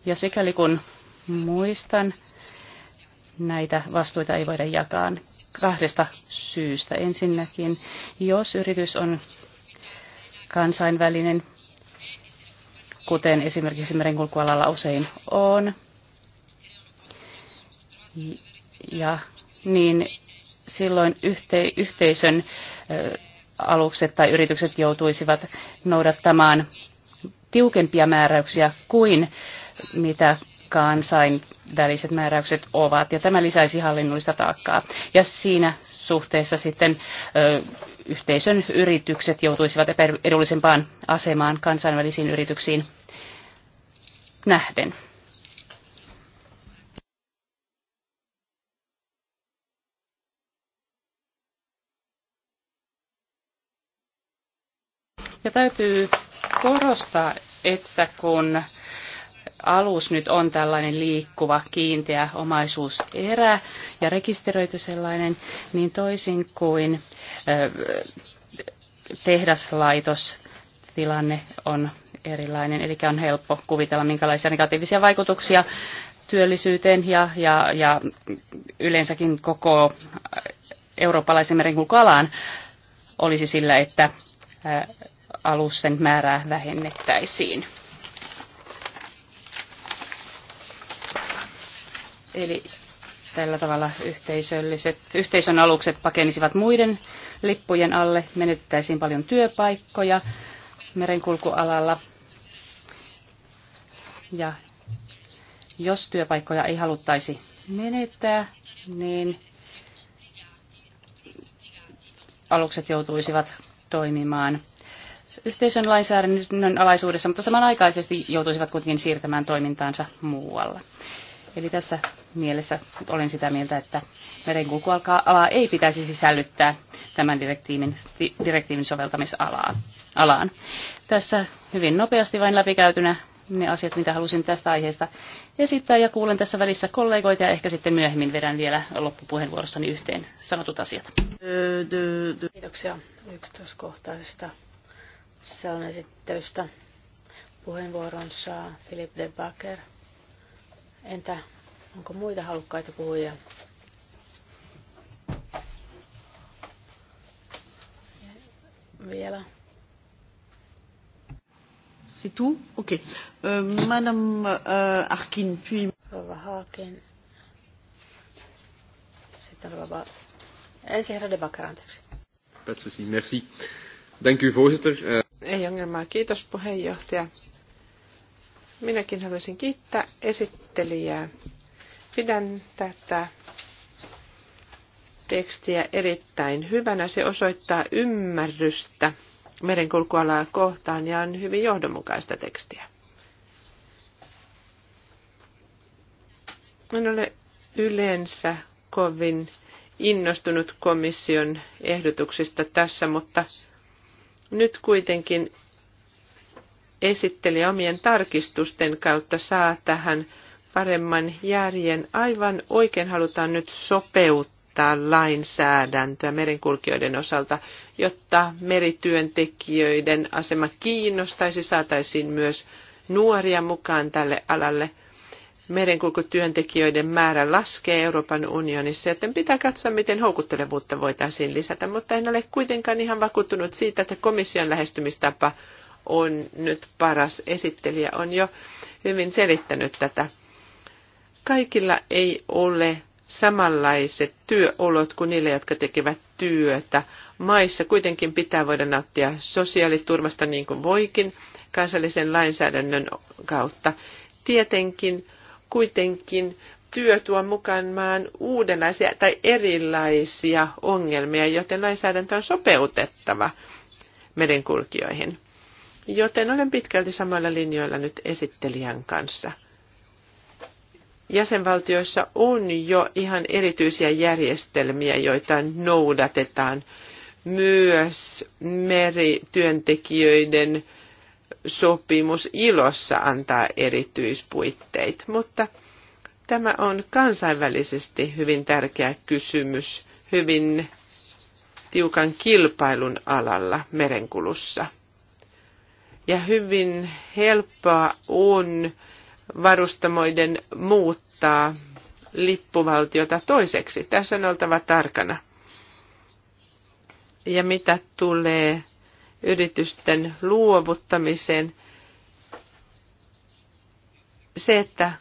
Ja sikäli kun muistan, näitä vastuita ei voida jakaa kahdesta syystä. Ensinnäkin, jos yritys on kansainvälinen, kuten esimerkiksi merenkulkualalla usein on, ja niin silloin yhte, yhteisön alukset tai yritykset joutuisivat noudattamaan tiukempia määräyksiä kuin mitä kansainväliset määräykset ovat, ja tämä lisäisi hallinnollista taakkaa. Ja siinä suhteessa sitten ö, yhteisön yritykset joutuisivat edullisempaan asemaan kansainvälisiin yrityksiin nähden. Ja täytyy korostaa, että kun alus nyt on tällainen liikkuva, kiinteä omaisuuserä ja rekisteröity sellainen, niin toisin kuin tehdaslaitos tilanne on erilainen, eli on helppo kuvitella, minkälaisia negatiivisia vaikutuksia työllisyyteen ja, ja, ja yleensäkin koko eurooppalaisen merenkulkualaan olisi sillä, että alusten määrää vähennettäisiin. Eli tällä tavalla yhteisölliset, yhteisön alukset pakenisivat muiden lippujen alle, menettäisiin paljon työpaikkoja merenkulkualalla. Ja jos työpaikkoja ei haluttaisi menettää, niin alukset joutuisivat toimimaan yhteisön lainsäädännön alaisuudessa, mutta samanaikaisesti joutuisivat kuitenkin siirtämään toimintaansa muualla. Eli tässä mielessä olen sitä mieltä, että merenkulkualaa ei pitäisi sisällyttää tämän direktiivin, direktiivin soveltamisalaan. Alaan. Tässä hyvin nopeasti vain läpikäytynä ne asiat, mitä halusin tästä aiheesta esittää, ja kuulen tässä välissä kollegoita, ja ehkä sitten myöhemmin vedän vielä loppupuheenvuorossani yhteen sanotut asiat. Kiitoksia yksityiskohtaisista Sisällön esittelystä puheenvuoron saa Philip de Backer. Entä onko muita halukkaita puhujia? Vielä. C'est tout Ok. Euh, Madame euh, Harkin, puis... Rova Harkin. Sitten Rova... Ensin herra de Bakker, anteeksi. Pas de souci, merci. Dank u, voorzitter. Uh... Ei ongelmaa. Kiitos puheenjohtaja. Minäkin haluaisin kiittää esittelijää. Pidän tätä tekstiä erittäin hyvänä. Se osoittaa ymmärrystä merenkulkualaa kohtaan ja on hyvin johdonmukaista tekstiä. En ole yleensä kovin innostunut komission ehdotuksista tässä, mutta nyt kuitenkin esitteli omien tarkistusten kautta saa tähän paremman järjen. Aivan oikein halutaan nyt sopeuttaa lainsäädäntöä merenkulkijoiden osalta, jotta merityöntekijöiden asema kiinnostaisi, saataisiin myös nuoria mukaan tälle alalle – merenkulkutyöntekijöiden määrä laskee Euroopan unionissa, joten pitää katsoa, miten houkuttelevuutta voitaisiin lisätä, mutta en ole kuitenkaan ihan vakuuttunut siitä, että komission lähestymistapa on nyt paras. Esittelijä on jo hyvin selittänyt tätä. Kaikilla ei ole samanlaiset työolot kuin niille, jotka tekevät työtä. Maissa kuitenkin pitää voida nauttia sosiaaliturvasta niin kuin voikin kansallisen lainsäädännön kautta. Tietenkin kuitenkin työ tuo mukanaan uudenlaisia tai erilaisia ongelmia, joten lainsäädäntö on sopeutettava merenkulkijoihin. Joten olen pitkälti samoilla linjoilla nyt esittelijän kanssa. Jäsenvaltioissa on jo ihan erityisiä järjestelmiä, joita noudatetaan myös merityöntekijöiden sopimus ilossa antaa erityispuitteet, mutta tämä on kansainvälisesti hyvin tärkeä kysymys, hyvin tiukan kilpailun alalla merenkulussa. Ja hyvin helppoa on varustamoiden muuttaa lippuvaltiota toiseksi. Tässä on oltava tarkana. Ja mitä tulee yritysten luovuttamiseen. Se, että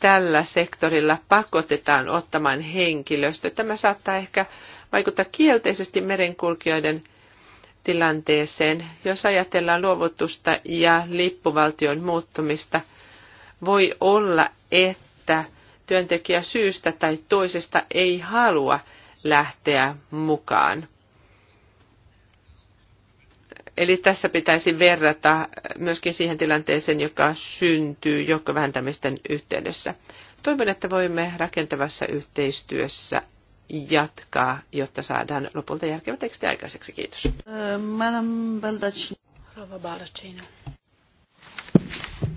tällä sektorilla pakotetaan ottamaan henkilöstö, tämä saattaa ehkä vaikuttaa kielteisesti merenkulkijoiden tilanteeseen. Jos ajatellaan luovutusta ja lippuvaltion muuttumista, voi olla, että työntekijä syystä tai toisesta ei halua lähteä mukaan. Eli tässä pitäisi verrata myöskin siihen tilanteeseen, joka syntyy joukkovähentämisten yhteydessä. Toivon, että voimme rakentavassa yhteistyössä jatkaa, jotta saadaan lopulta järkevä teksti aikaiseksi. Kiitos. Äh,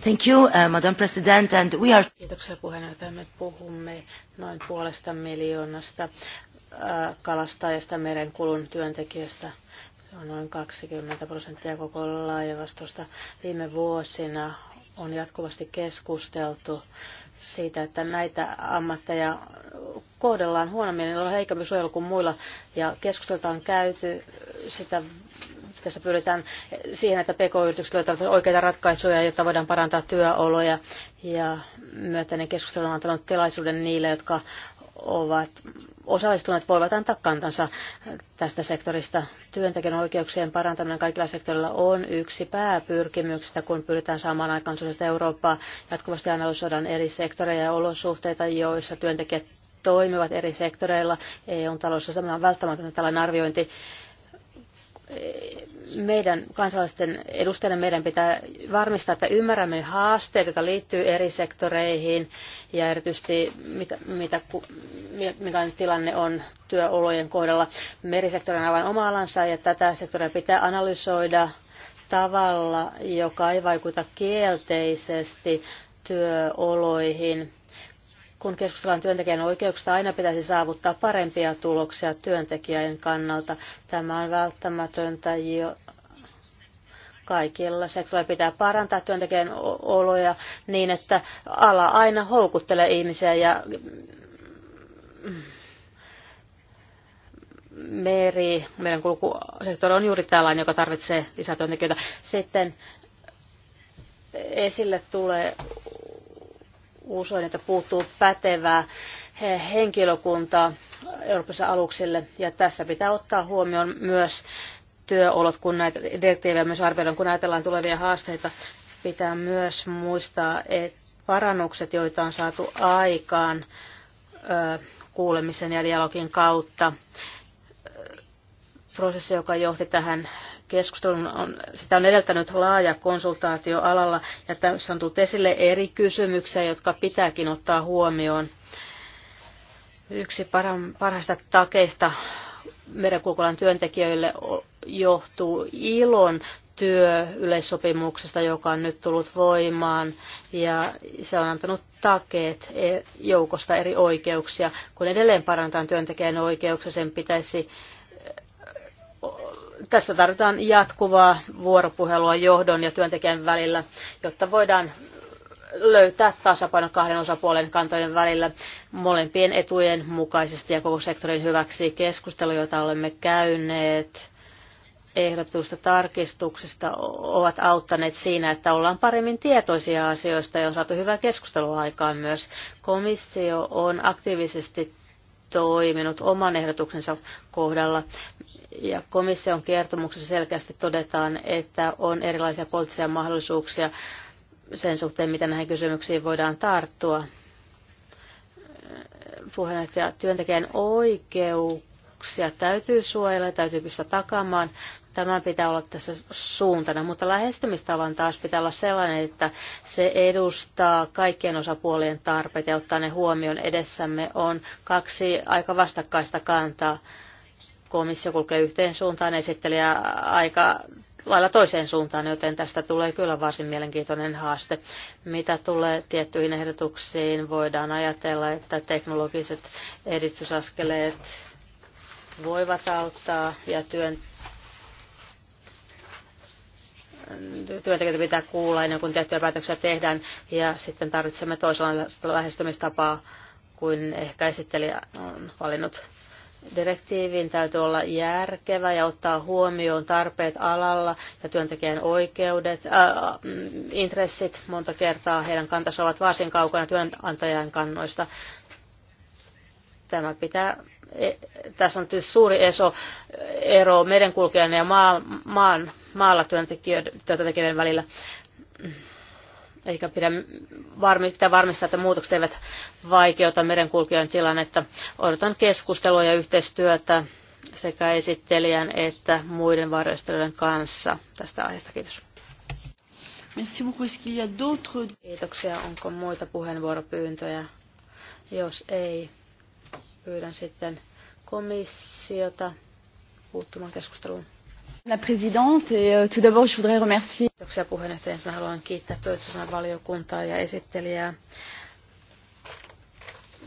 Thank you, uh, Madam President, and we are... Kiitoksia puheenjohtaja. Me puhumme noin puolesta miljoonasta äh, kalastajasta, merenkulun työntekijästä – se on noin 20 prosenttia koko laivastosta. Viime vuosina on jatkuvasti keskusteltu siitä, että näitä ammatteja kohdellaan huonommin, niillä on heikompi suojelu kuin muilla. Ja keskustelta on käyty sitä, tässä pyritään siihen, että PK-yritykset löytävät oikeita ratkaisuja, jotta voidaan parantaa työoloja. Ja myötäinen keskustelu on antanut tilaisuuden niille, jotka ovat osallistuneet voivat antaa kantansa tästä sektorista. Työntekijän oikeuksien parantaminen kaikilla sektoreilla on yksi pääpyrkimyksistä, kun pyritään saamaan aikaan sosiaalista Eurooppaa. Jatkuvasti analysoidaan eri sektoreja ja olosuhteita, joissa työntekijät toimivat eri sektoreilla. EUn talossa tämä on välttämätöntä tällainen arviointi meidän kansalaisten edustajana meidän pitää varmistaa, että ymmärrämme haasteet, joita liittyy eri sektoreihin ja erityisesti mitä, mitä, mikä tilanne on työolojen kohdalla. Merisektori on aivan oma alansa ja tätä sektoria pitää analysoida tavalla, joka ei vaikuta kielteisesti työoloihin kun keskustellaan työntekijän oikeuksista, aina pitäisi saavuttaa parempia tuloksia työntekijän kannalta. Tämä on välttämätöntä jo kaikilla seksuaali pitää parantaa työntekijän oloja niin, että ala aina houkuttelee ihmisiä ja meri, meidän kulkusektori on juuri tällainen, joka tarvitsee lisätyöntekijöitä. Sitten esille tulee usein, että puuttuu pätevää henkilökuntaa Euroopassa aluksille. Ja tässä pitää ottaa huomioon myös työolot, kun näitä direktiivejä myös arvioidaan, kun ajatellaan tulevia haasteita. Pitää myös muistaa, että parannukset, joita on saatu aikaan kuulemisen ja dialogin kautta, prosessi, joka johti tähän Keskustelun on, sitä on edeltänyt laaja konsultaatio alalla ja tässä on tullut esille eri kysymyksiä, jotka pitääkin ottaa huomioon. Yksi parhaista takeista merenkulkualan työntekijöille johtuu ilon työyleissopimuksesta, joka on nyt tullut voimaan, ja se on antanut takeet e, joukosta eri oikeuksia. Kun edelleen parantaa työntekijän oikeuksia, sen pitäisi tässä tarvitaan jatkuvaa vuoropuhelua johdon ja työntekijän välillä, jotta voidaan löytää tasapaino kahden osapuolen kantojen välillä molempien etujen mukaisesti ja koko sektorin hyväksi. Keskustelu, jota olemme käyneet ehdotusta tarkistuksista, ovat auttaneet siinä, että ollaan paremmin tietoisia asioista ja on saatu hyvää keskustelua aikaan myös. Komissio on aktiivisesti toiminut oman ehdotuksensa kohdalla. Ja komission kertomuksessa selkeästi todetaan, että on erilaisia poliittisia mahdollisuuksia sen suhteen, miten näihin kysymyksiin voidaan tarttua. Puheenjohtaja työntekijän oikeuksia täytyy suojella ja täytyy pystyä takaamaan, Tämän pitää olla tässä suuntana, mutta lähestymistavan taas pitää olla sellainen, että se edustaa kaikkien osapuolien tarpeita ja ottaa ne huomioon. Edessämme on kaksi aika vastakkaista kantaa. Komissio kulkee yhteen suuntaan, esittelijä aika lailla toiseen suuntaan, joten tästä tulee kyllä varsin mielenkiintoinen haaste. Mitä tulee tiettyihin ehdotuksiin, voidaan ajatella, että teknologiset edistysaskeleet voivat auttaa ja työn työntekijöitä pitää kuulla ennen kuin tiettyjä päätöksiä tehdään ja sitten tarvitsemme toisenlaista lähestymistapaa kuin ehkä esittelijä on valinnut. direktiiviin täytyy olla järkevä ja ottaa huomioon tarpeet alalla ja työntekijän oikeudet, äh, mm, intressit. Monta kertaa heidän kantansa ovat varsin kaukana työnantajan kannoista. Tämä pitää E, tässä on tietysti suuri eso, ero merenkulkijan ja maa, maan, maalla työntekijöiden välillä. Eikä pidä, varmi, pitää varmistaa, että muutokset eivät vaikeuta merenkulkijoiden tilannetta. Odotan keskustelua ja yhteistyötä sekä esittelijän että muiden varjostelijoiden kanssa tästä aiheesta. Kiitos. Merci beaucoup. y a Kiitoksia. Onko muita puheenvuoropyyntöjä? Jos ei, pyydän sitten komissiota puuttumaan keskusteluun. La présidente, et euh, tout d'abord je voudrais remercier... Kiitoksia puheenjohtaja. Ensin haluan kiittää pöydistysalan valiokuntaa ja esittelijää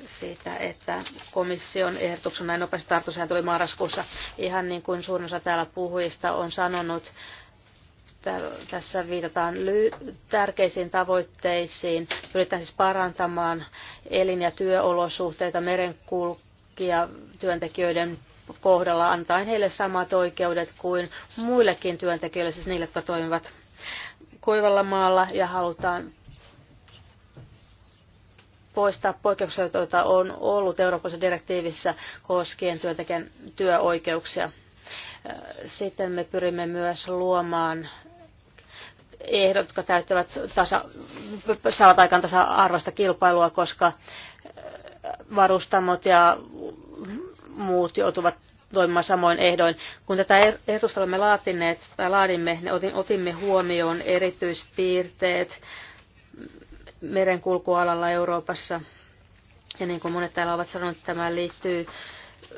siitä, että komission ehdotuksen näin nopeasti tartuseen tuli marraskuussa. Ihan niin kuin suurin osa täällä puhujista on sanonut, tässä viitataan tärkeisiin tavoitteisiin. Pyritään siis parantamaan elin- ja työolosuhteita merenkulkua työntekijöiden kohdalla antaen heille samat oikeudet kuin muillekin työntekijöille, siis niille, jotka toimivat kuivalla maalla ja halutaan poistaa poikkeuksia, joita on ollut Euroopassa direktiivissä koskien työntekijän työoikeuksia. Sitten me pyrimme myös luomaan ehdot, jotka täyttävät tasa, saavat aikaan tasa-arvoista kilpailua, koska varustamot ja muut joutuvat toimimaan samoin ehdoin. Kun tätä ehdotusta olemme laatineet tai laadimme, ne otimme huomioon erityispiirteet merenkulkualalla Euroopassa. Ja niin kuin monet täällä ovat sanoneet, tämä liittyy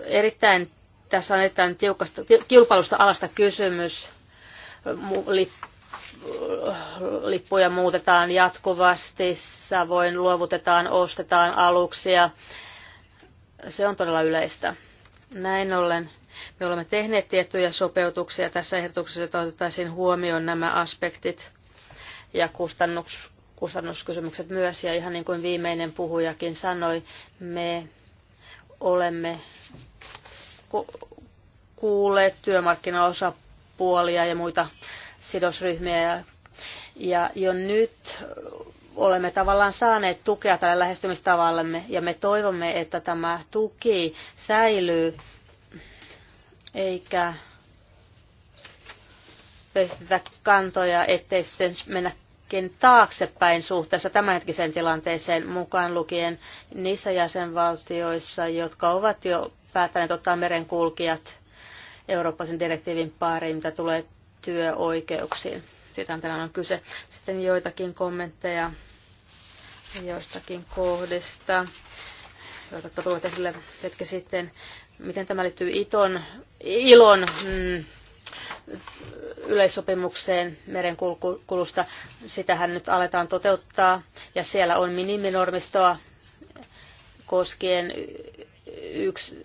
erittäin, tässä on erittäin tiukasta, kilpailusta alasta kysymys lippuja muutetaan jatkuvasti, savoin luovutetaan, ostetaan aluksia. Se on todella yleistä. Näin ollen me olemme tehneet tiettyjä sopeutuksia tässä ehdotuksessa, että otettaisiin huomioon nämä aspektit ja kustannus, kustannuskysymykset myös. Ja ihan niin kuin viimeinen puhujakin sanoi, me olemme kuulleet työmarkkinaosapuolia ja muita sidosryhmiä ja, ja jo nyt olemme tavallaan saaneet tukea tälle lähestymistavallemme ja me toivomme, että tämä tuki säilyy eikä vesitettä kantoja, ettei sitten mennäkin taaksepäin suhteessa tämänhetkiseen tilanteeseen mukaan lukien niissä jäsenvaltioissa, jotka ovat jo päättäneet ottaa merenkulkijat eurooppalaisen direktiivin pariin, mitä tulee työoikeuksiin. Sitä tänään on kyse. Sitten joitakin kommentteja joistakin kohdista, joita tuot esille hetki sitten. Miten tämä liittyy Iton, Ilon mm, yleissopimukseen merenkulusta? Sitähän nyt aletaan toteuttaa ja siellä on miniminormistoa koskien yksi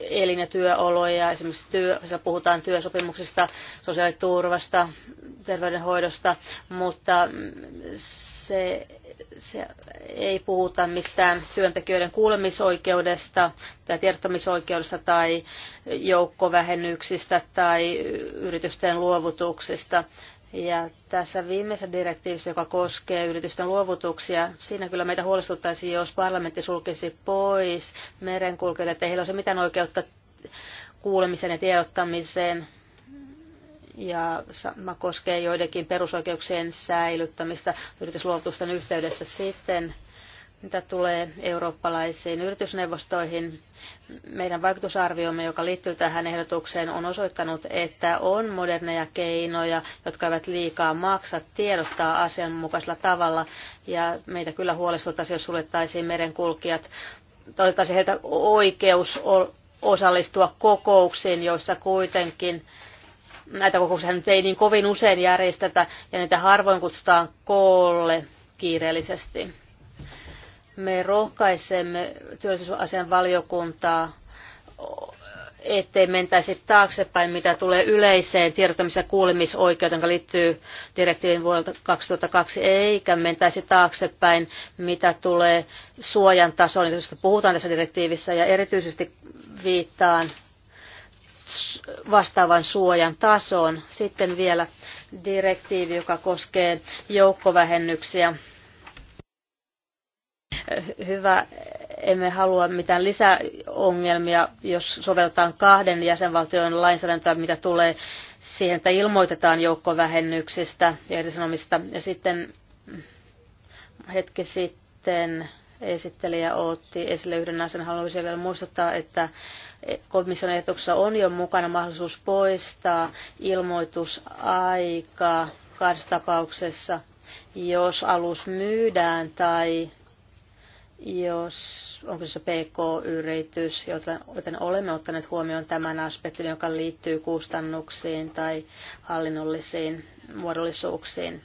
elin- ja työoloja. Esimerkiksi työ, puhutaan työsopimuksista, sosiaaliturvasta, terveydenhoidosta, mutta se, se ei puhuta mistään työntekijöiden kuulemisoikeudesta tai tiedottamisoikeudesta tai joukkovähennyksistä tai yritysten luovutuksista. Ja tässä viimeisessä direktiivissä, joka koskee yritysten luovutuksia, siinä kyllä meitä huolestuttaisi, jos parlamentti sulkisi pois merenkulkijoille, että heillä olisi mitään oikeutta kuulemiseen ja tiedottamiseen. Ja sama koskee joidenkin perusoikeuksien säilyttämistä yritysluovutusten yhteydessä sitten mitä tulee eurooppalaisiin yritysneuvostoihin, meidän vaikutusarviomme, joka liittyy tähän ehdotukseen, on osoittanut, että on moderneja keinoja, jotka eivät liikaa maksa tiedottaa asianmukaisella tavalla. Ja meitä kyllä huolestuttaisi, jos suljettaisiin merenkulkijat, toivottaisiin heiltä oikeus osallistua kokouksiin, joissa kuitenkin näitä kokouksia nyt ei niin kovin usein järjestetä ja niitä harvoin kutsutaan koolle kiireellisesti me rohkaisemme työllisyysasian valiokuntaa ettei mentäisi taaksepäin, mitä tulee yleiseen tiedottamis- ja kuulemisoikeuteen, joka liittyy direktiivin vuodelta 2002, eikä mentäisi taaksepäin, mitä tulee suojan tasoon, josta puhutaan tässä direktiivissä, ja erityisesti viittaan vastaavan suojan tasoon. Sitten vielä direktiivi, joka koskee joukkovähennyksiä hyvä, emme halua mitään lisäongelmia, jos sovelletaan kahden jäsenvaltion lainsäädäntöä, mitä tulee siihen, että ilmoitetaan joukkovähennyksistä ja irtisanomista. Ja sitten hetki sitten esittelijä otti esille yhden asian. Haluaisin vielä muistuttaa, että komission ehdotuksessa on jo mukana mahdollisuus poistaa ilmoitusaika kahdessa tapauksessa, jos alus myydään tai jos onko se PK-yritys, joten olemme ottaneet huomioon tämän aspektin, joka liittyy kustannuksiin tai hallinnollisiin muodollisuuksiin.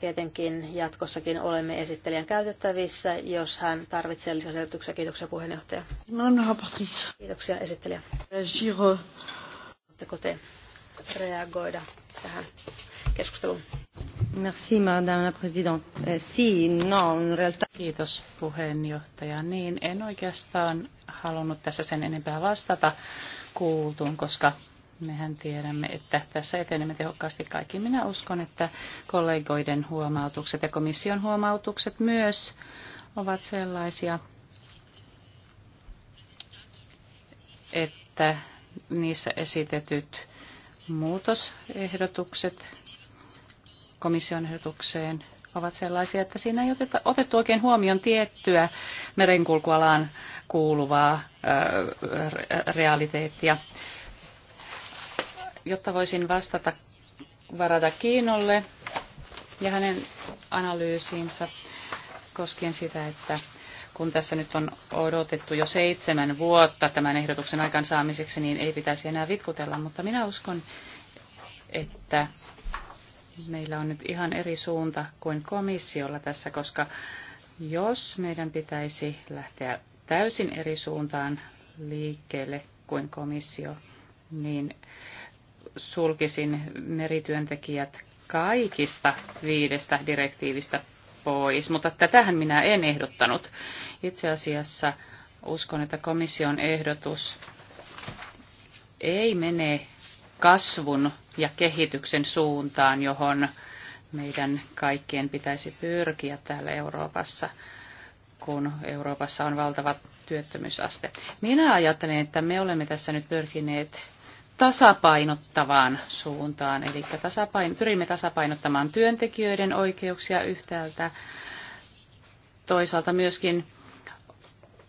Tietenkin jatkossakin olemme esittelijän käytettävissä, jos hän tarvitsee lisäselityksiä. Kiitoksia puheenjohtaja. Kiitoksia esittelijä. Voitteko te reagoida tähän? Merci, madame la présidente. Eh, si, no, realta... Kiitos puheenjohtaja. Niin, en oikeastaan halunnut tässä sen enempää vastata kuultuun, koska mehän tiedämme, että tässä etenemme tehokkaasti kaikki. Minä uskon, että kollegoiden huomautukset ja komission huomautukset myös ovat sellaisia, että niissä esitetyt muutosehdotukset komission ehdotukseen ovat sellaisia, että siinä ei oteta, otettu oikein huomioon tiettyä merenkulkualaan kuuluvaa realiteettia. Jotta voisin vastata varata Kiinolle ja hänen analyysiinsa koskien sitä, että kun tässä nyt on odotettu jo seitsemän vuotta tämän ehdotuksen aikaansaamiseksi, niin ei pitäisi enää vitkutella, mutta minä uskon, että meillä on nyt ihan eri suunta kuin komissiolla tässä, koska jos meidän pitäisi lähteä täysin eri suuntaan liikkeelle kuin komissio, niin sulkisin merityöntekijät kaikista viidestä direktiivistä pois, mutta tätähän minä en ehdottanut. Itse asiassa uskon, että komission ehdotus ei mene kasvun ja kehityksen suuntaan, johon meidän kaikkien pitäisi pyrkiä täällä Euroopassa, kun Euroopassa on valtava työttömyysaste. Minä ajattelen, että me olemme tässä nyt pyrkineet tasapainottavaan suuntaan, eli tasapain, pyrimme tasapainottamaan työntekijöiden oikeuksia yhtäältä, toisaalta myöskin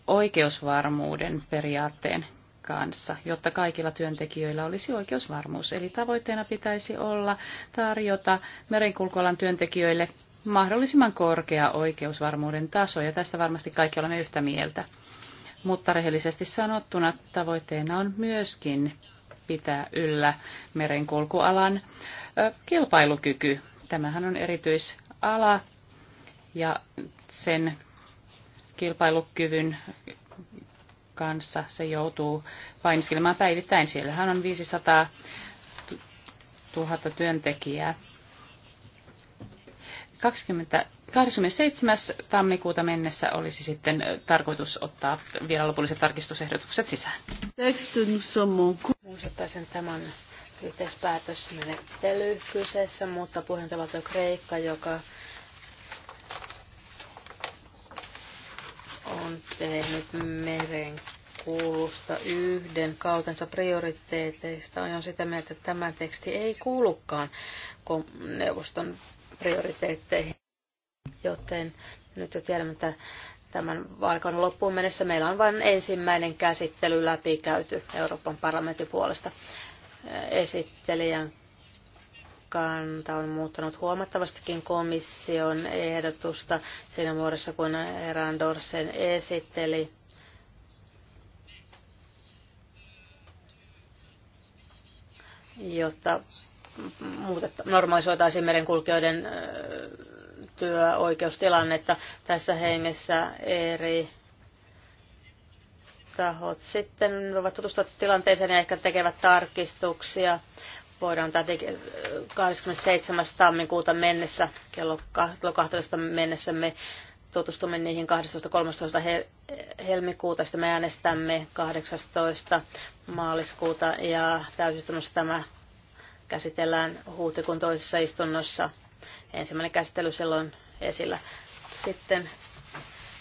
oikeusvarmuuden periaatteen kanssa, jotta kaikilla työntekijöillä olisi oikeusvarmuus. Eli tavoitteena pitäisi olla tarjota merenkulkualan työntekijöille mahdollisimman korkea oikeusvarmuuden taso, ja tästä varmasti kaikki olemme yhtä mieltä. Mutta rehellisesti sanottuna tavoitteena on myöskin pitää yllä merenkulkualan kilpailukyky. Tämähän on erityisala ja sen kilpailukyvyn kanssa. Se joutuu painiskelemaan päivittäin. Siellähän on 500 000 työntekijää. 20, 27. tammikuuta mennessä olisi sitten tarkoitus ottaa vielä lopulliset tarkistusehdotukset sisään. Muistuttaisin, tämän yhteispäätösmenettely kyseessä, mutta puheenjohtaja Kreikka, joka on tehnyt meren kuulusta yhden kautensa prioriteeteista. On sitä mieltä, että tämä teksti ei kuulukaan neuvoston prioriteetteihin. Joten nyt jo tiedämme, että tämän vaikan loppuun mennessä meillä on vain ensimmäinen käsittely läpikäyty Euroopan parlamentin puolesta esittelijän kanta on muuttanut huomattavastikin komission ehdotusta siinä muodossa, kun Erandor sen esitteli. jotta normalisoitaisiin merenkulkijoiden työoikeustilannetta. Tässä hengessä eri tahot sitten voivat tutustua tilanteeseen ja ehkä tekevät tarkistuksia voidaan tämä 27. tammikuuta mennessä, kello 12 mennessä me tutustumme niihin 12.13. helmikuuta, sitten me äänestämme 18. maaliskuuta ja täysistunnossa tämä käsitellään huhtikuun toisessa istunnossa. Ensimmäinen käsittely silloin esillä. Sitten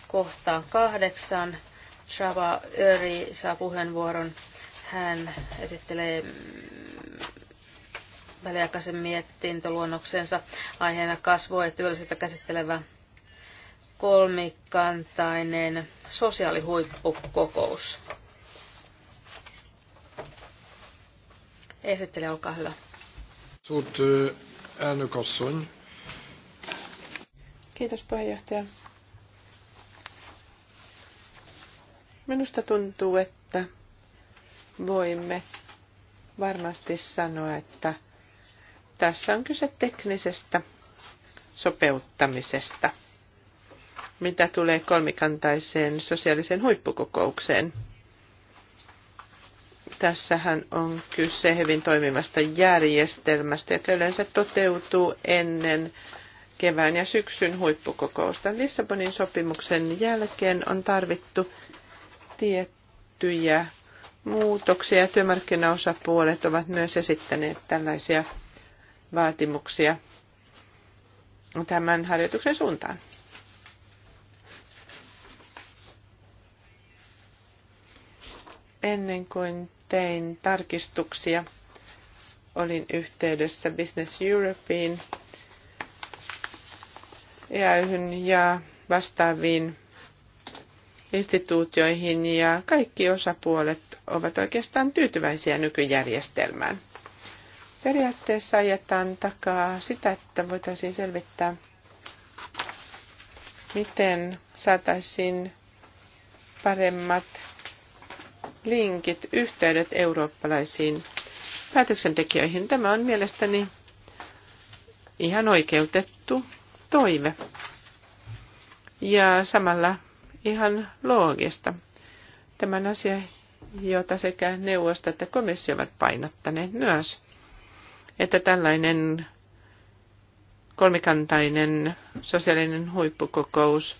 kohtaan kahdeksan. Shava Öri saa puheenvuoron. Hän esittelee väliaikaisen mietintöluonnoksensa aiheena kasvua ja työllisyyttä käsittelevä kolmikantainen sosiaalihuippukokous. Esittelijä, olkaa hyvä. Kiitos puheenjohtaja. Minusta tuntuu, että voimme varmasti sanoa, että tässä on kyse teknisestä sopeuttamisesta, mitä tulee kolmikantaiseen sosiaaliseen huippukokoukseen. Tässähän on kyse hyvin toimivasta järjestelmästä, joka yleensä toteutuu ennen kevään ja syksyn huippukokousta. Lissabonin sopimuksen jälkeen on tarvittu tiettyjä muutoksia. Työmarkkinaosapuolet ovat myös esittäneet tällaisia vaatimuksia tämän harjoituksen suuntaan. Ennen kuin tein tarkistuksia, olin yhteydessä Business Europeen, EAYhyn ja vastaaviin instituutioihin ja kaikki osapuolet ovat oikeastaan tyytyväisiä nykyjärjestelmään. Periaatteessa ajetaan takaa sitä, että voitaisiin selvittää, miten saataisiin paremmat linkit, yhteydet eurooppalaisiin päätöksentekijöihin. Tämä on mielestäni ihan oikeutettu toive ja samalla ihan loogista. Tämän asia, jota sekä neuvosto että komissio ovat painottaneet myös että tällainen kolmikantainen sosiaalinen huippukokous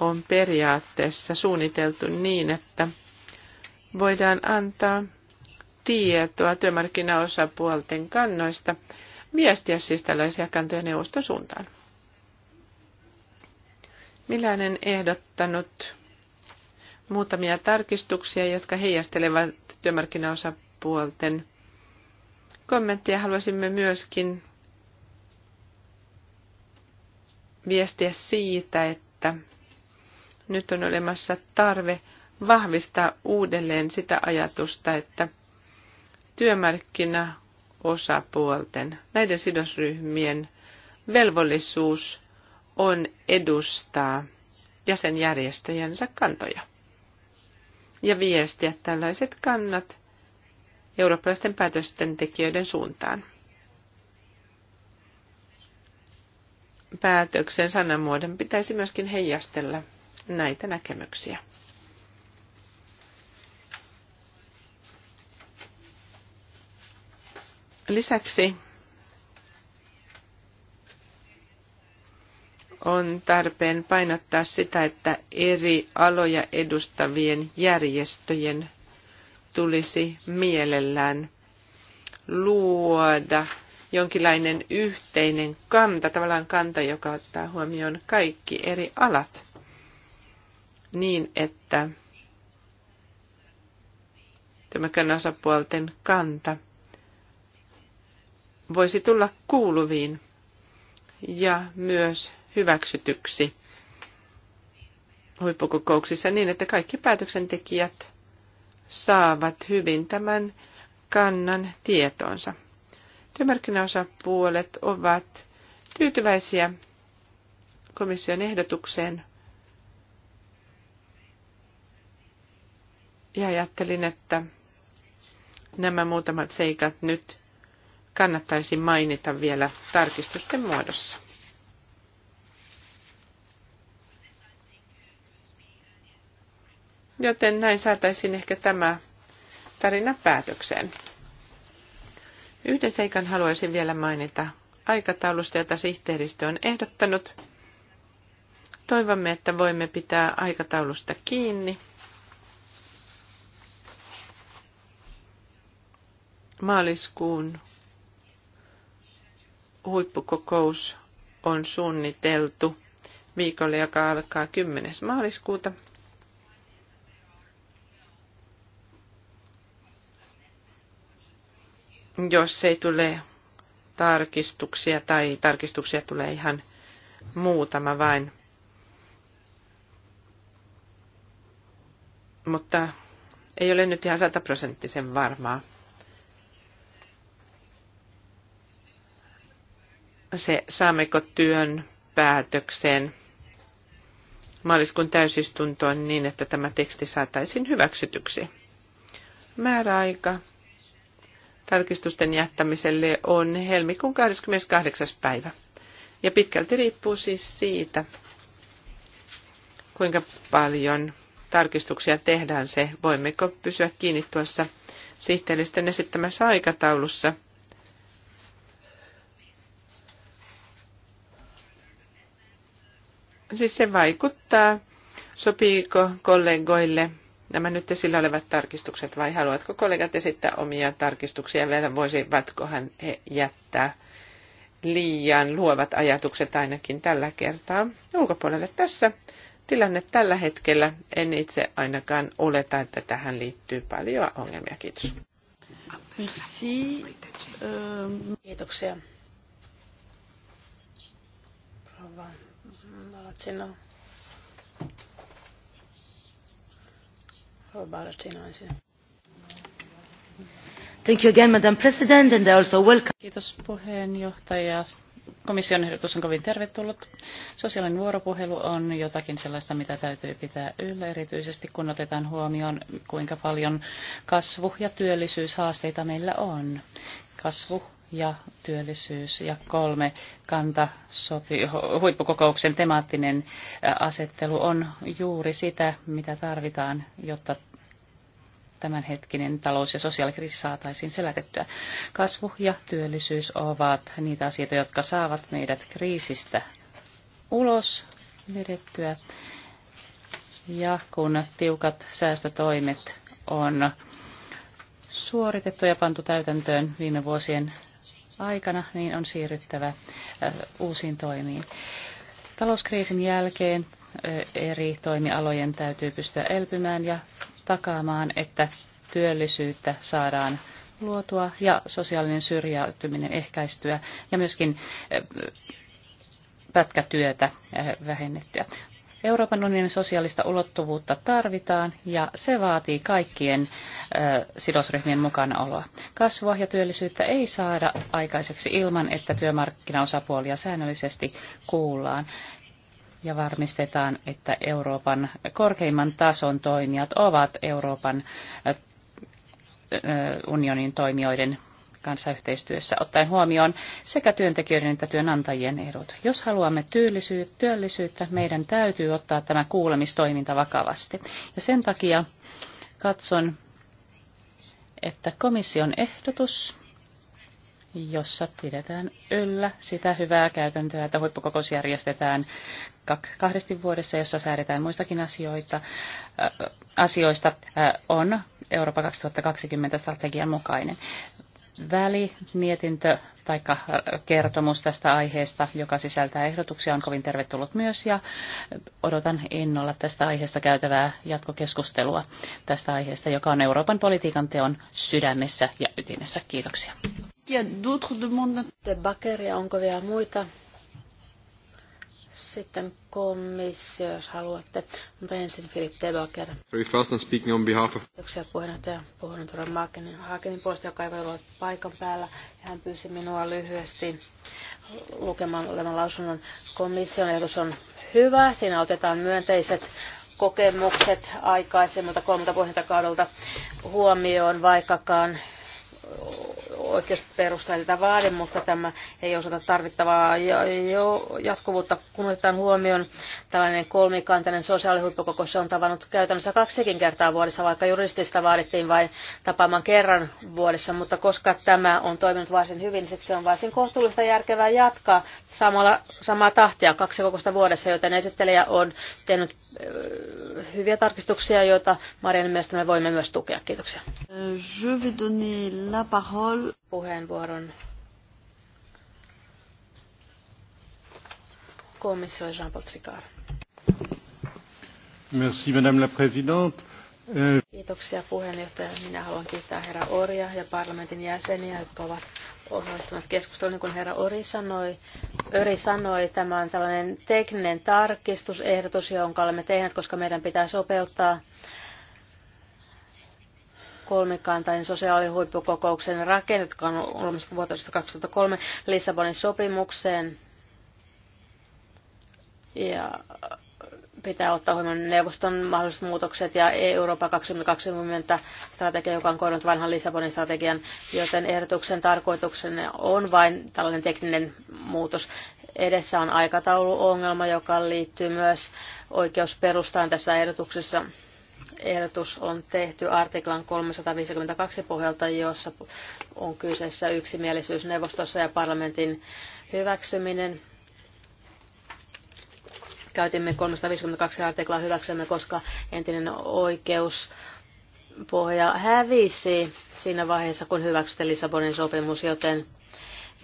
on periaatteessa suunniteltu niin, että voidaan antaa tietoa työmarkkinaosapuolten kannoista, viestiä siis tällaisia kantoja neuvoston suuntaan. Milainen ehdottanut muutamia tarkistuksia, jotka heijastelevat työmarkkinaosapuolten kommenttia haluaisimme myöskin viestiä siitä, että nyt on olemassa tarve vahvistaa uudelleen sitä ajatusta, että osapuolten, näiden sidosryhmien velvollisuus on edustaa jäsenjärjestöjensä kantoja ja viestiä tällaiset kannat eurooppalaisten päätösten tekijöiden suuntaan. Päätöksen sanamuodon pitäisi myöskin heijastella näitä näkemyksiä. Lisäksi on tarpeen painottaa sitä, että eri aloja edustavien järjestöjen tulisi mielellään luoda jonkinlainen yhteinen kanta, tavallaan kanta, joka ottaa huomioon kaikki eri alat, niin että tämäkään osapuolten kanta voisi tulla kuuluviin ja myös hyväksytyksi huippukokouksissa niin, että kaikki päätöksentekijät saavat hyvin tämän kannan tietonsa. Työmarkkinaosapuolet ovat tyytyväisiä komission ehdotukseen ja ajattelin, että nämä muutamat seikat nyt kannattaisi mainita vielä tarkistusten muodossa. Joten näin saataisiin ehkä tämä tarina päätökseen. Yhden seikan haluaisin vielä mainita aikataulusta, jota sihteeristö on ehdottanut. Toivomme, että voimme pitää aikataulusta kiinni. Maaliskuun huippukokous on suunniteltu viikolle, joka alkaa 10. maaliskuuta jos ei tule tarkistuksia tai tarkistuksia tulee ihan muutama vain. Mutta ei ole nyt ihan sataprosenttisen varmaa. Se saammeko työn päätökseen maaliskuun täysistuntoon niin, että tämä teksti saataisiin hyväksytyksi. Määräaika tarkistusten jättämiselle on helmikuun 28. päivä. Ja pitkälti riippuu siis siitä, kuinka paljon tarkistuksia tehdään se, voimmeko pysyä kiinni tuossa sihteellisten esittämässä aikataulussa. Siis se vaikuttaa, sopiiko kollegoille nämä nyt esillä olevat tarkistukset vai haluatko kollegat esittää omia tarkistuksia vielä voisivatkohan he jättää liian luovat ajatukset ainakin tällä kertaa ulkopuolelle tässä tilanne tällä hetkellä. En itse ainakaan oleta, että tähän liittyy paljon ongelmia. Kiitos. Merci. Euh, Kiitoksia. Rova. Thank you again, Madam President, and also welcome. Kiitos puheenjohtaja. Komission ehdotus on kovin tervetullut. Sosiaalinen vuoropuhelu on jotakin sellaista, mitä täytyy pitää yllä, erityisesti kun otetaan huomioon, kuinka paljon kasvu- ja työllisyyshaasteita meillä on. Kasvu ja työllisyys ja kolme kanta sopi, huippukokouksen temaattinen asettelu on juuri sitä, mitä tarvitaan, jotta tämänhetkinen talous- ja sosiaalikriisi saataisiin selätettyä. Kasvu ja työllisyys ovat niitä asioita, jotka saavat meidät kriisistä ulos vedettyä. Ja kun tiukat säästötoimet on suoritettu ja pantu täytäntöön viime vuosien aikana, niin on siirryttävä äh, uusiin toimiin. Talouskriisin jälkeen äh, eri toimialojen täytyy pystyä elpymään ja takaamaan, että työllisyyttä saadaan luotua ja sosiaalinen syrjäytyminen ehkäistyä ja myöskin äh, pätkätyötä vähennettyä. Euroopan unionin sosiaalista ulottuvuutta tarvitaan ja se vaatii kaikkien ö, sidosryhmien mukanaoloa. Kasvua ja työllisyyttä ei saada aikaiseksi ilman, että työmarkkinaosapuolia säännöllisesti kuullaan ja varmistetaan, että Euroopan korkeimman tason toimijat ovat Euroopan unionin toimijoiden kanssa yhteistyössä ottaen huomioon sekä työntekijöiden että työnantajien edut. Jos haluamme työllisyyttä, meidän täytyy ottaa tämä kuulemistoiminta vakavasti. Ja sen takia katson, että komission ehdotus jossa pidetään yllä sitä hyvää käytäntöä, että huippukokous järjestetään kahdesti vuodessa, jossa säädetään muistakin asioita, äh, asioista, äh, on Eurooppa 2020 strategian mukainen välimietintö tai kertomus tästä aiheesta, joka sisältää ehdotuksia, on kovin tervetullut myös ja odotan innolla tästä aiheesta käytävää jatkokeskustelua tästä aiheesta, joka on Euroopan politiikan teon sydämessä ja ytimessä. Kiitoksia. Ja Bakeria, onko vielä muita sitten komissio, jos haluatte. Mutta ensin Filip Tebaker. Very fast speaking on behalf of... Kiitoksia puheenjohtaja. Puhun nyt Maakenin Hakenin puolesta, joka ei voi olla paikan päällä. Ja hän pyysi minua lyhyesti lukemaan olevan lausunnon. Komission ehdotus on hyvä. Siinä otetaan myönteiset kokemukset aikaisemmalta kolmelta puheenjohtajakaudelta huomioon, vaikkakaan oikeasti ei tätä mutta tämä ei osata tarvittavaa jo jatkuvuutta, kun otetaan huomioon tällainen kolmikantainen sosiaalihuippukokous, on tavannut käytännössä kaksikin kertaa vuodessa, vaikka juristista vaadittiin vain tapaamaan kerran vuodessa, mutta koska tämä on toiminut varsin hyvin, siksi on varsin kohtuullista järkevää jatkaa samalla, samaa tahtia kaksi kokousta vuodessa, joten esittelijä on tehnyt hyviä tarkistuksia, joita Marianin mielestä me voimme myös tukea. Kiitoksia. Je vais donner la parole. Puheenvuoron komissio Jean-Paul Tricard. Merci, Madame la Présidente. Euh, Kiitoksia puheenjohtaja. Minä haluan kiittää herra Oria ja parlamentin jäseniä, jotka ovat osallistuneet keskusteluun. Niin kuin herra Ori sanoi, Öri sanoi, tämä on tällainen tekninen tarkistusehdotus, jonka olemme tehneet, koska meidän pitää sopeuttaa kolmikantainen sosiaalihuippukokouksen rakennet, joka on olemassa vuodesta 2003 Lissabonin sopimukseen. Ja pitää ottaa huomioon neuvoston mahdolliset muutokset ja Eurooppa 2020 strategia, joka on koonnut vanhan Lissabonin strategian, joten ehdotuksen tarkoituksena on vain tällainen tekninen muutos. Edessä on aikatauluongelma, joka liittyy myös oikeusperustaan tässä ehdotuksessa ehdotus on tehty artiklan 352 pohjalta, jossa on kyseessä yksimielisyys neuvostossa ja parlamentin hyväksyminen. Käytimme 352 artiklaa hyväksemme, koska entinen oikeus pohja hävisi siinä vaiheessa, kun hyväksyttiin Lissabonin sopimus, joten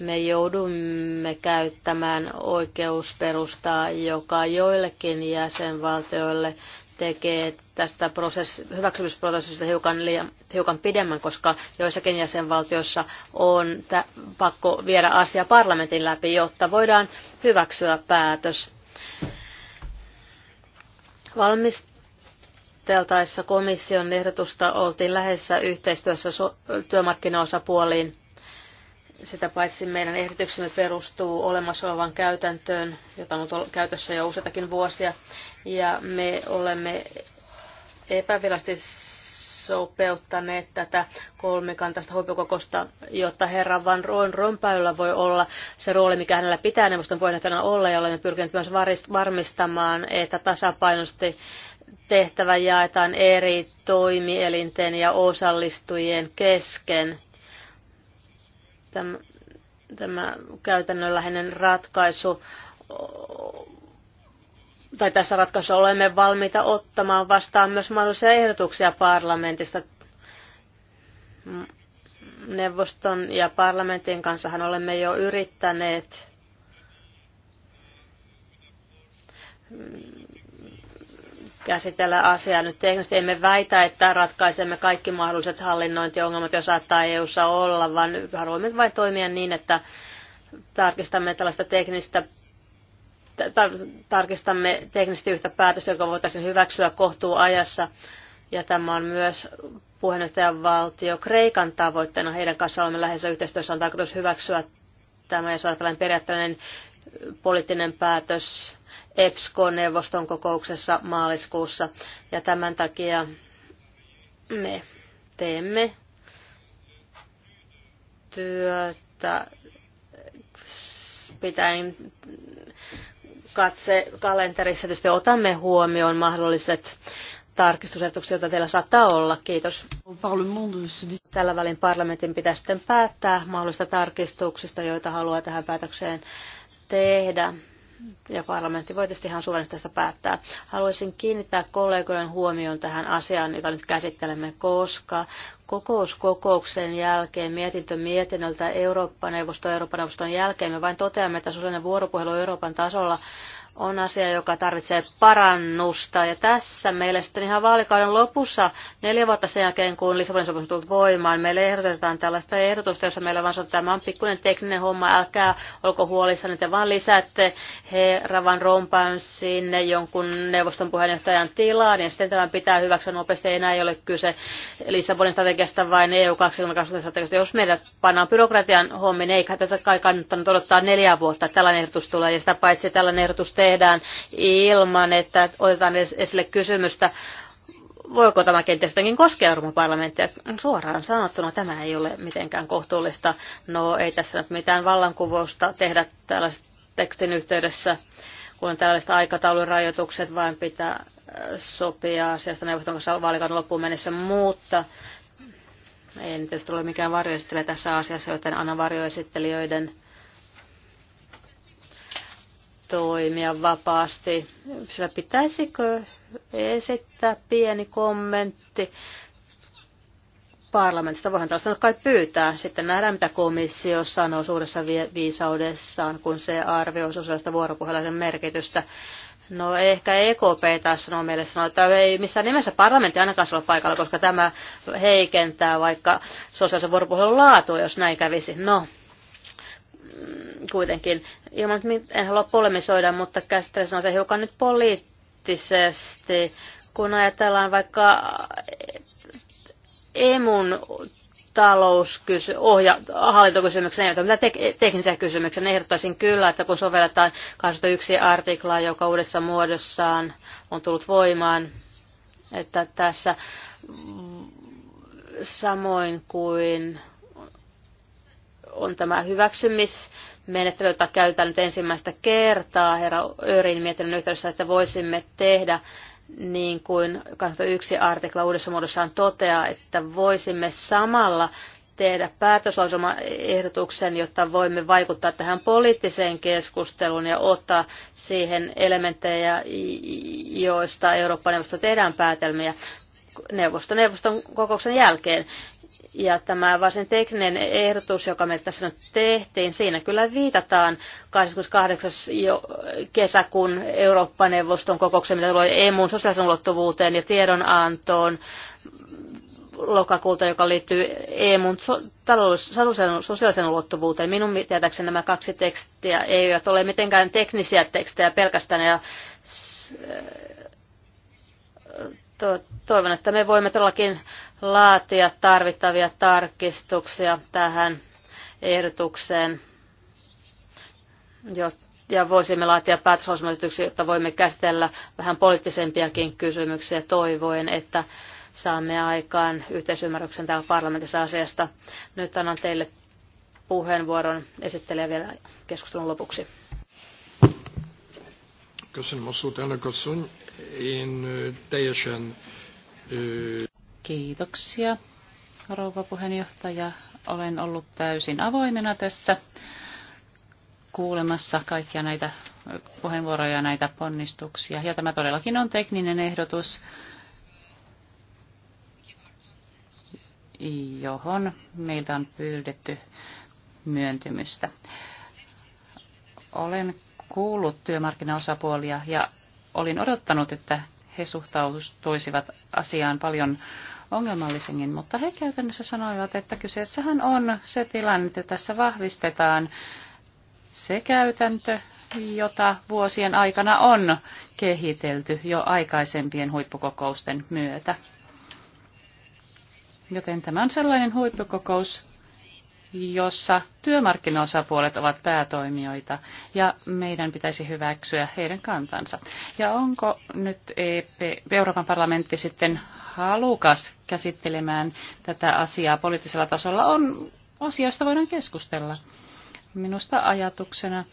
me joudumme käyttämään oikeusperustaa, joka joillekin jäsenvaltioille tekee tästä prosess, hyväksymisprosessista hiukan, liian, hiukan pidemmän, koska joissakin jäsenvaltioissa on tä, pakko viedä asia parlamentin läpi, jotta voidaan hyväksyä päätös. Valmisteltaessa komission ehdotusta oltiin lähes yhteistyössä so- työmarkkinaosapuoliin sitä paitsi meidän ehdotuksemme perustuu olemassa olevaan käytäntöön, jota on ollut käytössä jo useitakin vuosia, ja me olemme epävirallisesti sopeuttaneet tätä kolmikantaista huippukokosta, jotta herra Van Rompäyllä voi olla se rooli, mikä hänellä pitää neuvoston puheenjohtajana olla, ja olemme pyrkineet myös varmistamaan, että tasapainosti tehtävä jaetaan eri toimielinten ja osallistujien kesken Tämä, tämä käytännönläheinen ratkaisu tai tässä ratkaisussa olemme valmiita ottamaan vastaan myös mahdollisia ehdotuksia parlamentista. Neuvoston ja parlamentin kanssahan olemme jo yrittäneet käsitellä asiaa. Nyt teknisesti emme väitä, että ratkaisemme kaikki mahdolliset hallinnointiongelmat, jos saattaa EU-ssa olla, vaan haluamme vain toimia niin, että tarkistamme tällaista teknistä tarkistamme teknisesti yhtä päätöstä, joka voitaisiin hyväksyä kohtuu ajassa. Ja tämä on myös puheenjohtajan valtio Kreikan tavoitteena. Heidän kanssaan olemme lähes yhteistyössä on tarkoitus hyväksyä tämä ja saada tällainen periaatteellinen poliittinen päätös EPSCO-neuvoston kokouksessa maaliskuussa. Ja tämän takia me teemme työtä pitäen katse kalenterissa. Tietysti otamme huomioon mahdolliset tarkistusetukset, joita teillä saattaa olla. Kiitos. Tällä välin parlamentin pitää sitten päättää mahdollisista tarkistuksista, joita haluaa tähän päätökseen tehdä ja parlamentti voi tietysti ihan suverenisesti tästä päättää. Haluaisin kiinnittää kollegojen huomioon tähän asiaan, jota nyt käsittelemme, koska kokouskokouksen jälkeen mietintö mietinnöltä Eurooppa-neuvoston Euroopan neuvoston jälkeen me vain toteamme, että sosiaalinen vuoropuhelu Euroopan tasolla on asia, joka tarvitsee parannusta. Ja tässä meille, sitten ihan vaalikauden lopussa, neljä vuotta sen jälkeen, kun Lissabonin sopimus on tullut voimaan, meille ehdotetaan tällaista ehdotusta, jossa meillä vaan sanotaan, että tämä on pikkuinen tekninen homma, älkää olko huolissanne, te vaan lisäätte herravan rompaan sinne jonkun neuvoston puheenjohtajan tilaan, ja sitten tämä pitää hyväksyä nopeasti, ei enää ole kyse Lissabonin strategiasta, vain EU 2020 strategiasta. Jos meidät pannaan byrokratian niin ei tässä kai kannattanut odottaa neljä vuotta, tällainen ehdotus tulee, ja sitä paitsi tällainen ehdotus tehdään, tehdään ilman, että otetaan esille kysymystä, voiko tämä kenties jotenkin koskea Euroopan parlamenttia? Suoraan sanottuna tämä ei ole mitenkään kohtuullista. No ei tässä nyt mitään vallankuvausta tehdä tällaisen tekstin yhteydessä, kun on tällaiset aikataulun rajoitukset, vaan pitää äh, sopia asiasta neuvoston kanssa vaalikauden loppuun mennessä, mutta ei nyt tietysti ole mikään varjoesittelijä tässä asiassa, joten annan varjoesittelijöiden toimia vapaasti. Sillä pitäisikö esittää pieni kommentti parlamentista? Voihan tällaista kai pyytää. Sitten nähdään, mitä komissio sanoo suuressa viisaudessaan, kun se arvioi sosiaalista vuoropuhelaisen merkitystä. No ehkä EKP taas sanoo meille sanoo, että ei missään nimessä parlamentti ainakaan olla paikalla, koska tämä heikentää vaikka sosiaalisen vuoropuhelun laatua, jos näin kävisi. No, kuitenkin, ilman, että en halua polemisoida, mutta käsittelen se hiukan nyt poliittisesti, kun ajatellaan vaikka emun talouskysymyksen, ohja- mitä te- teknisiä kysymyksiä, niin ehdottaisin kyllä, että kun sovelletaan 21 artiklaa, joka uudessa muodossaan on tullut voimaan, että tässä samoin kuin on tämä hyväksymismenettely, jota käytetään nyt ensimmäistä kertaa herra Örin mietinnön yhteydessä, että voisimme tehdä niin kuin 21 artikla uudessa muodossaan toteaa, että voisimme samalla tehdä päätöslausumaehdotuksen, jotta voimme vaikuttaa tähän poliittiseen keskusteluun ja ottaa siihen elementtejä, joista Euroopan neuvosto tehdään päätelmiä neuvosto neuvoston kokouksen jälkeen. Ja tämä varsin tekninen ehdotus, joka meiltä tässä nyt tehtiin, siinä kyllä viitataan 28. kesäkuun Eurooppa-neuvoston kokoukseen, mitä tulee EMUn sosiaalisen ulottuvuuteen ja tiedonantoon lokakuuta, joka liittyy EMUn sosiaalisen ulottuvuuteen. Minun tietääkseni nämä kaksi tekstiä eivät ole mitenkään teknisiä tekstejä pelkästään ja toivon, että me voimme todellakin laatia tarvittavia tarkistuksia tähän ehdotukseen, jo, ja voisimme laatia päätöslausumaesityksiä, jotta voimme käsitellä vähän poliittisempiakin kysymyksiä toivoen, että saamme aikaan yhteisymmärryksen täällä parlamentissa asiasta. Nyt annan teille puheenvuoron esittelijä vielä keskustelun lopuksi. Köszönöm a szót, elnök asszony. Én teljesen... Kiitoksia, rouva puheenjohtaja. Olen ollut täysin avoimena tässä kuulemassa kaikkia näitä puheenvuoroja ja näitä ponnistuksia. Ja tämä todellakin on tekninen ehdotus, johon meiltä on pyydetty myöntymystä. Olen kuullut työmarkkinaosapuolia ja olin odottanut, että he suhtautuisivat asiaan paljon ongelmallisemmin, mutta he käytännössä sanoivat, että kyseessähän on se tilanne, että tässä vahvistetaan se käytäntö, jota vuosien aikana on kehitelty jo aikaisempien huippukokousten myötä. Joten tämä on sellainen huippukokous, jossa työmarkkinaosapuolet ovat päätoimijoita ja meidän pitäisi hyväksyä heidän kantansa. Ja onko nyt EP, Euroopan parlamentti sitten halukas käsittelemään tätä asiaa poliittisella tasolla? On osia, josta voidaan keskustella. Minusta ajatuksena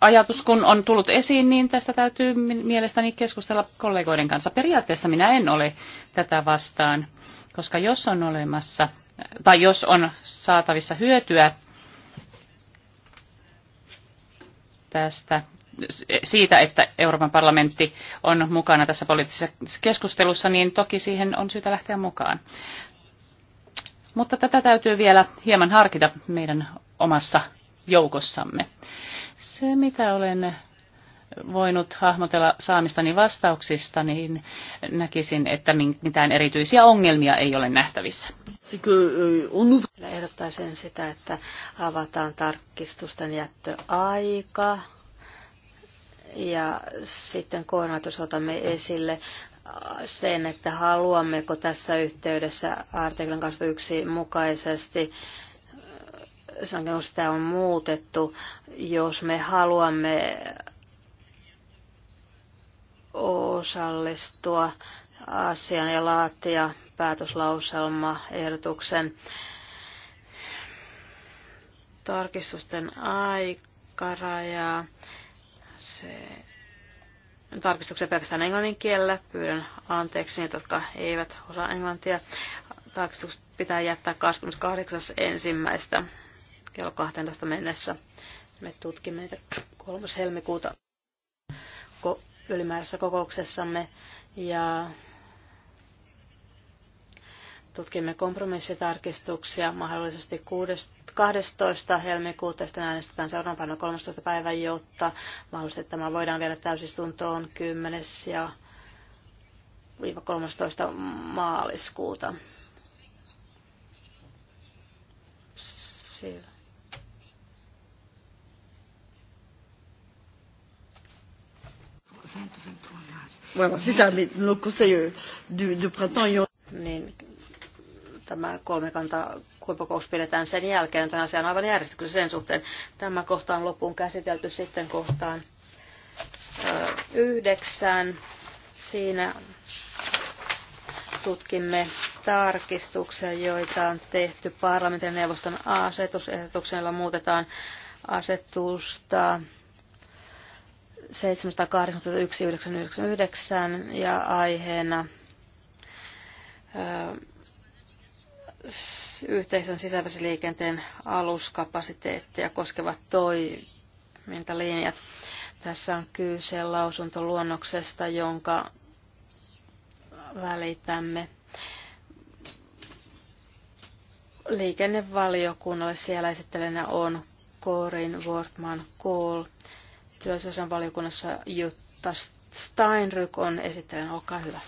ajatus kun on tullut esiin, niin tästä täytyy mielestäni keskustella kollegoiden kanssa. Periaatteessa minä en ole tätä vastaan, koska jos on olemassa tai jos on saatavissa hyötyä tästä siitä, että Euroopan parlamentti on mukana tässä poliittisessa keskustelussa, niin toki siihen on syytä lähteä mukaan. Mutta tätä täytyy vielä hieman harkita meidän omassa joukossamme. Se, mitä olen voinut hahmotella saamistani vastauksista, niin näkisin, että mitään erityisiä ongelmia ei ole nähtävissä. Eh, ehdottaisin sitä, että avataan tarkistusten jättöaika ja sitten koordinaatus otamme esille eh, sen, että haluammeko tässä yhteydessä artiklan 21 mukaisesti eh, sanonkin, kun sitä on muutettu, jos me haluamme osallistua asian ja laatia päätöslauselma ehdotuksen tarkistusten aikarajaa. Se tarkistuksen pelkästään englannin kielellä. Pyydän anteeksi niitä, jotka eivät osaa englantia. Tarkistus pitää jättää 28.1. kello 12 mennessä. Me tutkimme niitä 3. helmikuuta ylimääräisessä kokouksessamme ja tutkimme kompromissitarkistuksia mahdollisesti 12. helmikuuta sitten äänestetään seuraavana 13. päivä, jotta mahdollisesti tämä voidaan vielä täysistuntoon 10. ja 13. maaliskuuta. Siellä. Voilà, c'est ça, mais le conseil euh, du, du printemps, il y aura... Niin, tämä kolmikanta kokous pidetään sen jälkeen, asia on aivan järjestyksen sen suhteen. Tämä kohta on loppuun käsitelty sitten kohtaan ö, yhdeksään. Siinä tutkimme tarkistuksia, joita on tehty parlamentin neuvoston asetusehdotuksella. Muutetaan asetusta 781.999 ja aiheena yhteisön sisävesiliikenteen aluskapasiteettia koskevat toimintalinjat. Tässä on kyse lausuntoluonnoksesta, jonka välitämme liikennevaliokunnalle. Siellä esittelenä on Corin Wortman Kolk työsosan valiokunnassa Jutta Steinryk on esittelen. Olkaa hyvä.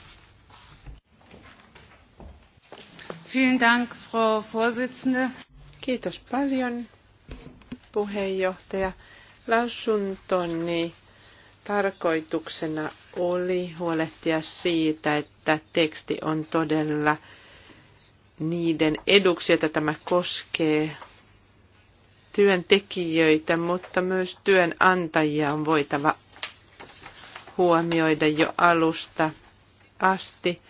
Vielen Dank, Frau Vorsitzende. Kiitos paljon, puheenjohtaja. Lausuntoni tarkoituksena oli huolehtia siitä, että teksti on todella niiden eduksi, että tämä koskee työntekijöitä, mutta myös työnantajia on voitava huomioida jo alusta asti.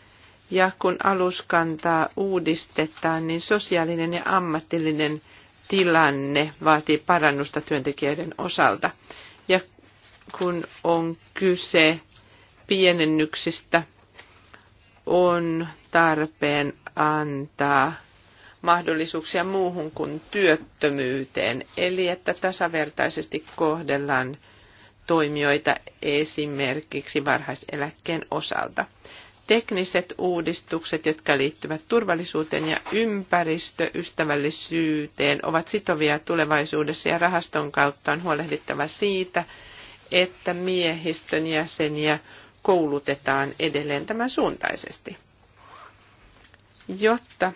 Ja kun aluskantaa uudistetaan, niin sosiaalinen ja ammatillinen tilanne vaatii parannusta työntekijöiden osalta. Ja kun on kyse pienennyksistä, on tarpeen antaa mahdollisuuksia muuhun kuin työttömyyteen, eli että tasavertaisesti kohdellaan toimijoita esimerkiksi varhaiseläkkeen osalta. Tekniset uudistukset, jotka liittyvät turvallisuuteen ja ympäristöystävällisyyteen, ovat sitovia tulevaisuudessa ja rahaston kautta on huolehdittava siitä, että miehistön jäseniä koulutetaan edelleen tämän suuntaisesti. Jotta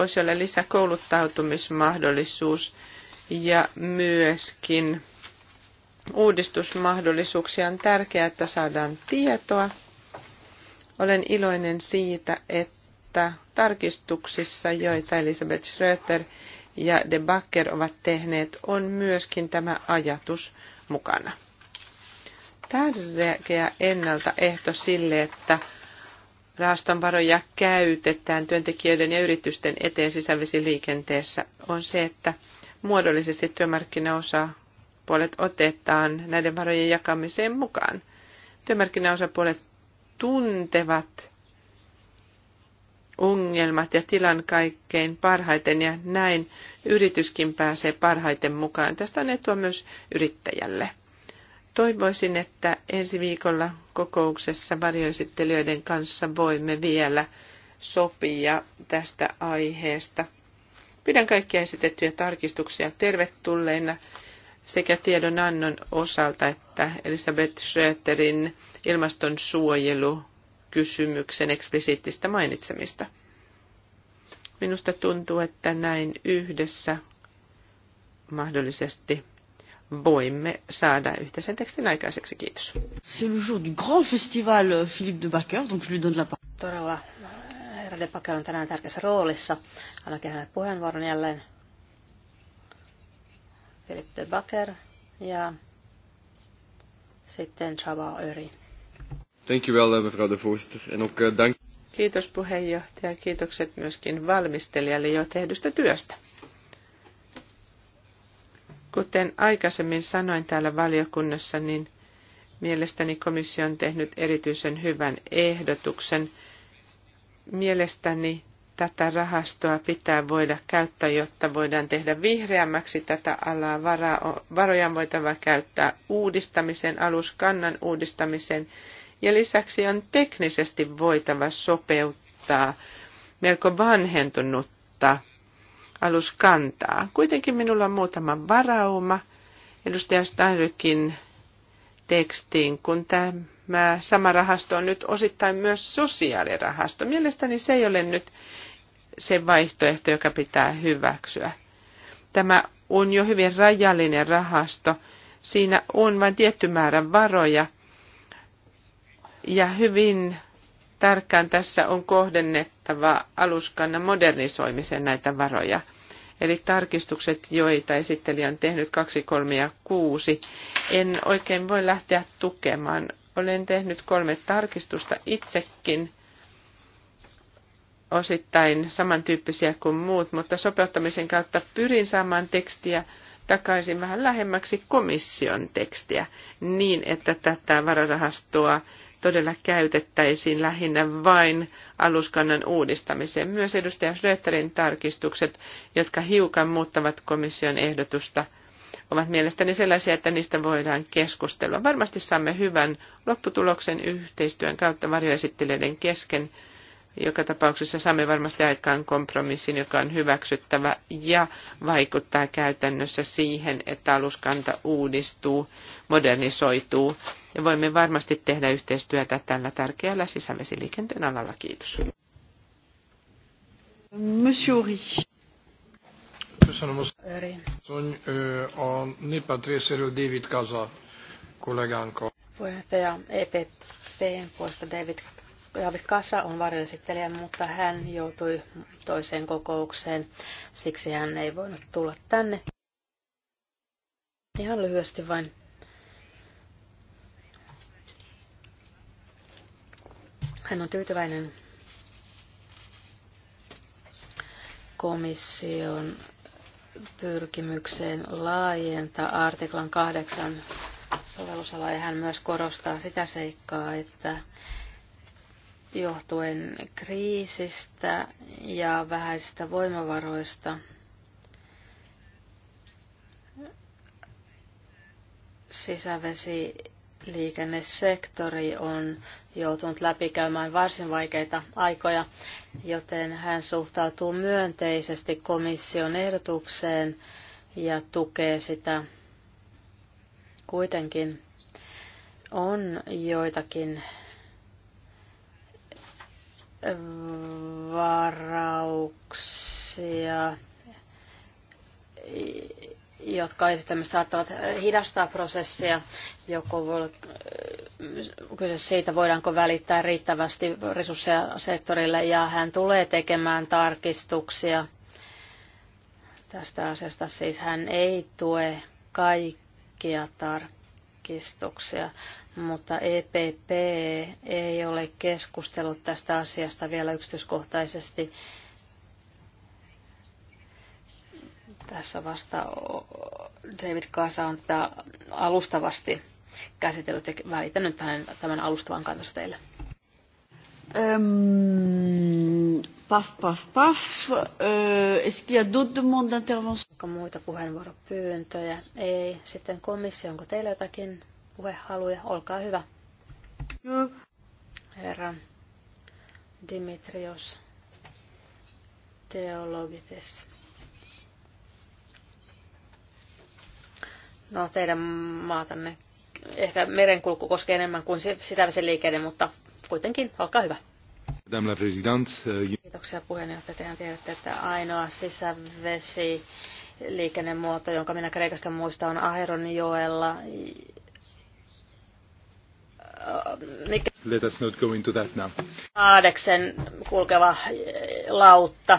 voisi olla lisäkouluttautumismahdollisuus ja myöskin uudistusmahdollisuuksia. On tärkeää, että saadaan tietoa. Olen iloinen siitä, että tarkistuksissa, joita Elisabeth Schröter ja De Backer ovat tehneet, on myöskin tämä ajatus mukana. Tärkeä ennaltaehto sille, että rahaston varoja käytetään työntekijöiden ja yritysten eteen sisävesiliikenteessä, on se, että muodollisesti työmarkkinaosapuolet otetaan näiden varojen jakamiseen mukaan. Työmarkkinaosapuolet tuntevat ongelmat ja tilan kaikkein parhaiten ja näin yrityskin pääsee parhaiten mukaan. Tästä on etua myös yrittäjälle. Toivoisin, että ensi viikolla kokouksessa varjoesittelijöiden kanssa voimme vielä sopia tästä aiheesta. Pidän kaikkia esitettyjä tarkistuksia tervetulleina sekä tiedonannon osalta että Elisabeth Schröterin ilmastonsuojelukysymyksen eksplisiittistä mainitsemista. Minusta tuntuu, että näin yhdessä mahdollisesti voimme saada yhteisen tekstin aikaiseksi. Kiitos. C'est le jour du grand festival Philippe de Backer, donc je lui donne la parole. Todella herra de Backer on tänään tärkeässä roolissa. Annakin hänelle puheenvuoron jälleen. Philippe de Backer ja sitten Chava Öri. Thank you well, mevrouw de voorzitter. En ook eh, dank... Kiitos puheenjohtaja. Kiitokset myöskin valmistelijalle jo tehdystä työstä. Kuten aikaisemmin sanoin täällä valiokunnassa, niin mielestäni komissio on tehnyt erityisen hyvän ehdotuksen. Mielestäni tätä rahastoa pitää voida käyttää, jotta voidaan tehdä vihreämmäksi tätä alaa. Varoja on voitava käyttää uudistamiseen, aluskannan uudistamiseen ja lisäksi on teknisesti voitava sopeuttaa melko vanhentunutta Alus kantaa, Kuitenkin minulla on muutama varauma edustaja Steinrykin tekstiin, kun tämä sama rahasto on nyt osittain myös sosiaalirahasto. Mielestäni se ei ole nyt se vaihtoehto, joka pitää hyväksyä. Tämä on jo hyvin rajallinen rahasto. Siinä on vain tietty määrä varoja. Ja hyvin tarkkaan tässä on kohdennettu vastaava aluskanna modernisoimiseen näitä varoja. Eli tarkistukset, joita esittelijä on tehnyt 2, 3 ja 6, en oikein voi lähteä tukemaan. Olen tehnyt kolme tarkistusta itsekin, osittain samantyyppisiä kuin muut, mutta sopeuttamisen kautta pyrin saamaan tekstiä takaisin vähän lähemmäksi komission tekstiä, niin että tätä vararahastoa todella käytettäisiin lähinnä vain aluskannan uudistamiseen. Myös edustaja Schröterin tarkistukset, jotka hiukan muuttavat komission ehdotusta, ovat mielestäni sellaisia, että niistä voidaan keskustella. Varmasti saamme hyvän lopputuloksen yhteistyön kautta varjoesittelijöiden kesken joka tapauksessa saamme varmasti aikaan kompromissin, joka on hyväksyttävä ja vaikuttaa käytännössä siihen, että aluskanta uudistuu, modernisoituu. Ja voimme varmasti tehdä yhteistyötä tällä tärkeällä sisävesiliikenteen alalla. Kiitos. Monsieur Uri. David Kaza Puheenjohtaja EPP puolesta David David Kassa on varjoesittelijä, mutta hän joutui toiseen kokoukseen, siksi hän ei voinut tulla tänne. Ihan lyhyesti vain. Hän on tyytyväinen komission pyrkimykseen laajentaa artiklan 8 sovellusalaa ja hän myös korostaa sitä seikkaa, että johtuen kriisistä ja vähäisistä voimavaroista. Sisävesiliikennesektori on joutunut läpikäymään varsin vaikeita aikoja, joten hän suhtautuu myönteisesti komission ehdotukseen ja tukee sitä. Kuitenkin on joitakin varauksia, jotka esitämme saattavat hidastaa prosessia, joko voi äh, kyse siitä, voidaanko välittää riittävästi resursseja sektorille, ja hän tulee tekemään tarkistuksia tästä asiasta. Siis hän ei tue kaikkia tarkistuksia mutta EPP ei ole keskustellut tästä asiasta vielä yksityiskohtaisesti. Tässä vasta David Kasa on tätä alustavasti käsitellyt ja välitänyt hänen tämän alustavan kantansa teille. Um, paf, paf, paf. Euh, Onko muita puheenvuoropyyntöjä? Ei. Sitten komissio, onko teillä jotakin puhehaluja. Olkaa hyvä. Herra Dimitrios Teologites. No, teidän maatanne ehkä merenkulku koskee enemmän kuin sisäisen liikenne, mutta kuitenkin, olkaa hyvä. Euh, Kiitoksia puheenjohtaja. Tehän tiedätte, että ainoa sisävesi liikennemuoto, jonka minä Kreikasta muistan, on Aheronjoella, mikä Let us not go into that now. Aadeksen kulkeva eh, lautta,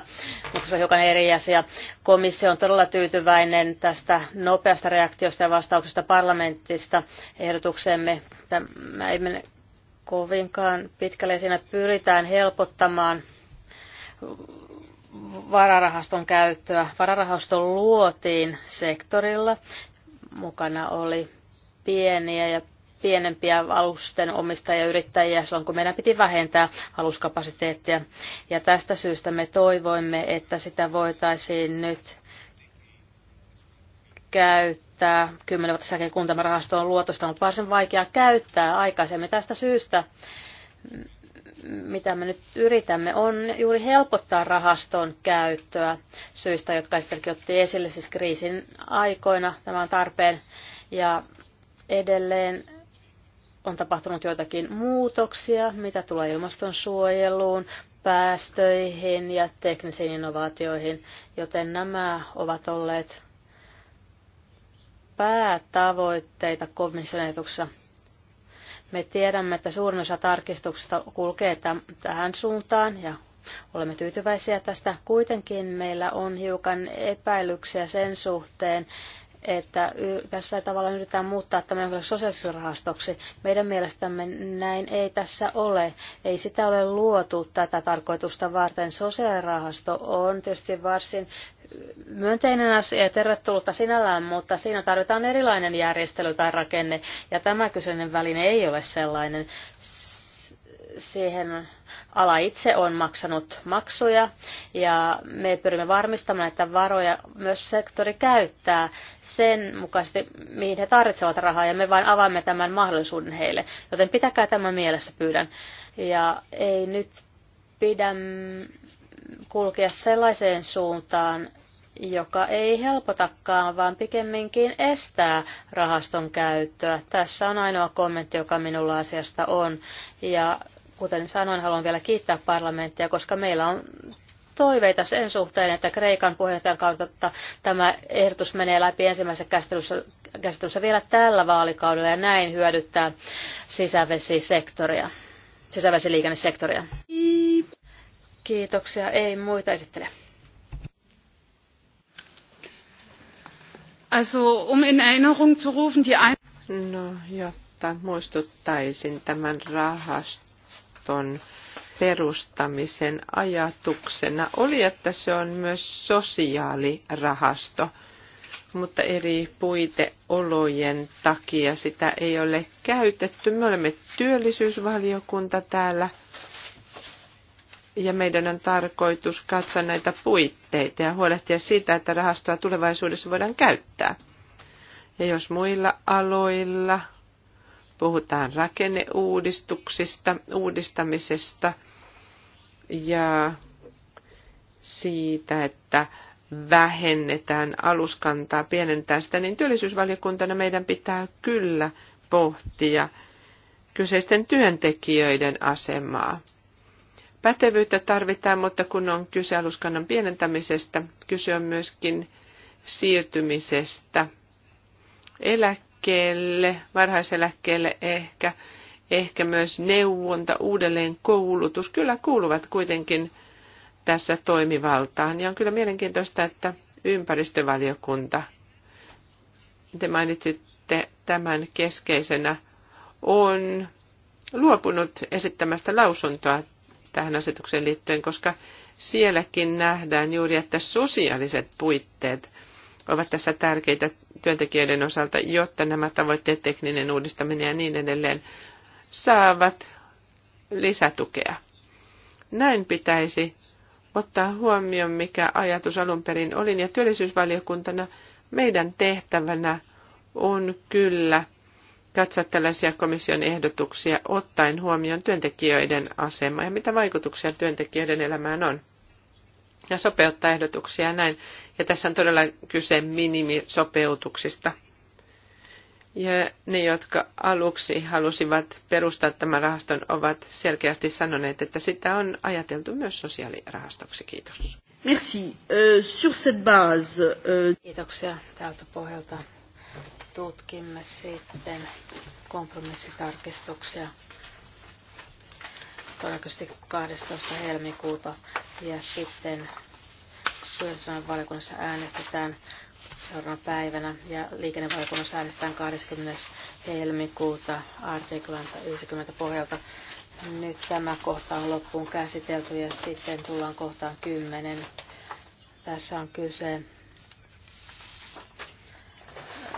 mutta se on hiukan eri asia. Komissio on todella tyytyväinen tästä nopeasta reaktiosta ja vastauksesta parlamentista ehdotuksemme. Tämä ei mene kovinkaan pitkälle. Siinä pyritään helpottamaan vararahaston käyttöä. Vararahasto luotiin sektorilla. Mukana oli pieniä ja pienempiä alusten omistajia ja yrittäjiä silloin, kun meidän piti vähentää aluskapasiteettia. Ja tästä syystä me toivoimme, että sitä voitaisiin nyt käyttää. Kymmenen vuotta säkin kun tämä rahasto on luotosta ollut varsin vaikea käyttää aikaisemmin tästä syystä mitä me nyt yritämme, on juuri helpottaa rahaston käyttöä syistä, jotka Esterkin otti esille siis kriisin aikoina. Tämä on tarpeen. Ja edelleen on tapahtunut joitakin muutoksia, mitä tulee ilmastonsuojeluun, päästöihin ja teknisiin innovaatioihin, joten nämä ovat olleet päätavoitteita komission ehdotuksessa. Me tiedämme, että suurin osa tarkistuksista kulkee tähän suuntaan ja olemme tyytyväisiä tästä. Kuitenkin meillä on hiukan epäilyksiä sen suhteen, että tässä tavallaan yritetään muuttaa tämä sosiaaliseksi rahastoksi. Meidän mielestämme näin ei tässä ole. Ei sitä ole luotu tätä tarkoitusta varten. Sosiaalirahasto on tietysti varsin myönteinen asia ja tervetullutta sinällään, mutta siinä tarvitaan erilainen järjestely tai rakenne, ja tämä kyseinen väline ei ole sellainen siihen ala itse on maksanut maksuja ja me pyrimme varmistamaan, että varoja myös sektori käyttää sen mukaisesti, mihin he tarvitsevat rahaa ja me vain avaamme tämän mahdollisuuden heille. Joten pitäkää tämä mielessä pyydän. Ja ei nyt pidä kulkea sellaiseen suuntaan, joka ei helpotakaan, vaan pikemminkin estää rahaston käyttöä. Tässä on ainoa kommentti, joka minulla asiasta on. Ja Kuten sanoin, haluan vielä kiittää parlamenttia, koska meillä on toiveita sen suhteen, että Kreikan puheenjohtajan kautta tämä ehdotus menee läpi ensimmäisessä käsittelyssä, käsittelyssä vielä tällä vaalikaudella ja näin hyödyttää sisävesisektoria, sisävesiliikennesektoria. Kiitoksia. Ei muita esittele. Also, um in Erinnerung zu rufen, die ein... No, jotta muistuttaisin tämän rahaston rahaston perustamisen ajatuksena oli, että se on myös sosiaalirahasto, mutta eri puiteolojen takia sitä ei ole käytetty. Me olemme työllisyysvaliokunta täällä ja meidän on tarkoitus katsoa näitä puitteita ja huolehtia siitä, että rahastoa tulevaisuudessa voidaan käyttää. Ja jos muilla aloilla Puhutaan rakenneuudistuksista, uudistamisesta ja siitä, että vähennetään aluskantaa, pienentää sitä, niin työllisyysvaliokuntana meidän pitää kyllä pohtia kyseisten työntekijöiden asemaa. Pätevyyttä tarvitaan, mutta kun on kyse aluskannan pienentämisestä, kyse on myöskin siirtymisestä eläkkeelle eläkkeelle, varhaiseläkkeelle ehkä, ehkä myös neuvonta, uudelleen koulutus, kyllä kuuluvat kuitenkin tässä toimivaltaan. Ja on kyllä mielenkiintoista, että ympäristövaliokunta, te mainitsitte tämän keskeisenä, on luopunut esittämästä lausuntoa tähän asetukseen liittyen, koska sielläkin nähdään juuri, että sosiaaliset puitteet ovat tässä tärkeitä työntekijöiden osalta, jotta nämä tavoitteet, tekninen uudistaminen ja niin edelleen, saavat lisätukea. Näin pitäisi ottaa huomioon, mikä ajatus alun perin oli, ja työllisyysvaliokuntana meidän tehtävänä on kyllä katsoa tällaisia komission ehdotuksia ottaen huomioon työntekijöiden asema ja mitä vaikutuksia työntekijöiden elämään on. Ja sopeuttaa ehdotuksia näin. Ja tässä on todella kyse minimisopeutuksista. Ja ne, jotka aluksi halusivat perustaa tämän rahaston, ovat selkeästi sanoneet, että sitä on ajateltu myös sosiaalirahastoksi. Kiitos. Merci. Uh, sur cette base, uh... Kiitoksia tältä pohjalta. Tutkimme sitten kompromissitarkistuksia todennäköisesti 12. helmikuuta ja sitten työllisyyden valiokunnassa äänestetään seuraavana päivänä ja liikennevaliokunnassa äänestetään 20. helmikuuta artiklansa 90 pohjalta. Nyt tämä kohta on loppuun käsitelty ja sitten tullaan kohtaan 10. Tässä on kyse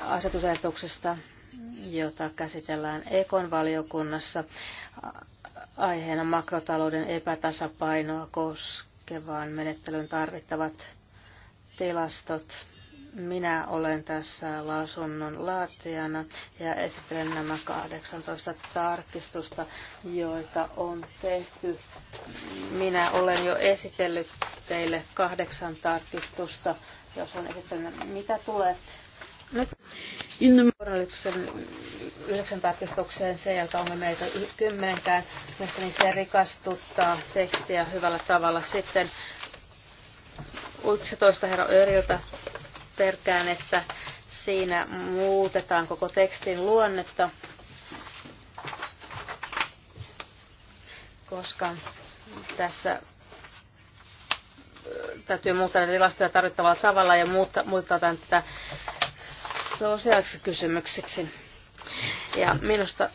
asetusehdotuksesta, jota käsitellään Ekon valiokunnassa aiheena makrotalouden epätasapainoa koskien koskevaan menettelyyn tarvittavat tilastot. Minä olen tässä lausunnon laatijana ja esittelen nämä 18 tarkistusta, joita on tehty. Minä olen jo esitellyt teille kahdeksan tarkistusta, jos on esittänyt, mitä tulee Moraaliksen yhdeksän tarkistukseen se, joka on meitä kymmenkään. mielestäni niin se rikastuttaa tekstiä hyvällä tavalla. Sitten 11 herra Öriltä perkään, että siinä muutetaan koko tekstin luonnetta, koska tässä täytyy muuttaa erilaisia tarvittavalla tavalla ja muuttaa, muuttaa tätä sosiaaliseksi kysymykseksi. Ja minusta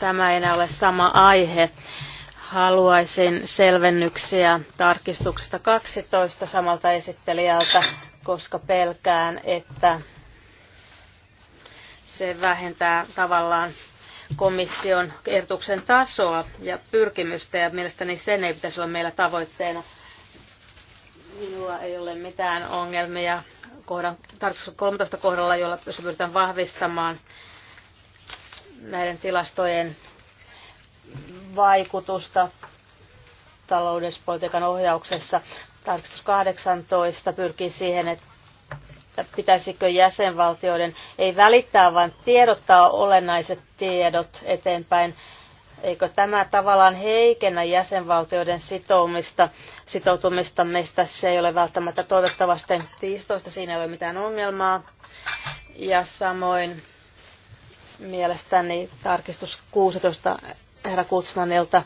tämä ei enää ole sama aihe. Haluaisin selvennyksiä tarkistuksesta 12 samalta esittelijältä, koska pelkään, että se vähentää tavallaan komission ehdotuksen tasoa ja pyrkimystä, ja mielestäni sen ei pitäisi olla meillä tavoitteena. Minulla ei ole mitään ongelmia kohdan, tarkoitus 13 kohdalla, jolla pyritään vahvistamaan näiden tilastojen vaikutusta taloudellispolitiikan ohjauksessa. Tarkistus 18 pyrkii siihen, että pitäisikö jäsenvaltioiden ei välittää, vaan tiedottaa olennaiset tiedot eteenpäin Eikö tämä tavallaan heikennä jäsenvaltioiden sitoumista, sitoutumista mistä Se ei ole välttämättä toivottavasti 15, siinä ei ole mitään ongelmaa. Ja samoin mielestäni tarkistus 16 herra Kutsmanilta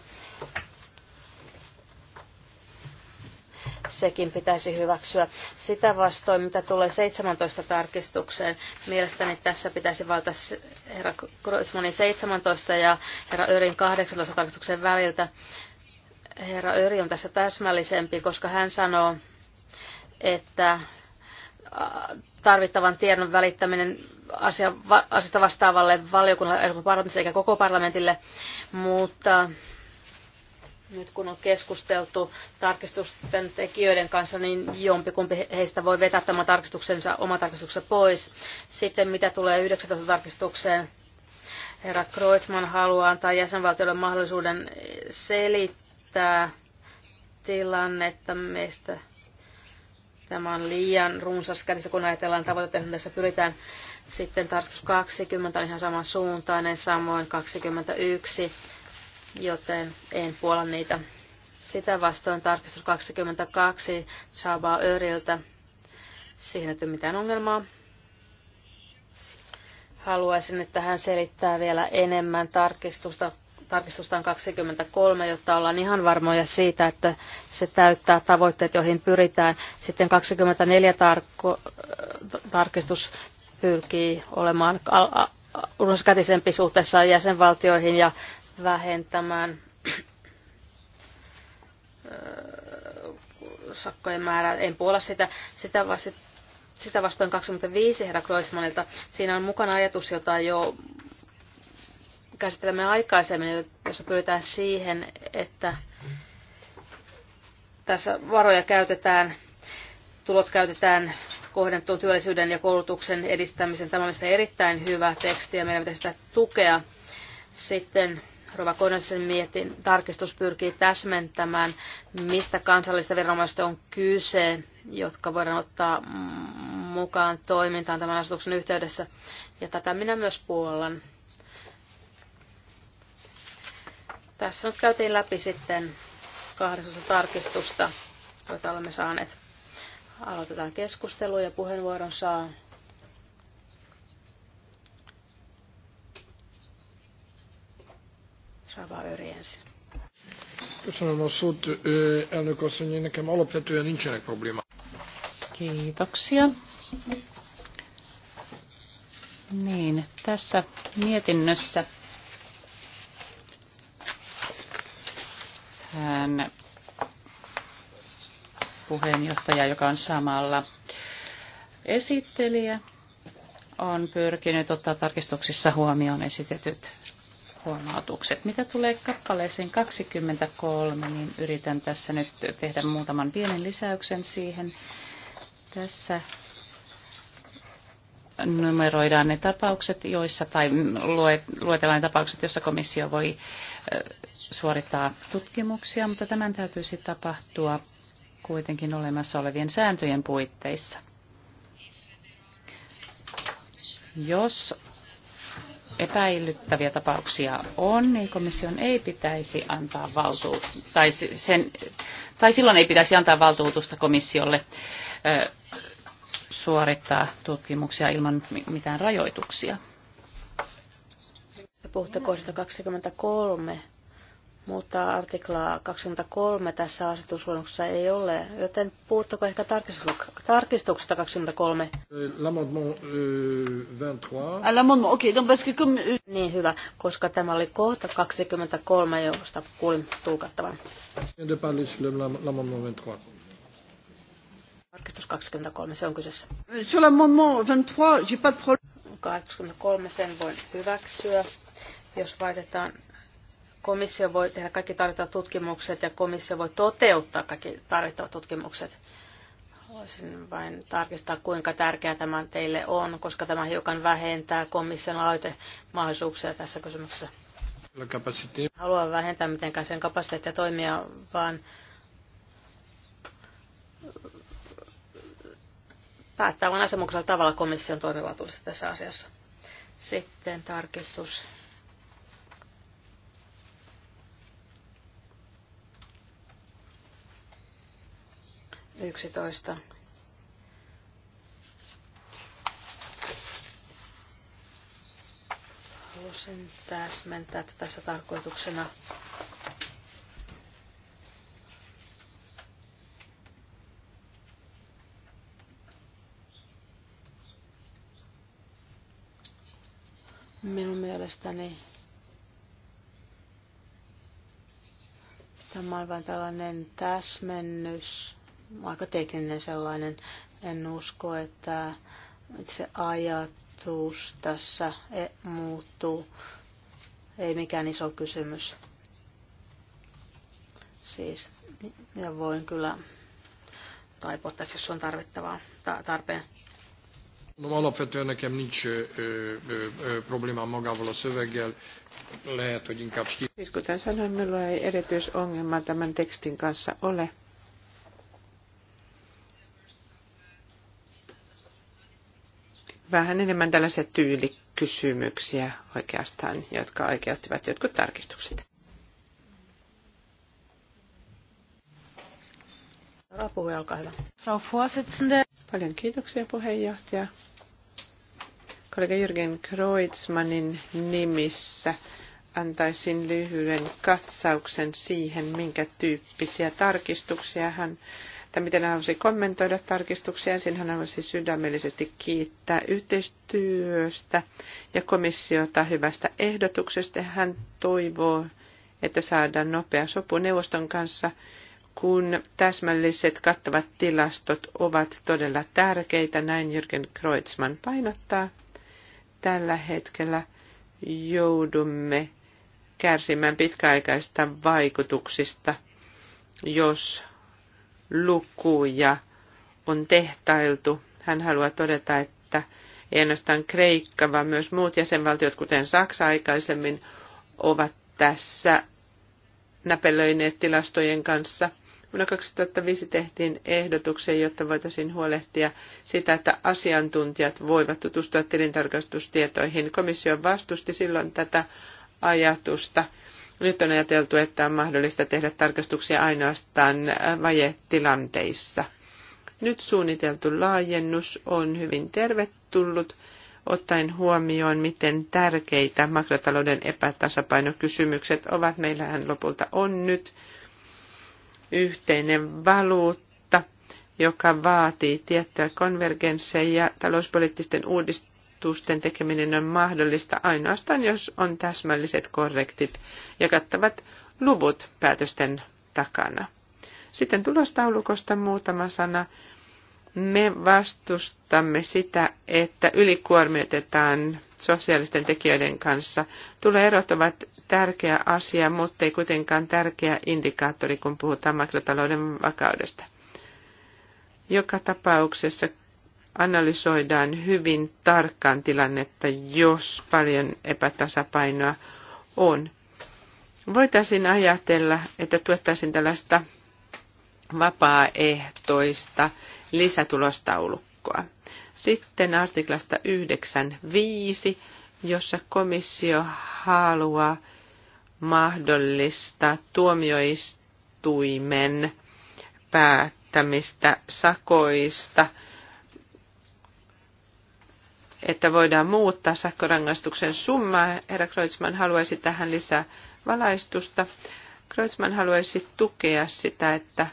sekin pitäisi hyväksyä. Sitä vastoin, mitä tulee 17 tarkistukseen, mielestäni tässä pitäisi valita herra Groismanin 17 ja herra Örin 18 tarkistuksen väliltä. Herra Öri on tässä täsmällisempi, koska hän sanoo, että tarvittavan tiedon välittäminen asia, asiasta vastaavalle valiokunnalle, eikä koko parlamentille, mutta nyt kun on keskusteltu tarkistusten tekijöiden kanssa, niin jompikumpi heistä voi vetää tämän tarkistuksensa, oma tarkistuksensa pois. Sitten mitä tulee 19 tarkistukseen, herra Kreutzmann haluaa antaa jäsenvaltiolle mahdollisuuden selittää tilannetta meistä. Tämä on liian runsas kädessä, kun ajatellaan tavoitteita, johon tässä pyritään. Sitten tarkistus 20 on ihan samansuuntainen, samoin 21 joten en puola niitä. Sitä vastoin tarkistus 22 Chaba Öriltä. siinä ei ole mitään ongelmaa. Haluaisin, että hän selittää vielä enemmän tarkistusta tarkistustaan 23, jotta ollaan ihan varmoja siitä, että se täyttää tavoitteet, joihin pyritään. Sitten 24 tarko, tarkistus pyrkii olemaan unoskätisempi suhteessa jäsenvaltioihin ja vähentämään äh, sakkojen määrää. En puola sitä. Sitä, vasta, sitä vastoin 25 herra Kloismanilta. Siinä on mukana ajatus, jota jo käsittelemme aikaisemmin, jossa pyritään siihen, että tässä varoja käytetään, tulot käytetään kohdentun työllisyyden ja koulutuksen edistämisen. Tämä on erittäin hyvä teksti ja meidän pitäisi sitä tukea. Sitten Rova Konesen mietin, tarkistus pyrkii täsmentämään, mistä kansallista viranomaista on kyse, jotka voidaan ottaa mukaan toimintaan tämän asetuksen yhteydessä. Ja tätä minä myös puollan. Tässä nyt käytiin läpi sitten kahdessa tarkistusta, joita olemme saaneet. Aloitetaan keskustelu ja puheenvuoron saa Rava Öri ensin. Köszönöm a szót, elnök asszony, én nekem alapvetően nincsenek probléma. Kiitoksia. Niin, tässä mietinnössä hän puheenjohtaja, joka on samalla esittelijä, on pyrkinyt ottaa tarkistuksissa huomioon esitetyt huomautukset. Mitä tulee kappaleeseen 23, niin yritän tässä nyt tehdä muutaman pienen lisäyksen siihen. Tässä numeroidaan ne tapaukset, joissa, tai luetellaan ne tapaukset, joissa komissio voi suorittaa tutkimuksia, mutta tämän täytyisi tapahtua kuitenkin olemassa olevien sääntöjen puitteissa. Jos epäilyttäviä tapauksia on, niin komission ei pitäisi antaa valtuutusta, tai, sen, tai silloin ei pitäisi antaa valtuutusta komissiolle ö, suorittaa tutkimuksia ilman mitään rajoituksia. Puhutte kohdasta 23 mutta artiklaa 23 tässä asetusluonnoksessa ei ole, joten puuttuko ehkä tarkistuksesta 23? L'amendement 23. Euh, l'amendement, okay. donc euh, Niin hyvä, koska tämä oli kohta 23, josta kuulin tulkattavan. De parler sur l'amendement 23. Tarkistus 23, se on kyseessä. Euh, sur l'amendement 23, j'ai pas de problème. 23, sen voin hyväksyä, jos vaihdetaan Komissio voi tehdä kaikki tarvittavat tutkimukset ja komissio voi toteuttaa kaikki tarvittavat tutkimukset. Voisin vain tarkistaa, kuinka tärkeää tämä teille on, koska tämä hiukan vähentää komission mahdollisuuksia tässä kysymyksessä. Haluan vähentää mitenkään sen kapasiteettia toimia, vaan päättää vain asemuksella tavalla komission toimivaltuudesta tässä asiassa. Sitten tarkistus 11. Halusin täsmentää, että tässä tarkoituksena minun mielestäni tämä on vain tällainen täsmennys aika tekninen sellainen. En usko, että se ajatus tässä e, muuttuu. Ei mikään iso kysymys. Siis, ja voin kyllä taipua tässä, jos on tarvittavaa tarpeen. No alapvetően nekem nincs ö, e, ö, e, ö, problémám magával a szöveggel, lehet, hogy inkább... Siis Kuten sanoin, minulla ei erityisongelma tämän tekstin kanssa ole. vähän enemmän tällaisia tyylikysymyksiä oikeastaan, jotka oikeuttivat jotkut tarkistukset. Rapuhe, olkaa hyvä. Frau Vorsitzende. Paljon kiitoksia puheenjohtaja. Kollega Jürgen Kreutzmannin nimissä antaisin lyhyen katsauksen siihen, minkä tyyppisiä tarkistuksia hän että miten hän halusi kommentoida tarkistuksia. Ensin hän halusi sydämellisesti kiittää yhteistyöstä ja komissiota hyvästä ehdotuksesta. Hän toivoo, että saadaan nopea sopu neuvoston kanssa, kun täsmälliset kattavat tilastot ovat todella tärkeitä, näin Jürgen Kreutzmann painottaa. Tällä hetkellä joudumme kärsimään pitkäaikaista vaikutuksista, jos lukuja on tehtailtu. Hän haluaa todeta, että ei ainoastaan Kreikka, vaan myös muut jäsenvaltiot, kuten Saksa aikaisemmin, ovat tässä näpelöineet tilastojen kanssa. Vuonna 2005 tehtiin ehdotuksia, jotta voitaisiin huolehtia sitä, että asiantuntijat voivat tutustua tilintarkastustietoihin. Komissio vastusti silloin tätä ajatusta nyt on ajateltu, että on mahdollista tehdä tarkastuksia ainoastaan vajetilanteissa. Nyt suunniteltu laajennus on hyvin tervetullut, ottaen huomioon, miten tärkeitä makrotalouden epätasapainokysymykset ovat. Meillähän lopulta on nyt yhteinen valuutta, joka vaatii tiettyä konvergenssia ja talouspoliittisten uudistusten ehdotusten tekeminen on mahdollista ainoastaan, jos on täsmälliset korrektit ja kattavat luvut päätösten takana. Sitten tulostaulukosta muutama sana. Me vastustamme sitä, että ylikuormitetaan sosiaalisten tekijöiden kanssa. Tuloerot ovat tärkeä asia, mutta ei kuitenkaan tärkeä indikaattori, kun puhutaan makrotalouden vakaudesta. Joka tapauksessa analysoidaan hyvin tarkkaan tilannetta, jos paljon epätasapainoa on. Voitaisiin ajatella, että tuettaisiin tällaista vapaaehtoista lisätulostaulukkoa. Sitten artiklasta 9.5, jossa komissio haluaa mahdollistaa tuomioistuimen päättämistä sakoista – että voidaan muuttaa sakkorangaistuksen summaa. Herra Kreutzmann haluaisi tähän lisää valaistusta. Kreutzmann haluaisi tukea sitä, että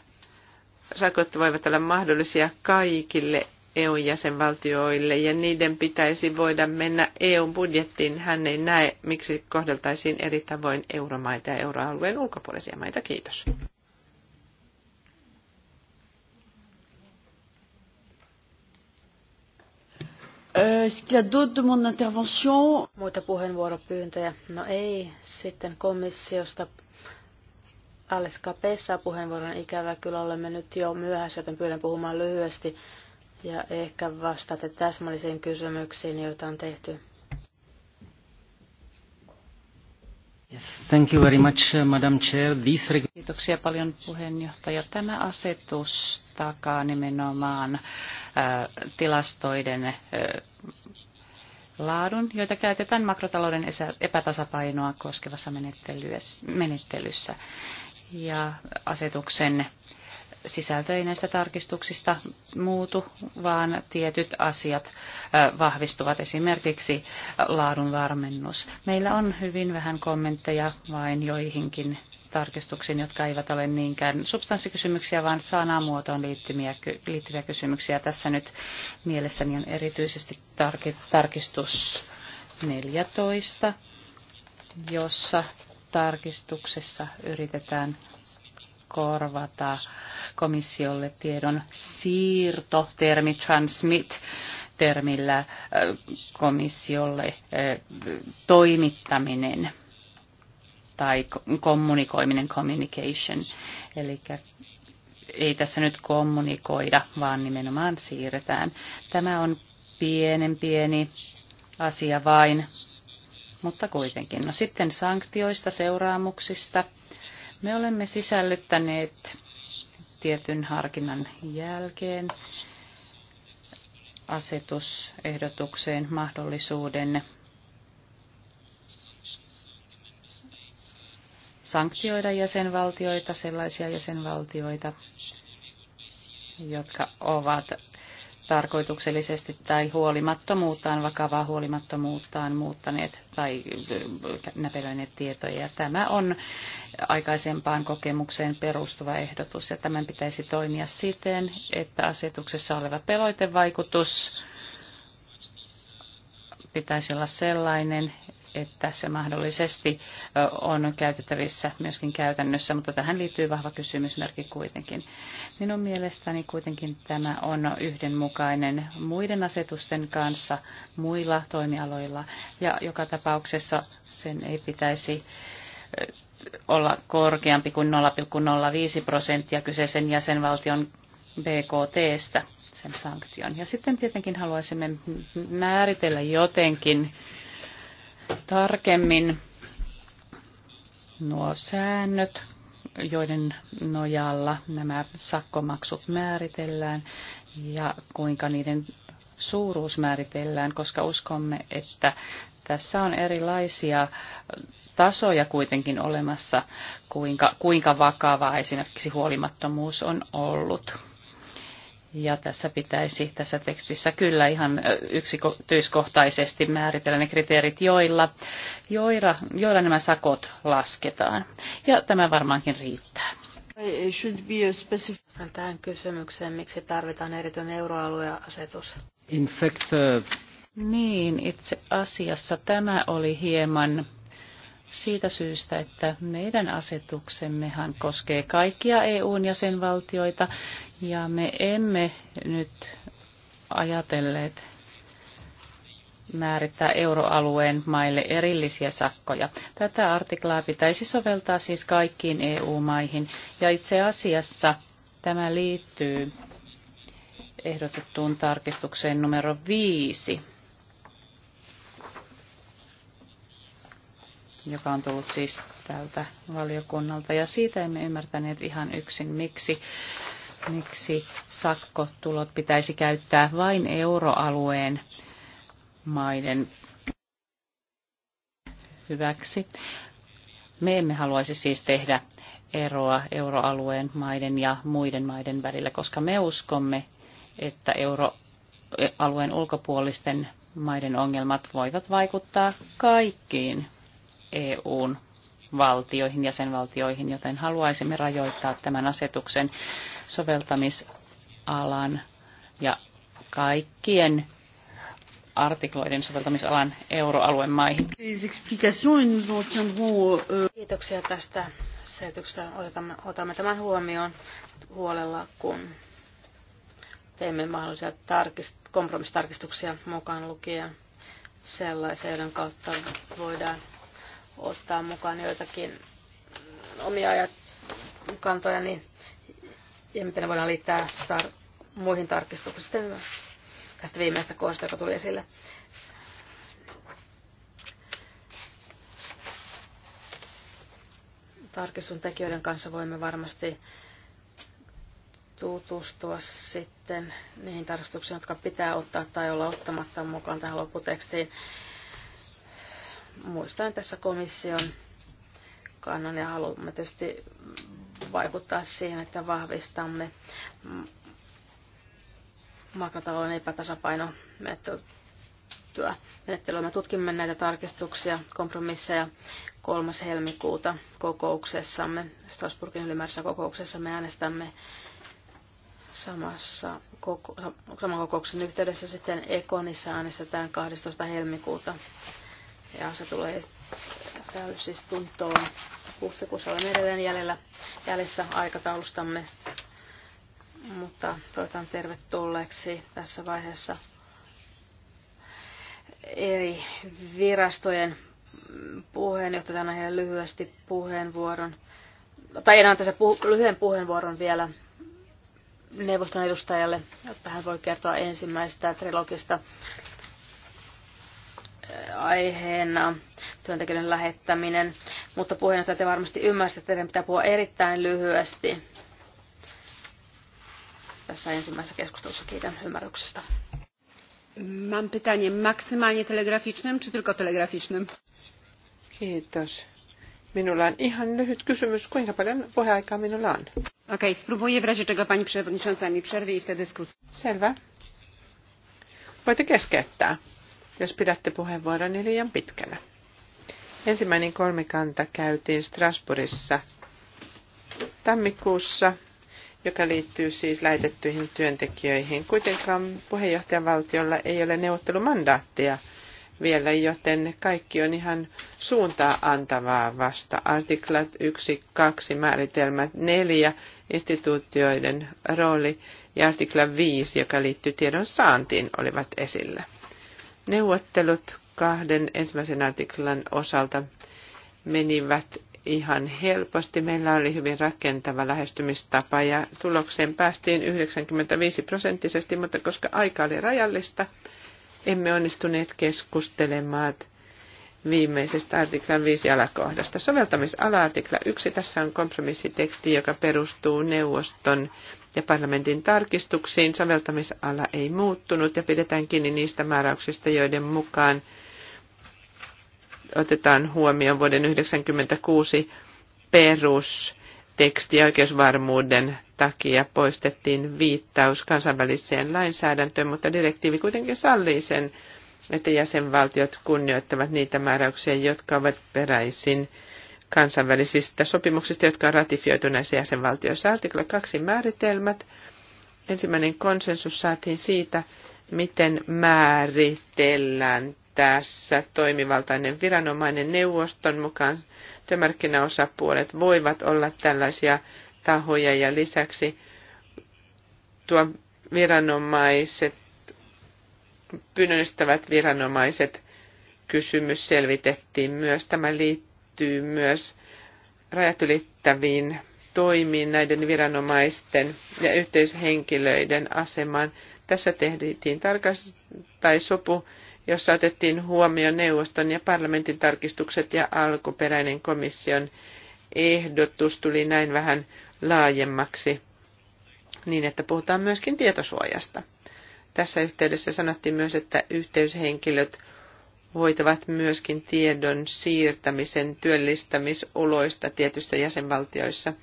sakot voivat olla mahdollisia kaikille EU-jäsenvaltioille ja niiden pitäisi voida mennä EU-budjettiin. Hän ei näe, miksi kohdeltaisiin eri tavoin euromaita ja euroalueen ulkopuolisia maita. Kiitos. Euh, Muita puheenvuoropyyntöjä? No ei. Sitten komissiosta Alice Capessa puheenvuoron ikävä kyllä olemme nyt jo myöhässä, joten pyydän puhumaan lyhyesti ja ehkä vastaatte täsmällisiin kysymyksiin, joita on tehty. Uh, Kiitoksia paljon puheenjohtaja. Tämä asetus takaa nimenomaan äh, tilastoiden äh, laadun, joita käytetään makrotalouden epätasapainoa koskevassa menettelyssä. Ja asetuksen sisältö ei näistä tarkistuksista muutu, vaan tietyt asiat vahvistuvat, esimerkiksi laadunvarmennus. Meillä on hyvin vähän kommentteja vain joihinkin tarkistuksiin, jotka eivät ole niinkään substanssikysymyksiä, vaan sanamuotoon liittyviä, liittyviä kysymyksiä. Tässä nyt mielessäni on erityisesti tarkistus 14, jossa tarkistuksessa yritetään korvata komissiolle tiedon siirto, termi transmit, termillä äh, komissiolle äh, toimittaminen tai kommunikoiminen, communication. Eli ei tässä nyt kommunikoida, vaan nimenomaan siirretään. Tämä on pienen pieni asia vain, mutta kuitenkin. No sitten sanktioista, seuraamuksista. Me olemme sisällyttäneet tietyn harkinnan jälkeen asetusehdotukseen mahdollisuuden sanktioida jäsenvaltioita, sellaisia jäsenvaltioita, jotka ovat tarkoituksellisesti tai huolimattomuuttaan, vakavaa huolimattomuuttaan muuttaneet tai näpelöineet tietoja. Ja tämä on aikaisempaan kokemukseen perustuva ehdotus ja tämän pitäisi toimia siten, että asetuksessa oleva pelotevaikutus pitäisi olla sellainen, että se mahdollisesti on käytettävissä myöskin käytännössä, mutta tähän liittyy vahva kysymysmerkki kuitenkin. Minun mielestäni kuitenkin tämä on yhdenmukainen muiden asetusten kanssa muilla toimialoilla ja joka tapauksessa sen ei pitäisi olla korkeampi kuin 0,05 prosenttia kyseisen jäsenvaltion BKTstä sen sanktion. Ja sitten tietenkin haluaisimme määritellä jotenkin tarkemmin nuo säännöt, joiden nojalla nämä sakkomaksut määritellään ja kuinka niiden suuruus määritellään, koska uskomme, että tässä on erilaisia tasoja kuitenkin olemassa, kuinka, kuinka vakavaa esimerkiksi huolimattomuus on ollut. Ja tässä pitäisi tässä tekstissä kyllä ihan yksityiskohtaisesti määritellä ne kriteerit, joilla, joilla, joilla nämä sakot lasketaan. Ja tämä varmaankin riittää. Tähän kysymykseen, miksi tarvitaan erityinen euroalueasetus? In fact, uh... Niin, itse asiassa tämä oli hieman siitä syystä, että meidän asetuksemmehan koskee kaikkia EUn jäsenvaltioita ja me emme nyt ajatelleet määrittää euroalueen maille erillisiä sakkoja. Tätä artiklaa pitäisi soveltaa siis kaikkiin EU-maihin ja itse asiassa tämä liittyy ehdotettuun tarkistukseen numero viisi joka on tullut siis tältä valiokunnalta. Ja siitä emme ymmärtäneet ihan yksin, miksi, miksi sakkotulot pitäisi käyttää vain euroalueen maiden hyväksi. Me emme haluaisi siis tehdä eroa euroalueen maiden ja muiden maiden välillä, koska me uskomme, että euroalueen ulkopuolisten maiden ongelmat voivat vaikuttaa kaikkiin EUn valtioihin, jäsenvaltioihin, joten haluaisimme rajoittaa tämän asetuksen soveltamisalan ja kaikkien artikloiden soveltamisalan euroalueen maihin. Euh, Kiitoksia tästä selityksestä. Otamme, otamme tämän huomioon huolella, kun teemme mahdollisia tarkist, kompromissitarkistuksia mukaan lukien sellaisen kautta voidaan ottaa mukaan joitakin omia kantoja, niin ja miten ne voidaan liittää tar- muihin tarkistuksiin tästä viimeistä kohdasta, joka tuli esille. Tarkistun tekijöiden kanssa voimme varmasti tutustua sitten niihin tarkistuksiin, jotka pitää ottaa tai olla ottamatta mukaan tähän lopputekstiin muistan tässä komission kannan ja haluamme tietysti vaikuttaa siihen, että vahvistamme makrotalouden Menettelyä. Me tutkimme näitä tarkistuksia, kompromisseja 3. helmikuuta kokouksessamme, Strasbourgin ylimääräisessä kokouksessa me äänestämme samassa koko, saman kokouksen yhteydessä sitten Ekonissa äänestetään 12. helmikuuta ja se tulee täysistuntoon huhtikuussa olemme edelleen jäljellä, jäljessä aikataulustamme, mutta toivotan tervetulleeksi tässä vaiheessa eri virastojen puheen, jotta tänään heille lyhyesti puheenvuoron, tai enää tässä puh- lyhyen puheenvuoron vielä neuvoston edustajalle, jotta hän voi kertoa ensimmäistä trilogista aiheena työntekijöiden lähettäminen, mutta puheenjohtaja te varmasti ymmärsitte, että teidän pitää puhua erittäin lyhyesti tässä ensimmäisessä keskustelussa. Kiitän ymmärryksestä. Mam pytanie maksymalnie telegraficznym, czy tylko telegraficznym? Kiitos. Minulla on ihan lyhyt kysymys. Kuinka paljon puheaikaa minulla on? Okei, okay, spróbuję w razie czego pani przewodnicząca mi przerwie i wtedy skrócę. Selvä. Voitte keskeyttää jos pidätte puheenvuoroni niin liian pitkänä. Ensimmäinen kolmikanta käytiin Strasbourgissa tammikuussa, joka liittyy siis lähetettyihin työntekijöihin. Kuitenkaan valtiolla ei ole neuvottelumandaattia vielä, joten kaikki on ihan suuntaa antavaa vasta. Artiklat 1, 2, määritelmät 4, instituutioiden rooli ja artikla 5, joka liittyy tiedon saantiin, olivat esillä. Neuvottelut kahden ensimmäisen artiklan osalta menivät ihan helposti. Meillä oli hyvin rakentava lähestymistapa ja tulokseen päästiin 95 prosenttisesti, mutta koska aika oli rajallista, emme onnistuneet keskustelemaan viimeisestä artiklan 5 alakohdasta. Soveltamisala artikla 1. Tässä on kompromissiteksti, joka perustuu neuvoston ja parlamentin tarkistuksiin soveltamisala ei muuttunut ja pidetään kiinni niistä määräyksistä, joiden mukaan otetaan huomioon vuoden 1996 perusteksti oikeusvarmuuden takia poistettiin viittaus kansainväliseen lainsäädäntöön, mutta direktiivi kuitenkin sallii sen, että jäsenvaltiot kunnioittavat niitä määräyksiä, jotka ovat peräisin kansainvälisistä sopimuksista, jotka on ratifioitu näissä jäsenvaltioissa. Artikla 2 määritelmät. Ensimmäinen konsensus saatiin siitä, miten määritellään tässä toimivaltainen viranomainen neuvoston mukaan työmarkkinaosapuolet voivat olla tällaisia tahoja ja lisäksi tuo viranomaiset, pyynnöstävät viranomaiset kysymys selvitettiin myös. Tämä liittyy liittyy myös rajat ylittäviin toimiin näiden viranomaisten ja yhteishenkilöiden asemaan. Tässä tehtiin tarkas, tai sopu, jossa otettiin huomioon neuvoston ja parlamentin tarkistukset ja alkuperäinen komission ehdotus tuli näin vähän laajemmaksi niin, että puhutaan myöskin tietosuojasta. Tässä yhteydessä sanottiin myös, että yhteyshenkilöt hoitavat myöskin tiedon siirtämisen työllistämisoloista tietyissä jäsenvaltioissa.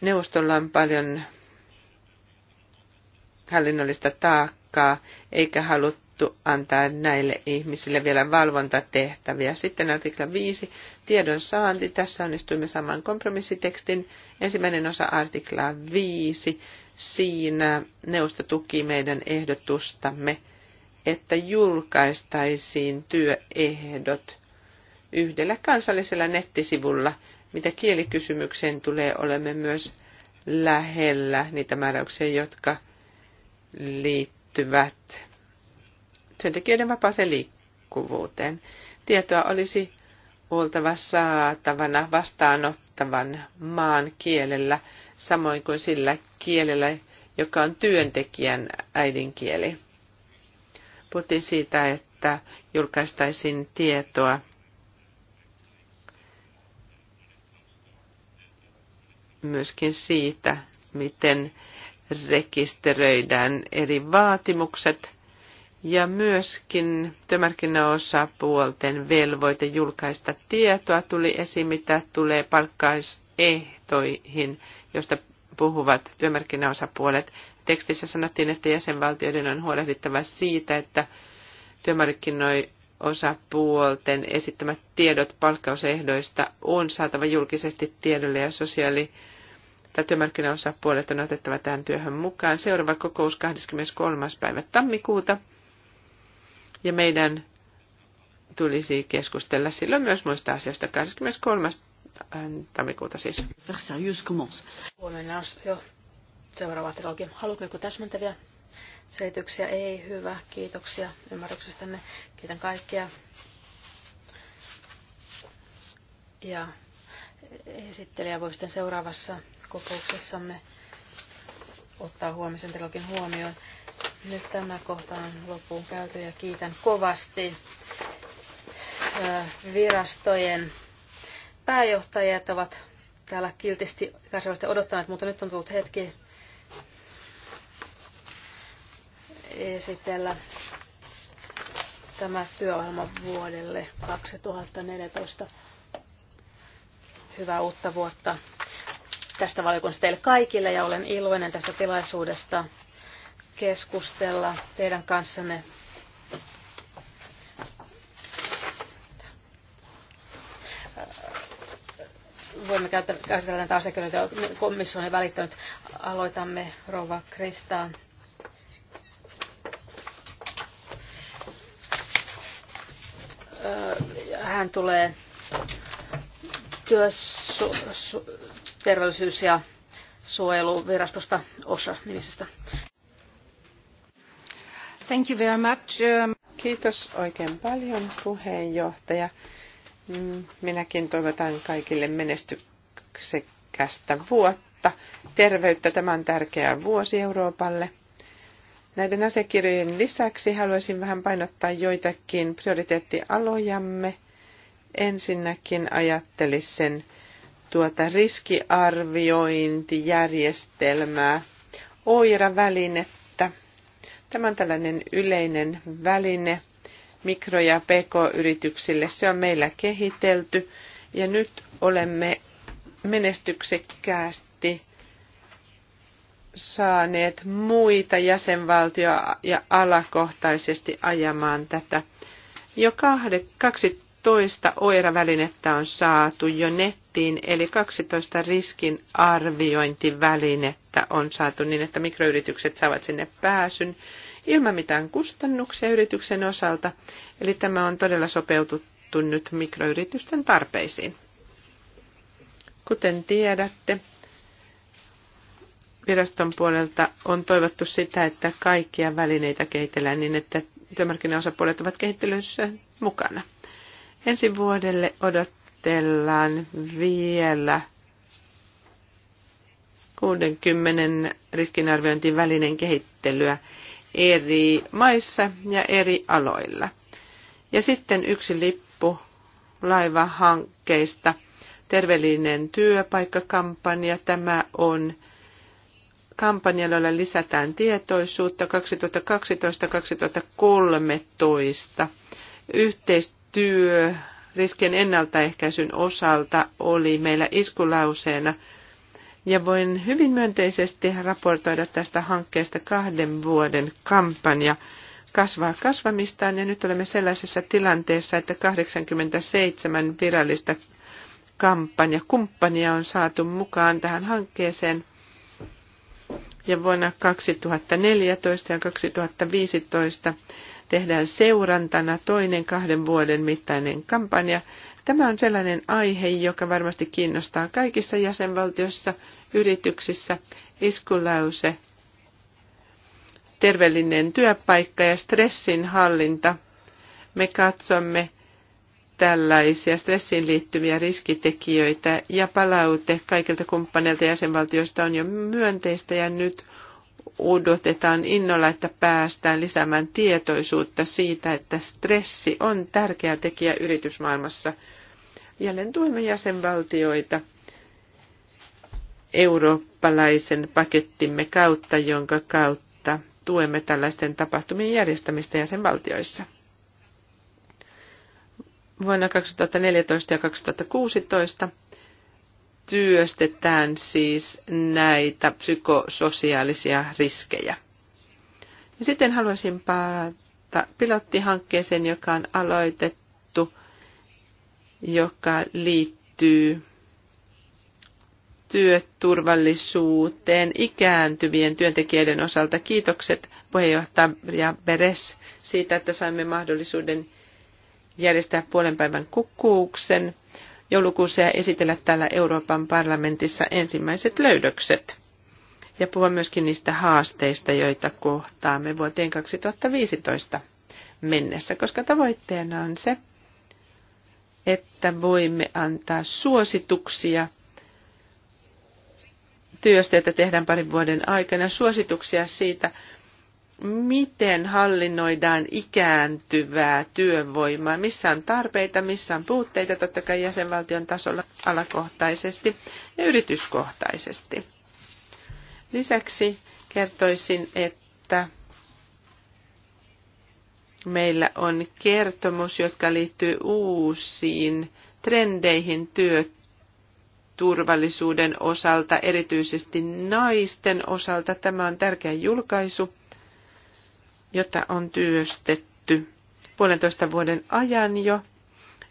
Neuvostolla on paljon hallinnollista taakkaa, eikä haluttu antaa näille ihmisille vielä valvontatehtäviä. Sitten artikla 5, tiedon saanti. Tässä onnistuimme saman kompromissitekstin. Ensimmäinen osa artiklaa 5. Siinä neuvosto tuki meidän ehdotustamme – että julkaistaisiin työehdot yhdellä kansallisella nettisivulla. Mitä kielikysymykseen tulee, olemme myös lähellä niitä määräyksiä, jotka liittyvät työntekijöiden vapaaseen liikkuvuuteen. Tietoa olisi oltava saatavana vastaanottavan maan kielellä, samoin kuin sillä kielellä, joka on työntekijän äidinkieli. Puhuttiin siitä, että julkaistaisiin tietoa myöskin siitä, miten rekisteröidään eri vaatimukset ja myöskin työmarkkinaosapuolten velvoite julkaista tietoa tuli esiin, mitä tulee palkkaisehtoihin, josta puhuvat työmarkkinaosapuolet. Tekstissä sanottiin, että jäsenvaltioiden on huolehdittava siitä, että työmarkkinoosapuolten esittämät tiedot palkkausehdoista on saatava julkisesti tiedolle ja sosiaali- tai työmarkkinaosapuolet on otettava tähän työhön mukaan. Seuraava kokous 23. päivä tammikuuta. Ja meidän tulisi keskustella silloin myös muista asioista. 23 tammikuuta siis. jo seuraava trilogia. Haluatko joku täsmentäviä selityksiä? Ei, hyvä. Kiitoksia ymmärryksestänne. Kiitän kaikkia. Ja esittelijä voi sitten seuraavassa kokouksessamme ottaa huomisen trilogin huomioon. Nyt tämä kohta on loppuun käyty ja kiitän kovasti virastojen pääjohtajat ovat täällä kiltisti kärsivästi odottaneet, mutta nyt on tullut hetki esitellä tämä työohjelma vuodelle 2014. Hyvää uutta vuotta tästä valiokunnasta teille kaikille ja olen iloinen tästä tilaisuudesta keskustella teidän kanssanne voimme käsitellä näitä asioita, joita komissio on välittänyt. Aloitamme Rova Kristaan. Hän tulee työterveellisyys- ja suojeluvirastosta osa nimisestä. Thank you very much. Kiitos oikein paljon puheenjohtaja. Minäkin toivotan kaikille menestyksekästä vuotta. Terveyttä tämän on tärkeä vuosi Euroopalle. Näiden asiakirjojen lisäksi haluaisin vähän painottaa joitakin prioriteettialojamme. Ensinnäkin ajattelisin tuota riskiarviointijärjestelmää, OIRA-välinettä. Tämä on tällainen yleinen väline, mikro- ja pk-yrityksille. Se on meillä kehitelty ja nyt olemme menestyksekkäästi saaneet muita jäsenvaltioja ja alakohtaisesti ajamaan tätä. Jo 12 OIRA-välinettä on saatu jo nettiin, eli 12 riskin arviointivälinettä on saatu niin, että mikroyritykset saavat sinne pääsyn ilman mitään kustannuksia yrityksen osalta. Eli tämä on todella sopeututtu nyt mikroyritysten tarpeisiin. Kuten tiedätte, viraston puolelta on toivottu sitä, että kaikkia välineitä kehitellään niin, että työmarkkinaosapuolet ovat kehittelyssä mukana. Ensi vuodelle odotellaan vielä 60 riskinarviointivälinen kehittelyä eri maissa ja eri aloilla. Ja sitten yksi lippu laivahankkeista, terveellinen työpaikkakampanja, tämä on kampanja, jolla lisätään tietoisuutta 2012-2013. Yhteistyö riskien ennaltaehkäisyn osalta oli meillä iskulauseena – ja voin hyvin myönteisesti raportoida tästä hankkeesta kahden vuoden kampanja kasvaa kasvamistaan ja nyt olemme sellaisessa tilanteessa, että 87 virallista kampanjakumppania on saatu mukaan tähän hankkeeseen. Ja vuonna 2014 ja 2015 tehdään seurantana toinen kahden vuoden mittainen kampanja Tämä on sellainen aihe, joka varmasti kiinnostaa kaikissa jäsenvaltioissa, yrityksissä, iskulause, terveellinen työpaikka ja stressin hallinta. Me katsomme tällaisia stressiin liittyviä riskitekijöitä ja palaute kaikilta kumppaneilta jäsenvaltioista on jo myönteistä ja nyt odotetaan innolla, että päästään lisäämään tietoisuutta siitä, että stressi on tärkeä tekijä yritysmaailmassa – Jälleen tuemme jäsenvaltioita eurooppalaisen pakettimme kautta, jonka kautta tuemme tällaisten tapahtumien järjestämistä jäsenvaltioissa. Vuonna 2014 ja 2016 työstetään siis näitä psykososiaalisia riskejä. Ja sitten haluaisin palata pilottihankkeeseen, joka on aloitettu joka liittyy työturvallisuuteen ikääntyvien työntekijöiden osalta. Kiitokset puheenjohtaja Beres siitä, että saimme mahdollisuuden järjestää puolen päivän kukkuuksen joulukuussa ja esitellä täällä Euroopan parlamentissa ensimmäiset löydökset ja puhua myöskin niistä haasteista, joita kohtaamme vuoteen 2015 mennessä, koska tavoitteena on se, että voimme antaa suosituksia työstä, jota tehdään parin vuoden aikana, suosituksia siitä, miten hallinnoidaan ikääntyvää työvoimaa, missä on tarpeita, missä on puutteita, totta kai jäsenvaltion tasolla alakohtaisesti ja yrityskohtaisesti. Lisäksi kertoisin, että meillä on kertomus, jotka liittyy uusiin trendeihin työturvallisuuden osalta, erityisesti naisten osalta. Tämä on tärkeä julkaisu, jota on työstetty puolentoista vuoden ajan jo.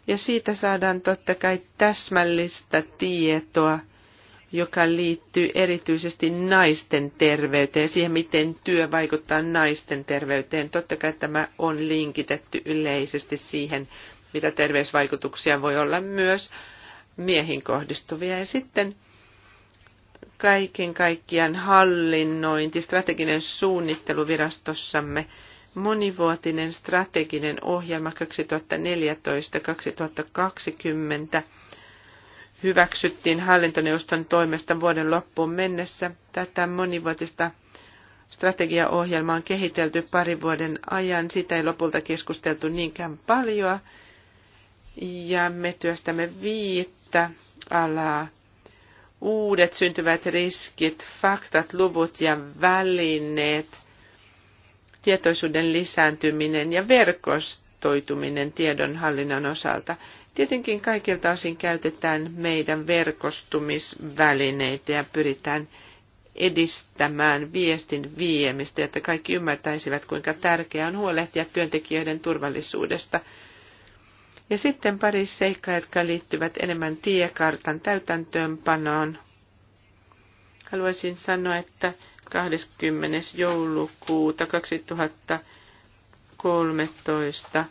Ja siitä saadaan totta kai täsmällistä tietoa – joka liittyy erityisesti naisten terveyteen, siihen miten työ vaikuttaa naisten terveyteen. Totta kai tämä on linkitetty yleisesti siihen, mitä terveysvaikutuksia voi olla myös miehiin kohdistuvia. Ja sitten kaiken kaikkiaan hallinnointi, strateginen suunnittelu virastossamme, monivuotinen strateginen ohjelma 2014-2020, hyväksyttiin hallintoneuvoston toimesta vuoden loppuun mennessä. Tätä monivuotista strategiaohjelmaa on kehitelty parin vuoden ajan. Sitä ei lopulta keskusteltu niinkään paljon. Ja me työstämme viittä alaa. Uudet syntyvät riskit, faktat, luvut ja välineet, tietoisuuden lisääntyminen ja verkostoituminen tiedonhallinnan osalta – Tietenkin kaikilta osin käytetään meidän verkostumisvälineitä ja pyritään edistämään viestin viemistä, että kaikki ymmärtäisivät, kuinka tärkeää on huolehtia työntekijöiden turvallisuudesta. Ja sitten pari seikkaa, jotka liittyvät enemmän tiekartan täytäntöönpanoon. Haluaisin sanoa, että 20. joulukuuta 2013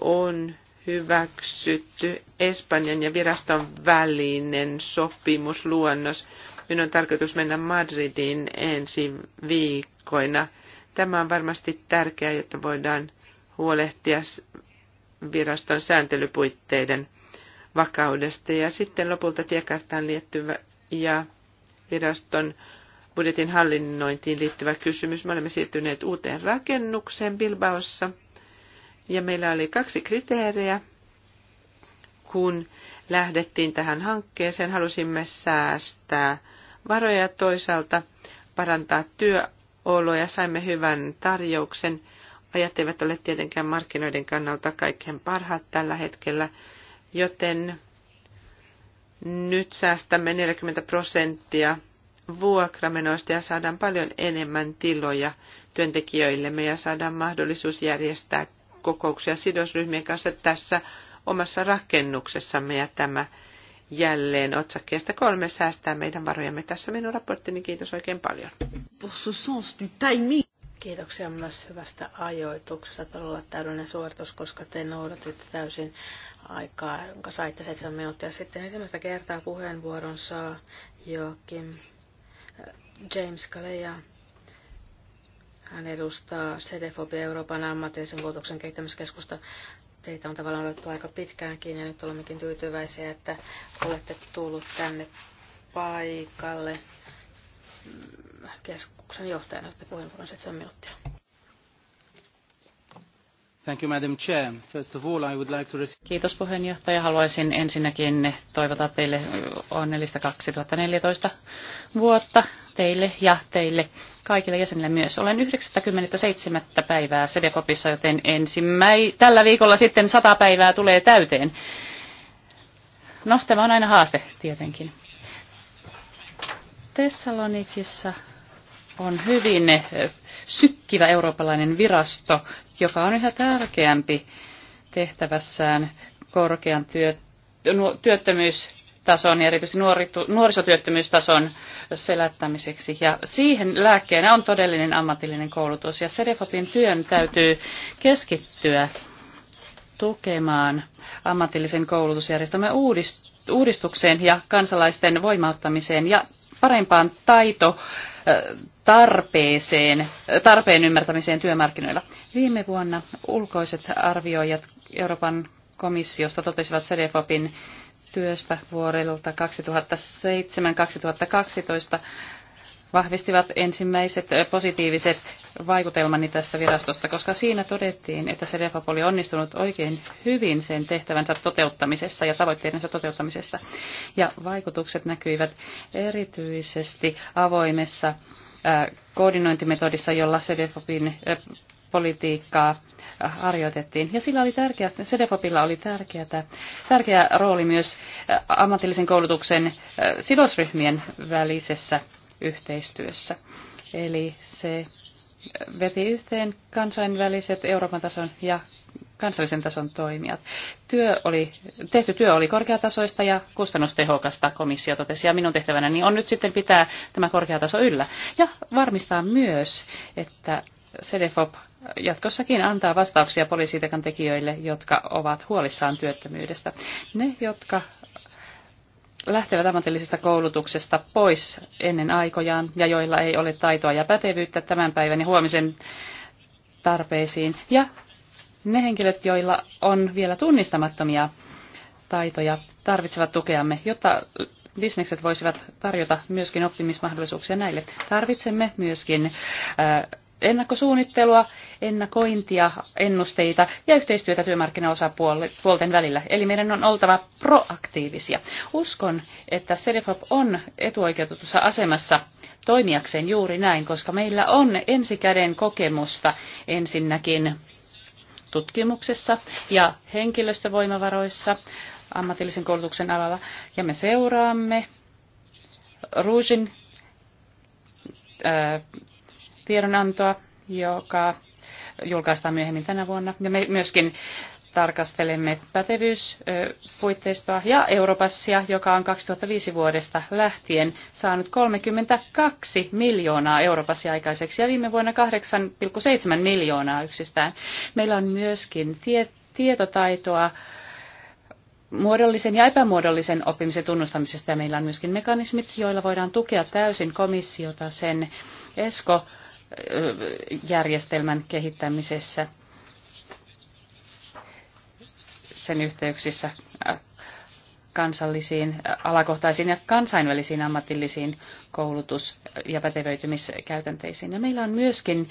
on hyväksytty Espanjan ja viraston välinen sopimusluonnos. Minun on tarkoitus mennä Madridiin ensi viikkoina. Tämä on varmasti tärkeää, jotta voidaan huolehtia viraston sääntelypuitteiden vakaudesta. Ja sitten lopulta tiekarttaan liittyvä ja viraston budjetin hallinnointiin liittyvä kysymys. Me olemme siirtyneet uuteen rakennukseen Bilbaossa. Ja meillä oli kaksi kriteeriä, kun lähdettiin tähän hankkeeseen. Halusimme säästää varoja toisaalta parantaa työoloja. Saimme hyvän tarjouksen. Ajat eivät ole tietenkään markkinoiden kannalta kaikkein parhaat tällä hetkellä, joten nyt säästämme 40 prosenttia vuokramenoista ja saadaan paljon enemmän tiloja työntekijöillemme ja saadaan mahdollisuus järjestää kokouksia sidosryhmien kanssa tässä omassa rakennuksessamme ja tämä jälleen otsakkeesta kolme säästää meidän varojamme. Tässä minun raporttini, kiitos oikein paljon. Kiitoksia myös hyvästä ajoituksesta. Todella täydellinen suoritus, koska te noudatitte täysin aikaa, jonka saitte seitsemän minuuttia sitten. Ensimmäistä kertaa puheenvuoron saa Joakim äh, James Kaleja hän edustaa CDFobia Euroopan ammatillisen koulutuksen kehittämiskeskusta. Teitä on tavallaan odotettu aika pitkäänkin ja nyt olemmekin tyytyväisiä, että olette tullut tänne paikalle mm, keskuksen johtajana. Sitten puheenvuoron 7 minuuttia. Thank you, Kiitos puheenjohtaja. Haluaisin ensinnäkin toivottaa teille onnellista 2014 vuotta teille ja teille kaikille jäsenille myös. Olen 97. päivää Sedekopissa, joten ensimmäi... tällä viikolla sitten 100 päivää tulee täyteen. No, tämä on aina haaste tietenkin. Tessalonikissa on hyvin eh, sykkivä eurooppalainen virasto, joka on yhä tärkeämpi tehtävässään korkean työ, työttömyystason ja erityisesti nuorisotyöttömyystason selättämiseksi. Ja siihen lääkkeenä on todellinen ammatillinen koulutus. Ja Sedefopin työn täytyy keskittyä tukemaan ammatillisen koulutusjärjestelmän uudistukseen ja kansalaisten voimauttamiseen ja parempaan taito tarpeeseen, tarpeen ymmärtämiseen työmarkkinoilla. Viime vuonna ulkoiset arvioijat Euroopan komissiosta totesivat CDFOPin työstä vuodelta 2007-2012 vahvistivat ensimmäiset positiiviset vaikutelmani tästä virastosta, koska siinä todettiin, että se oli onnistunut oikein hyvin sen tehtävänsä toteuttamisessa ja tavoitteidensa toteuttamisessa. Ja vaikutukset näkyivät erityisesti avoimessa koordinointimetodissa, jolla CDFOPin politiikkaa harjoitettiin. Ja sillä oli tärkeä, CDFOPilla oli tärkeätä, tärkeä rooli myös ammatillisen koulutuksen sidosryhmien välisessä yhteistyössä. Eli se veti yhteen kansainväliset Euroopan tason ja kansallisen tason toimijat. Työ oli, tehty työ oli korkeatasoista ja kustannustehokasta, komissio totesi, ja minun tehtävänäni niin on nyt sitten pitää tämä korkeataso yllä. Ja varmistaa myös, että CDFOP jatkossakin antaa vastauksia poliisitekan tekijöille, jotka ovat huolissaan työttömyydestä. Ne, jotka lähtevät ammatillisesta koulutuksesta pois ennen aikojaan ja joilla ei ole taitoa ja pätevyyttä tämän päivän ja huomisen tarpeisiin. Ja ne henkilöt, joilla on vielä tunnistamattomia taitoja, tarvitsevat tukeamme, jotta bisnekset voisivat tarjota myöskin oppimismahdollisuuksia näille. Tarvitsemme myöskin äh, ennakkosuunnittelua, ennakointia, ennusteita ja yhteistyötä työmarkkinaosapuolten välillä. Eli meidän on oltava proaktiivisia. Uskon, että Cedefop on etuoikeutetussa asemassa toimijakseen juuri näin, koska meillä on ensikäden kokemusta ensinnäkin tutkimuksessa ja henkilöstövoimavaroissa ammatillisen koulutuksen alalla. Ja me seuraamme Ruusin äh, tiedonantoa, joka julkaistaan myöhemmin tänä vuonna. Ja me myöskin tarkastelemme pätevyyspuitteistoa ja Europassia, joka on 2005 vuodesta lähtien saanut 32 miljoonaa Europassia aikaiseksi ja viime vuonna 8,7 miljoonaa yksistään. Meillä on myöskin tie- tietotaitoa muodollisen ja epämuodollisen oppimisen tunnustamisesta ja meillä on myöskin mekanismit, joilla voidaan tukea täysin komissiota sen ESCO järjestelmän kehittämisessä sen yhteyksissä kansallisiin, alakohtaisiin ja kansainvälisiin ammatillisiin koulutus- ja pätevöitymiskäytänteisiin. Ja meillä on myöskin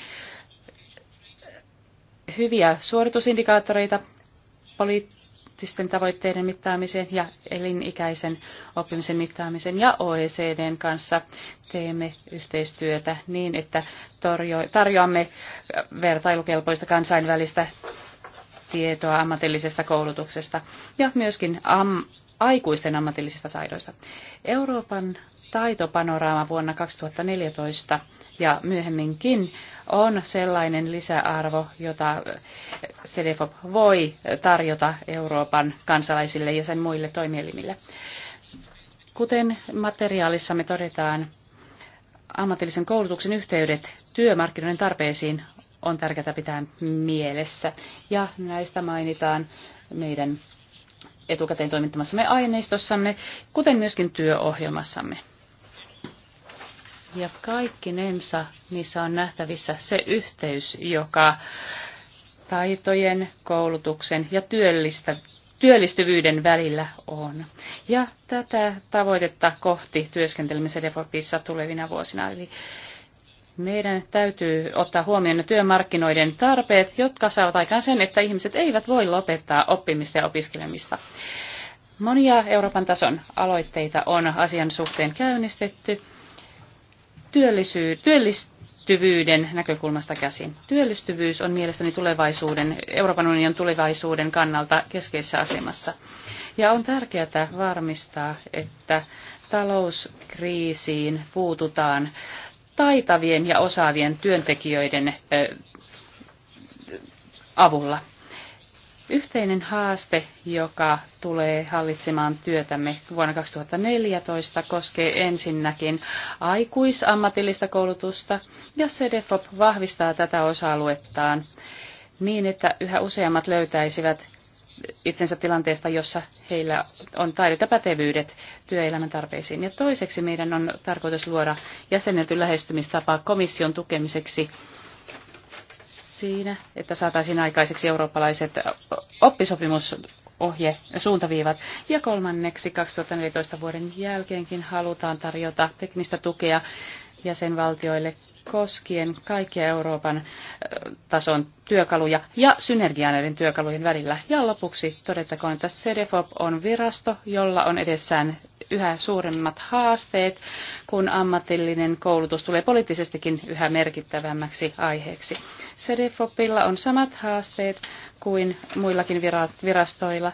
hyviä suoritusindikaattoreita poliittisten tavoitteiden mittaamiseen ja elinikäisen oppimisen mittaamiseen ja OECDn kanssa teemme yhteistyötä niin, että tarjoamme vertailukelpoista kansainvälistä tietoa ammatillisesta koulutuksesta ja myöskin am- aikuisten ammatillisista taidoista. Euroopan taitopanoraama vuonna 2014 ja myöhemminkin on sellainen lisäarvo, jota CDFOP voi tarjota Euroopan kansalaisille ja sen muille toimielimille. Kuten materiaalissamme todetaan, ammatillisen koulutuksen yhteydet työmarkkinoiden tarpeisiin on tärkeää pitää mielessä. Ja näistä mainitaan meidän etukäteen toimittamassamme aineistossamme, kuten myöskin työohjelmassamme. Ja kaikkinensa niissä on nähtävissä se yhteys, joka taitojen, koulutuksen ja työllistä, työllistyvyyden välillä on. Ja tätä tavoitetta kohti työskentelemme Sedefopissa tulevina vuosina. Eli meidän täytyy ottaa huomioon ne työmarkkinoiden tarpeet, jotka saavat aikaan sen, että ihmiset eivät voi lopettaa oppimista ja opiskelemista. Monia Euroopan tason aloitteita on asian suhteen käynnistetty työllisyy, työllistyvyyden näkökulmasta käsin. Työllistyvyys on mielestäni tulevaisuuden, Euroopan unionin tulevaisuuden kannalta keskeisessä asemassa. Ja on tärkeää varmistaa, että talouskriisiin puututaan taitavien ja osaavien työntekijöiden avulla. Yhteinen haaste, joka tulee hallitsemaan työtämme vuonna 2014, koskee ensinnäkin aikuisammatillista koulutusta, ja CDFOP vahvistaa tätä osa-aluettaan niin, että yhä useammat löytäisivät itsensä tilanteesta, jossa heillä on taidot ja pätevyydet työelämän tarpeisiin. Ja toiseksi meidän on tarkoitus luoda jäsennelty lähestymistapa komission tukemiseksi siinä, että saataisiin aikaiseksi eurooppalaiset oppisopimusohje suuntaviivat. Ja kolmanneksi 2014 vuoden jälkeenkin halutaan tarjota teknistä tukea jäsenvaltioille koskien kaikkia Euroopan tason työkaluja ja synergiaa näiden työkalujen välillä. Ja lopuksi todettakoon, että CDFOP on virasto, jolla on edessään yhä suuremmat haasteet, kun ammatillinen koulutus tulee poliittisestikin yhä merkittävämmäksi aiheeksi. CDFOPilla on samat haasteet kuin muillakin virastoilla,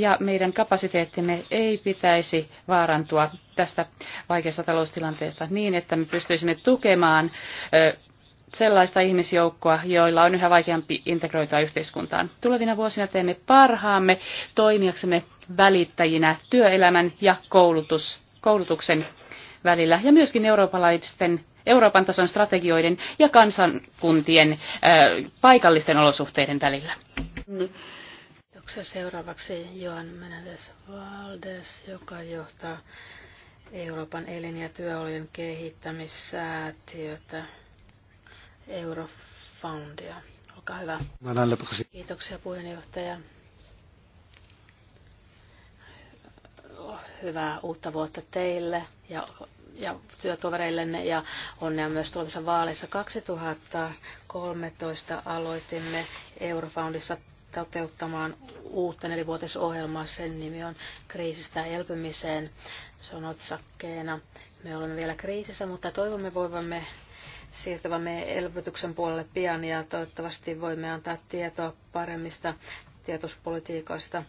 ja meidän kapasiteettimme ei pitäisi vaarantua tästä vaikeasta taloustilanteesta niin, että me pystyisimme tukemaan sellaista ihmisjoukkoa, joilla on yhä vaikeampi integroitua yhteiskuntaan. Tulevina vuosina teemme parhaamme toimijaksemme välittäjinä työelämän ja koulutus, koulutuksen välillä ja myöskin eurooppalaisten Euroopan tason strategioiden ja kansankuntien äh, paikallisten olosuhteiden välillä. Kiitoksia seuraavaksi Joan Menendez Valdes, joka johtaa Euroopan elin- ja työolojen kehittämissäätiötä Eurofoundia. Olkaa hyvä. Kiitoksia puheenjohtaja. Hyvää uutta vuotta teille ja, ja työtovereillenne ja onnea myös tulevissa vaaleissa. 2013 aloitimme Eurofoundissa toteuttamaan uutta nelivuotisohjelmaa. Sen nimi on Kriisistä elpymiseen. Se on otsakkeena. Me olemme vielä kriisissä, mutta toivomme voivamme siirtyvämme elvytyksen puolelle pian ja toivottavasti voimme antaa tietoa paremmista tietospolitiikoista.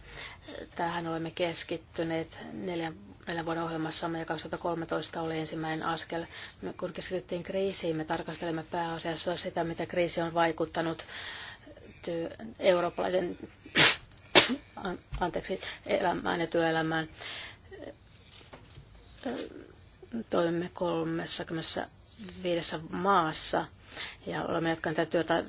Tähän olemme keskittyneet neljän, neljän vuoden ohjelmassamme ja 2013 oli ensimmäinen askel. Me, kun keskityttiin kriisiin, me tarkastelemme pääasiassa sitä, mitä kriisi on vaikuttanut liittyy eurooppalaisen anteeksi, elämään ja työelämään. Toimimme 35 maassa ja olemme jatkaneet tätä työtä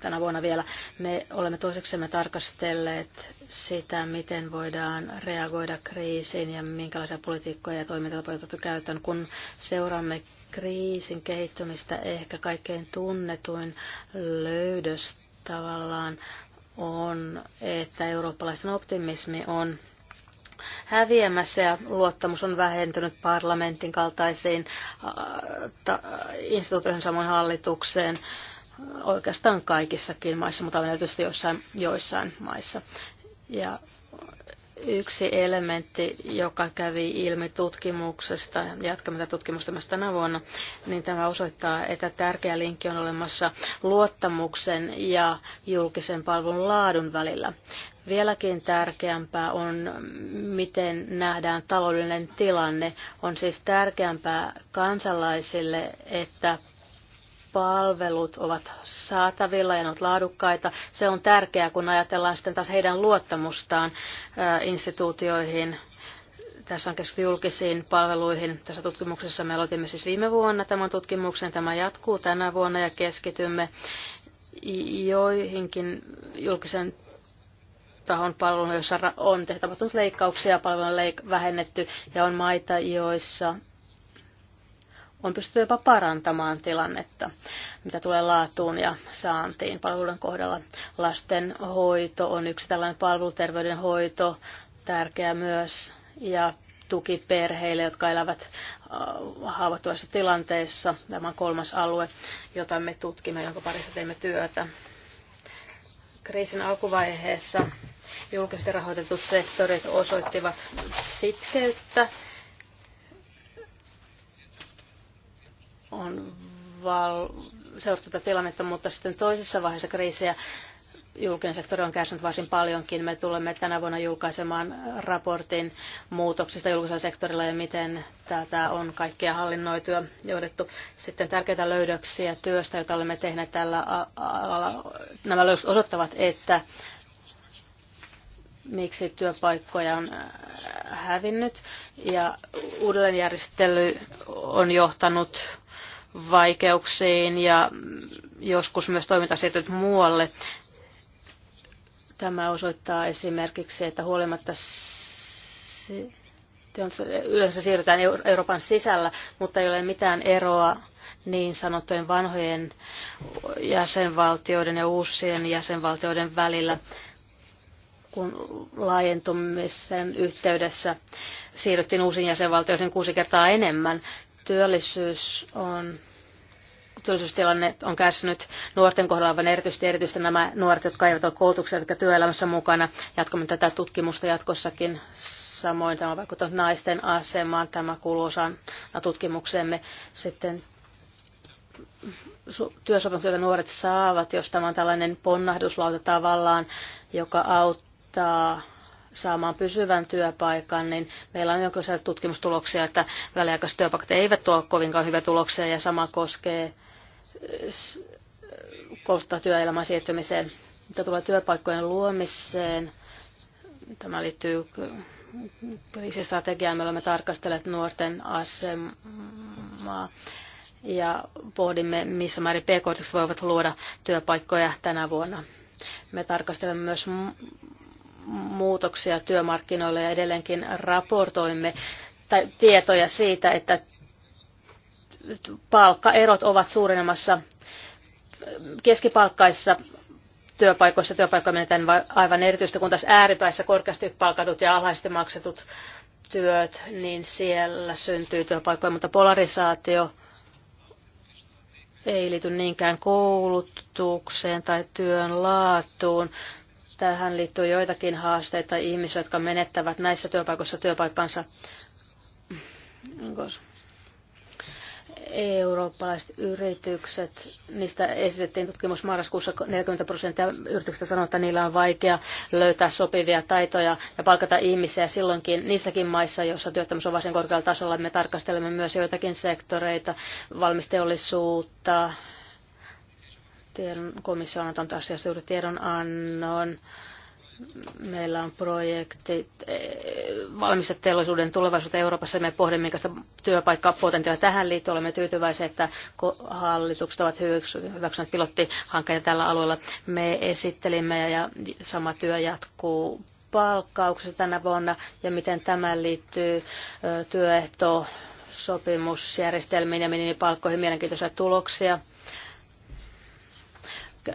tänä vuonna vielä. Me olemme toiseksemme tarkastelleet sitä, miten voidaan reagoida kriisiin ja minkälaisia politiikkoja ja toimintatapoja on käyttöön. Kun seuraamme kriisin kehittymistä, ehkä kaikkein tunnetuin löydös tavallaan on, että eurooppalaisten optimismi on häviämässä ja luottamus on vähentynyt parlamentin kaltaisiin instituutioihin samoin hallitukseen oikeastaan kaikissakin maissa, mutta on erityisesti joissain, joissain maissa. Ja Yksi elementti, joka kävi ilmi tutkimuksesta, jatkamme tätä tutkimusta myös tänä vuonna, niin tämä osoittaa, että tärkeä linkki on olemassa luottamuksen ja julkisen palvelun laadun välillä. Vieläkin tärkeämpää on, miten nähdään taloudellinen tilanne. On siis tärkeämpää kansalaisille, että palvelut ovat saatavilla ja ne ovat laadukkaita. Se on tärkeää, kun ajatellaan sitten taas heidän luottamustaan äh, instituutioihin. Tässä on keskitytty julkisiin palveluihin. Tässä tutkimuksessa me aloitimme siis viime vuonna tämän tutkimuksen. Tämä jatkuu tänä vuonna ja keskitymme joihinkin julkisen tahon palvelun, jossa on tapahtunut leikkauksia, palvelun leik- vähennetty ja on maita, joissa on pystytty jopa parantamaan tilannetta, mitä tulee laatuun ja saantiin palveluiden kohdalla. Lasten hoito on yksi tällainen palveluterveydenhoito, tärkeä myös, ja tuki perheille, jotka elävät äh, haavoittuvassa tilanteessa. Tämä on kolmas alue, jota me tutkimme, jonka parissa teemme työtä. Kriisin alkuvaiheessa julkisesti rahoitetut sektorit osoittivat sitkeyttä on val- seurattu tätä tilannetta, mutta sitten toisessa vaiheessa kriisiä julkinen sektori on kärsinyt varsin paljonkin. Me tulemme tänä vuonna julkaisemaan raportin muutoksista julkisella sektorilla ja miten tätä on kaikkea hallinnoitu ja johdettu. Sitten tärkeitä löydöksiä työstä, jota olemme tehneet tällä alalla. Nämä löydökset osoittavat, että miksi työpaikkoja on äh, hävinnyt ja uudelleenjärjestely on johtanut vaikeuksiin ja joskus myös toiminta siirtynyt muualle. Tämä osoittaa esimerkiksi, että huolimatta yleensä siirrytään Euroopan sisällä, mutta ei ole mitään eroa niin sanottujen vanhojen jäsenvaltioiden ja uusien jäsenvaltioiden välillä, kun laajentumisen yhteydessä siirryttiin uusiin jäsenvaltioihin kuusi kertaa enemmän. Työllisyys on työllisyystilanne on kärsinyt nuorten kohdalla, vaan erityisesti, erityisesti nämä nuoret, jotka eivät ole koulutuksia, jotka työelämässä mukana. Jatkamme tätä tutkimusta jatkossakin. Samoin tämä vaikuttaa naisten asemaan. Tämä kuuluu osana tutkimuksemme. Sitten työsopimus, joita nuoret saavat, jos tämä on tällainen ponnahduslauta tavallaan, joka auttaa saamaan pysyvän työpaikan, niin meillä on jonkinlaisia tutkimustuloksia, että väliaikaiset työpaikat eivät tuo kovinkaan hyviä tuloksia ja sama koskee koulusta työelämän siirtymiseen. Mitä tulee työpaikkojen luomiseen, tämä liittyy kriisistrategiaan, me olemme tarkastelleet nuorten asemaa ja pohdimme, missä määrin pk voivat luoda työpaikkoja tänä vuonna. Me tarkastelemme myös muutoksia työmarkkinoille ja edelleenkin raportoimme tai tietoja siitä, että palkkaerot ovat suurenemassa keskipalkkaissa työpaikoissa. Työpaikkoja menetään aivan erityisesti, kun taas ääripäissä korkeasti palkatut ja alhaisesti maksetut työt, niin siellä syntyy työpaikkoja, mutta polarisaatio ei liity niinkään koulutukseen tai työn laatuun. Tähän liittyy joitakin haasteita ihmisiä, jotka menettävät näissä työpaikoissa työpaikkansa. Eurooppalaiset yritykset, niistä esitettiin tutkimus marraskuussa 40 prosenttia yrityksistä sanoi, että niillä on vaikea löytää sopivia taitoja ja palkata ihmisiä. Silloinkin niissäkin maissa, joissa työttömyys on varsin korkealla tasolla, me tarkastelemme myös joitakin sektoreita, valmisteollisuutta, tiedon, komissio on antanut asiasta juuri tiedonannon. Meillä on projektit eh, valmistaa teollisuuden tulevaisuutta Euroopassa. Me pohdimme, minkä työpaikkaa potentiaalia tähän liittyy. Olemme tyytyväisiä, että hallitukset ovat hyväksyneet pilottihankkeita tällä alueella. Me esittelimme ja sama työ jatkuu palkkauksessa tänä vuonna ja miten tämä liittyy eh, työehto sopimusjärjestelmiin ja minimipalkkoihin mielenkiintoisia tuloksia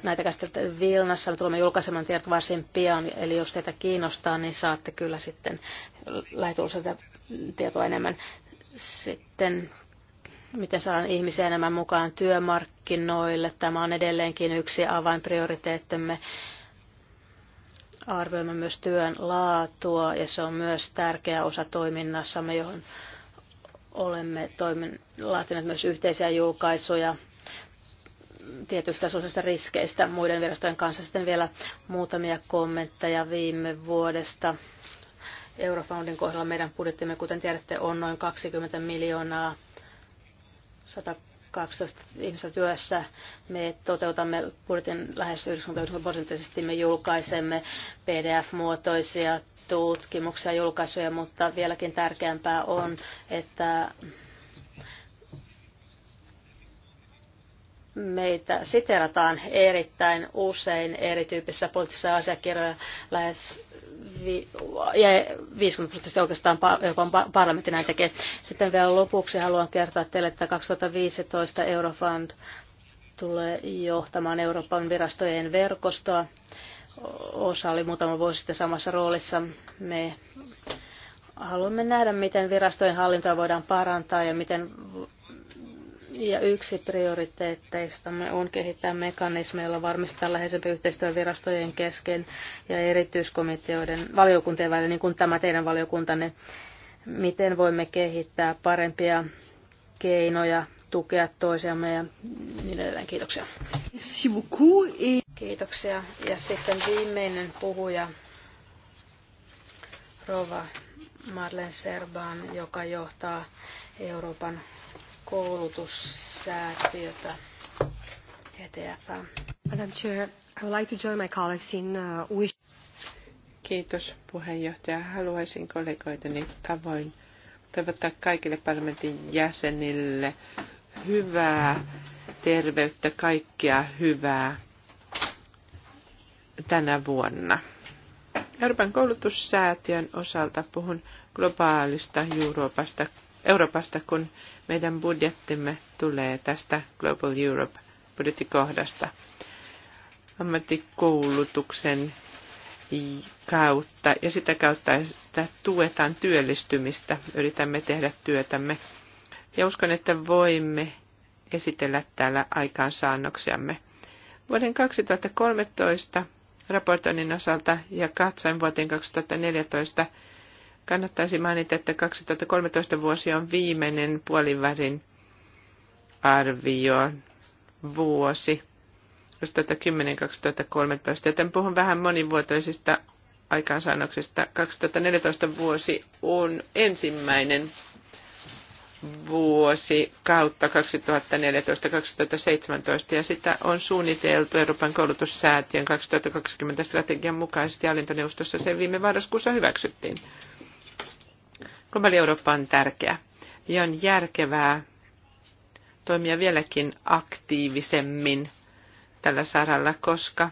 näitä käsiteltä Vilnassa. Tulemme julkaisemaan tiedot varsin pian, eli jos teitä kiinnostaa, niin saatte kyllä sitten lähitulossa tietoa enemmän. Sitten miten saadaan ihmisiä enemmän mukaan työmarkkinoille. Tämä on edelleenkin yksi avainprioriteettimme. Arvioimme myös työn laatua ja se on myös tärkeä osa toiminnassamme, johon olemme toimin, laatineet myös yhteisiä julkaisuja tietystä sosiaalista riskeistä muiden virastojen kanssa. Sitten vielä muutamia kommentteja viime vuodesta. Eurofoundin kohdalla meidän budjettimme, kuten tiedätte, on noin 20 miljoonaa 112 ihmistä työssä. Me toteutamme budjetin lähes 90 prosenttisesti. Me julkaisemme PDF-muotoisia tutkimuksia ja julkaisuja, mutta vieläkin tärkeämpää on, että meitä siterataan erittäin usein erityyppisissä poliittisissa asiakirjoja lähes ja 50 prosenttia oikeastaan Euroopan parlamentti näin tekee. Sitten vielä lopuksi haluan kertoa teille, että 2015 Eurofund tulee johtamaan Euroopan virastojen verkostoa. Osa oli muutama vuosi sitten samassa roolissa. Me haluamme nähdä, miten virastojen hallintoa voidaan parantaa ja miten ja yksi prioriteetteistamme on kehittää mekanismeja, joilla varmistetaan läheisempi yhteistyö virastojen kesken ja erityiskomiteoiden valiokuntien välillä, niin kuin tämä teidän valiokuntanne. Miten voimme kehittää parempia keinoja tukea toisiamme ja niin edelleen. Kiitoksia. Kiitoksia. Ja sitten viimeinen puhuja, Rova Marlen Serban, joka johtaa Euroopan koulutussäätiötä ETF. Madam Chair, I would like to join my colleagues in uh, wish. Kiitos puheenjohtaja. Haluaisin kollegoitani tavoin toivottaa kaikille parlamentin jäsenille hyvää terveyttä, kaikkea hyvää tänä vuonna. Euroopan koulutussäätiön osalta puhun globaalista Euroopasta Euroopasta, kun meidän budjettimme tulee tästä Global Europe budjettikohdasta ammattikoulutuksen kautta ja sitä kautta, että tuetaan työllistymistä, yritämme tehdä työtämme. Ja uskon, että voimme esitellä täällä aikaansaannoksiamme. Vuoden 2013 raportoinnin osalta ja katsoin vuoteen 2014 Kannattaisi mainita, että 2013 vuosi on viimeinen puolivärin arvio vuosi 2010-2013, joten puhun vähän monivuotoisista aikaansaannoksista. 2014 vuosi on ensimmäinen vuosi kautta 2014-2017 ja sitä on suunniteltu Euroopan koulutussäätiön 2020 strategian mukaisesti hallintoneuvostossa. Se viime varaskuussa hyväksyttiin. Globaali Eurooppa on tärkeä ja on järkevää toimia vieläkin aktiivisemmin tällä saralla, koska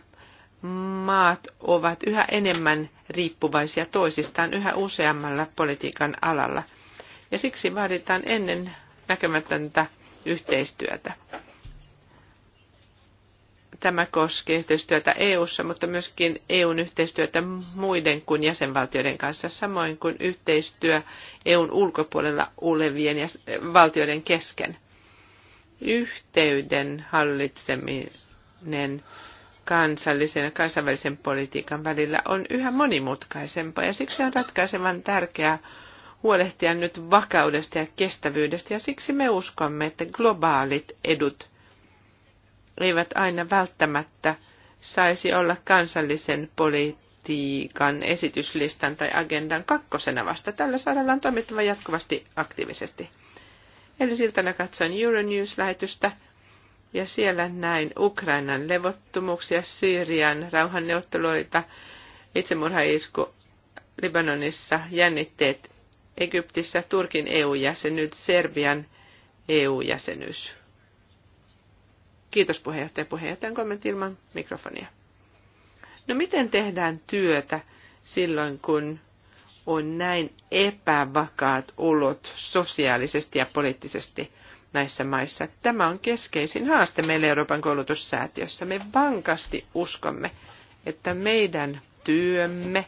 maat ovat yhä enemmän riippuvaisia toisistaan yhä useammalla politiikan alalla. Ja siksi vaaditaan ennen näkemätöntä yhteistyötä. Tämä koskee yhteistyötä EU:ssa, mutta myöskin EUn yhteistyötä muiden kuin jäsenvaltioiden kanssa, samoin kuin yhteistyö EUn ulkopuolella olevien valtioiden kesken. Yhteyden hallitseminen kansallisen ja kansainvälisen politiikan välillä on yhä monimutkaisempaa ja siksi on ratkaisevan tärkeää huolehtia nyt vakaudesta ja kestävyydestä ja siksi me uskomme, että globaalit edut eivät aina välttämättä saisi olla kansallisen politiikan esityslistan tai agendan kakkosena vasta. Tällä saralla on toimittava jatkuvasti aktiivisesti. Eli siltana katsoin Euronews-lähetystä ja siellä näin Ukrainan levottomuuksia, Syyrian rauhanneuvotteluita, itsemurhaisku Libanonissa, jännitteet Egyptissä, Turkin EU-jäsenyys, Serbian EU-jäsenyys. Kiitos puheenjohtaja. Puheenjohtajan kommentti ilman mikrofonia. No miten tehdään työtä silloin, kun on näin epävakaat olot sosiaalisesti ja poliittisesti näissä maissa? Tämä on keskeisin haaste meille Euroopan koulutussäätiössä. Me vankasti uskomme, että meidän työmme,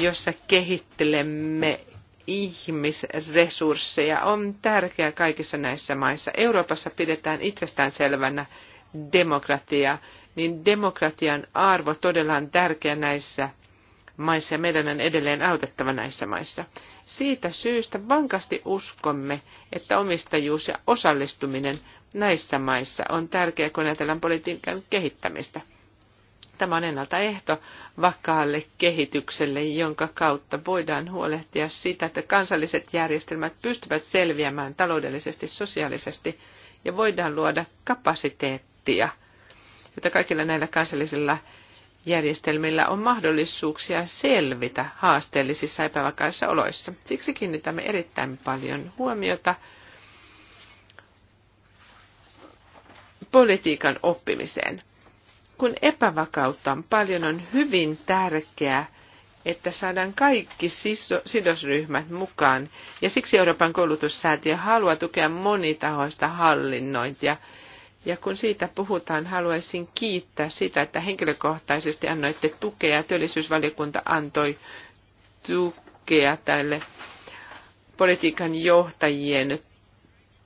jossa kehittelemme ihmisresursseja on tärkeää kaikissa näissä maissa. Euroopassa pidetään itsestäänselvänä demokratia, niin demokratian arvo todella on tärkeä näissä maissa ja meidän on edelleen autettava näissä maissa. Siitä syystä vankasti uskomme, että omistajuus ja osallistuminen näissä maissa on tärkeää, kun ajatellaan politiikan kehittämistä. Tämä on ennaltaehto vakaalle kehitykselle, jonka kautta voidaan huolehtia sitä, että kansalliset järjestelmät pystyvät selviämään taloudellisesti, sosiaalisesti ja voidaan luoda kapasiteettia, jota kaikilla näillä kansallisilla järjestelmillä on mahdollisuuksia selvitä haasteellisissa epävakaissa oloissa. Siksi kiinnitämme erittäin paljon huomiota politiikan oppimiseen kun epävakautta on paljon, on hyvin tärkeää, että saadaan kaikki sidosryhmät mukaan. Ja siksi Euroopan koulutussäätiö haluaa tukea monitahoista hallinnointia. Ja kun siitä puhutaan, haluaisin kiittää sitä, että henkilökohtaisesti annoitte tukea työllisyysvaliokunta antoi tukea tälle politiikan johtajien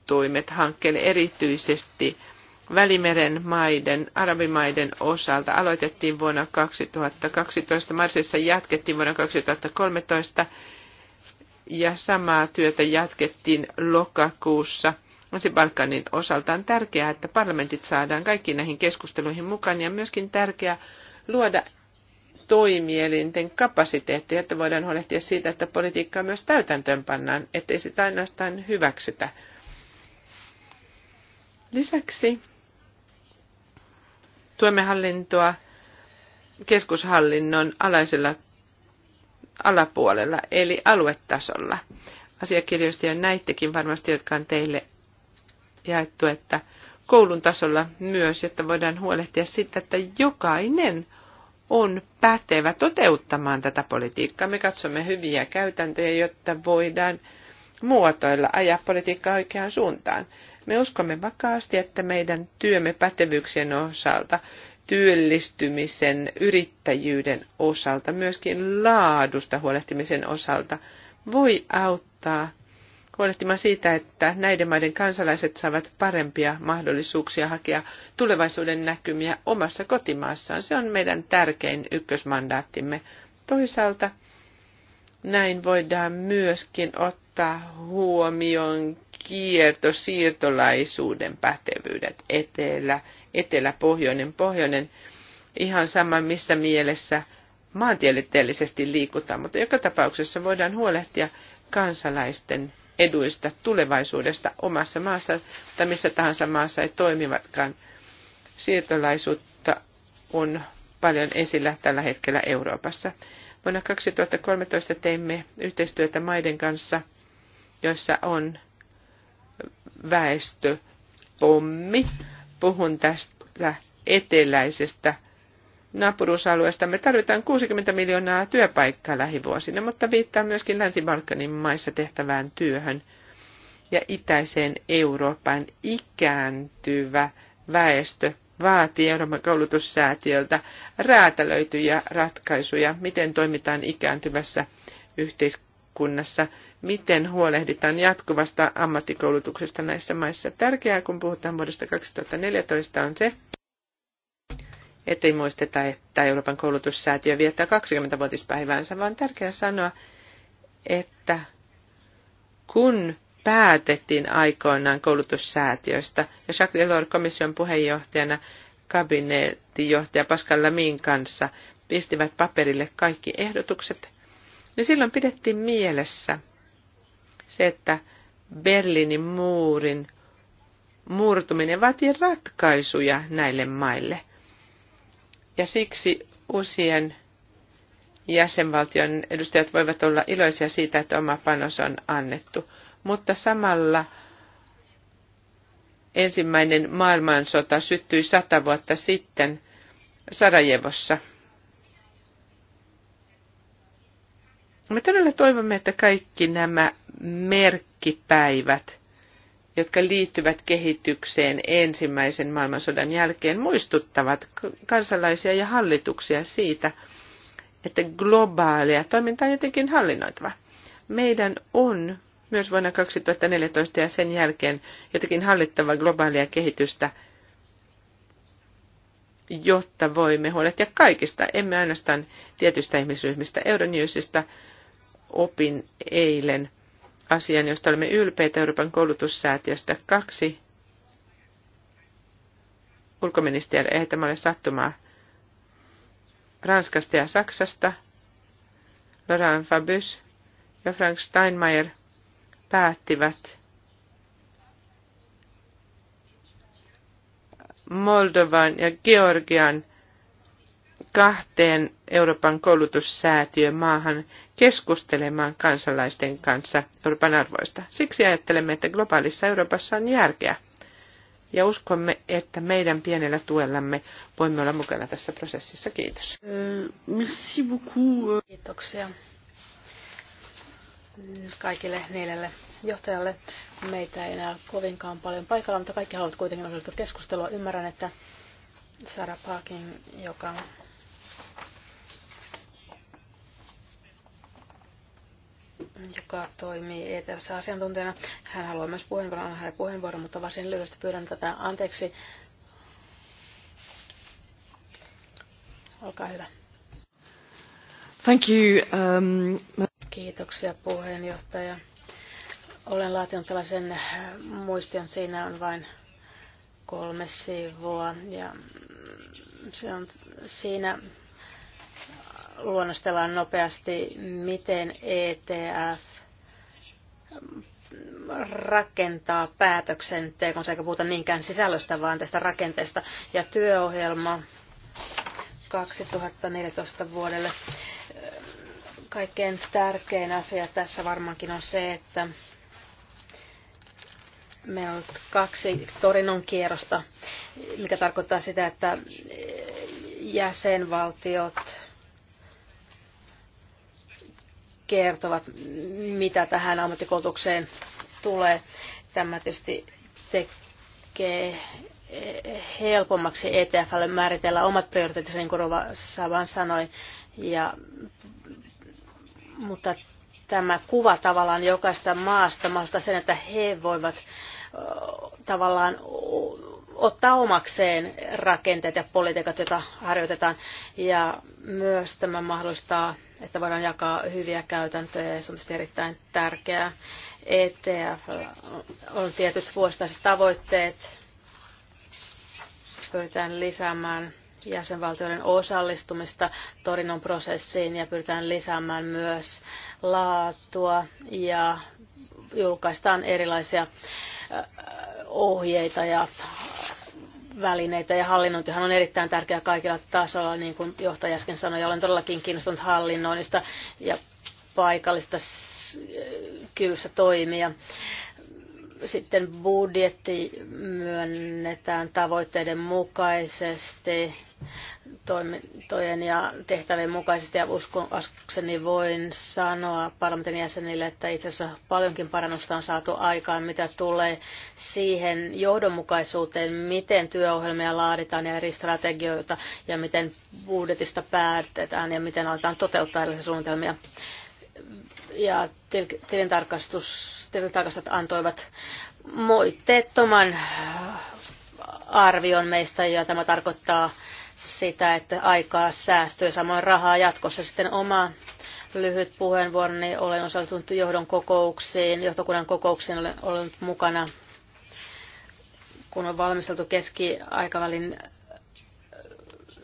toimet hankkeelle erityisesti – Välimeren maiden, arabimaiden osalta aloitettiin vuonna 2012, Marsissa jatkettiin vuonna 2013 ja samaa työtä jatkettiin lokakuussa. Länsi-Balkanin osalta on tärkeää, että parlamentit saadaan kaikkiin näihin keskusteluihin mukaan ja myöskin tärkeää luoda toimielinten kapasiteetti, että voidaan huolehtia siitä, että politiikkaa myös täytäntöön pannaan, ettei sitä ainoastaan hyväksytä. Lisäksi tuemme hallintoa keskushallinnon alaisella alapuolella, eli aluetasolla. Asiakirjoista jo näittekin varmasti, jotka on teille jaettu, että koulun tasolla myös, jotta voidaan huolehtia siitä, että jokainen on pätevä toteuttamaan tätä politiikkaa. Me katsomme hyviä käytäntöjä, jotta voidaan muotoilla, ajaa politiikkaa oikeaan suuntaan. Me uskomme vakaasti, että meidän työmme pätevyyksien osalta, työllistymisen, yrittäjyyden osalta, myöskin laadusta huolehtimisen osalta voi auttaa huolehtimaan siitä, että näiden maiden kansalaiset saavat parempia mahdollisuuksia hakea tulevaisuuden näkymiä omassa kotimaassaan. Se on meidän tärkein ykkösmandaattimme. Toisaalta näin voidaan myöskin ottaa huomioon kiertosiirtolaisuuden pätevyydet etelä, etelä, pohjoinen, pohjoinen, ihan sama missä mielessä maantieteellisesti liikutaan, mutta joka tapauksessa voidaan huolehtia kansalaisten eduista tulevaisuudesta omassa maassa tai missä tahansa maassa ei toimivatkaan. Siirtolaisuutta on paljon esillä tällä hetkellä Euroopassa. Vuonna 2013 teimme yhteistyötä maiden kanssa, joissa on väestöpommi. Puhun tästä eteläisestä naapuruusalueesta. Me tarvitaan 60 miljoonaa työpaikkaa lähivuosina, mutta viittaa myöskin Länsi-Balkanin maissa tehtävään työhön ja itäiseen Euroopan ikääntyvä väestö vaatii Euroopan koulutussäätiöltä räätälöityjä ratkaisuja, miten toimitaan ikääntyvässä yhteiskunnassa, miten huolehditaan jatkuvasta ammattikoulutuksesta näissä maissa. Tärkeää, kun puhutaan vuodesta 2014, on se, ettei muisteta, että Euroopan koulutussäätiö viettää 20-vuotispäiväänsä, vaan tärkeää sanoa, että kun päätettiin aikoinaan koulutussäätiöistä. Ja Jacques Delors komission puheenjohtajana kabinettijohtaja Pascal Lamin kanssa pistivät paperille kaikki ehdotukset, niin silloin pidettiin mielessä se, että Berliinin muurin murtuminen vaatii ratkaisuja näille maille. Ja siksi uusien jäsenvaltion edustajat voivat olla iloisia siitä, että oma panos on annettu mutta samalla ensimmäinen maailmansota syttyi sata vuotta sitten Sarajevossa. Me todella toivomme, että kaikki nämä merkkipäivät, jotka liittyvät kehitykseen ensimmäisen maailmansodan jälkeen, muistuttavat kansalaisia ja hallituksia siitä, että globaalia toimintaa on jotenkin hallinnoitava. Meidän on myös vuonna 2014 ja sen jälkeen jotakin hallittavaa globaalia kehitystä, jotta voimme huolehtia kaikista, emme ainoastaan tietystä ihmisryhmistä. Euronewsista opin eilen asian, josta olemme ylpeitä Euroopan koulutussäätiöstä kaksi ulkoministeriä ei tämä ole sattumaa, Ranskasta ja Saksasta, Laurent Fabius ja Frank Steinmeier päättivät Moldovan ja Georgian kahteen Euroopan koulutussäätiön maahan keskustelemaan kansalaisten kanssa Euroopan arvoista. Siksi ajattelemme, että globaalissa Euroopassa on järkeä ja uskomme, että meidän pienellä tuellamme voimme olla mukana tässä prosessissa. Kiitos. Eh, merci beaucoup. Kiitoksia kaikille neljälle johtajalle. Meitä ei enää kovinkaan paljon paikalla, mutta kaikki haluavat kuitenkin osallistua keskustelua. Ymmärrän, että Sara Parkin, joka joka toimii etelässä asiantuntijana. Hän haluaa myös puheenvuoron, haluaa puheenvuoron, mutta varsin lyhyesti pyydän tätä anteeksi. Olkaa hyvä. Thank you. Um, Kiitoksia puheenjohtaja. Olen laatinut tällaisen muistion, siinä on vain kolme sivua ja se on siinä luonnostellaan nopeasti, miten ETF rakentaa päätöksenteon, eikä puhuta niinkään sisällöstä, vaan tästä rakenteesta. Ja työohjelma 2014 vuodelle Kaikkein tärkein asia tässä varmaankin on se, että meillä on kaksi torinon kierrosta, mikä tarkoittaa sitä, että jäsenvaltiot kertovat, mitä tähän ammattikoulutukseen tulee. Tämä tietysti tekee helpommaksi ETFlle määritellä omat prioriteettinsa, niin kuin Rova Savan sanoi, ja mutta tämä kuva tavallaan jokaista maasta maasta sen, että he voivat tavallaan ottaa omakseen rakenteet ja politiikat, joita harjoitetaan. Ja myös tämä mahdollistaa, että voidaan jakaa hyviä käytäntöjä ja se on erittäin tärkeää. ETF on tietyt vuosittaiset tavoitteet, pyritään lisäämään jäsenvaltioiden osallistumista Torinon prosessiin ja pyritään lisäämään myös laatua ja julkaistaan erilaisia ohjeita ja välineitä ja hallinnointihan on erittäin tärkeää kaikilla tasoilla, niin kuin johtaja äsken sanoi, ja olen todellakin kiinnostunut hallinnoinnista ja paikallista kyvyssä toimia. Sitten budjetti myönnetään tavoitteiden mukaisesti, toimintojen ja tehtävien mukaisesti. Ja uskoakseni voin sanoa parlamentin jäsenille, että itse asiassa paljonkin parannusta on saatu aikaan, mitä tulee siihen johdonmukaisuuteen, miten työohjelmia laaditaan ja eri strategioita ja miten budjetista päätetään ja miten aletaan toteuttaa erilaisia suunnitelmia ja tilintarkastajat antoivat moitteettoman äh, arvion meistä ja tämä tarkoittaa sitä, että aikaa säästyy samoin rahaa jatkossa. Sitten oma lyhyt puheenvuoroni, olen osallistunut johdon kokouksiin, johtokunnan kokouksiin olen ollut mukana, kun on valmisteltu keskiaikavälin äh,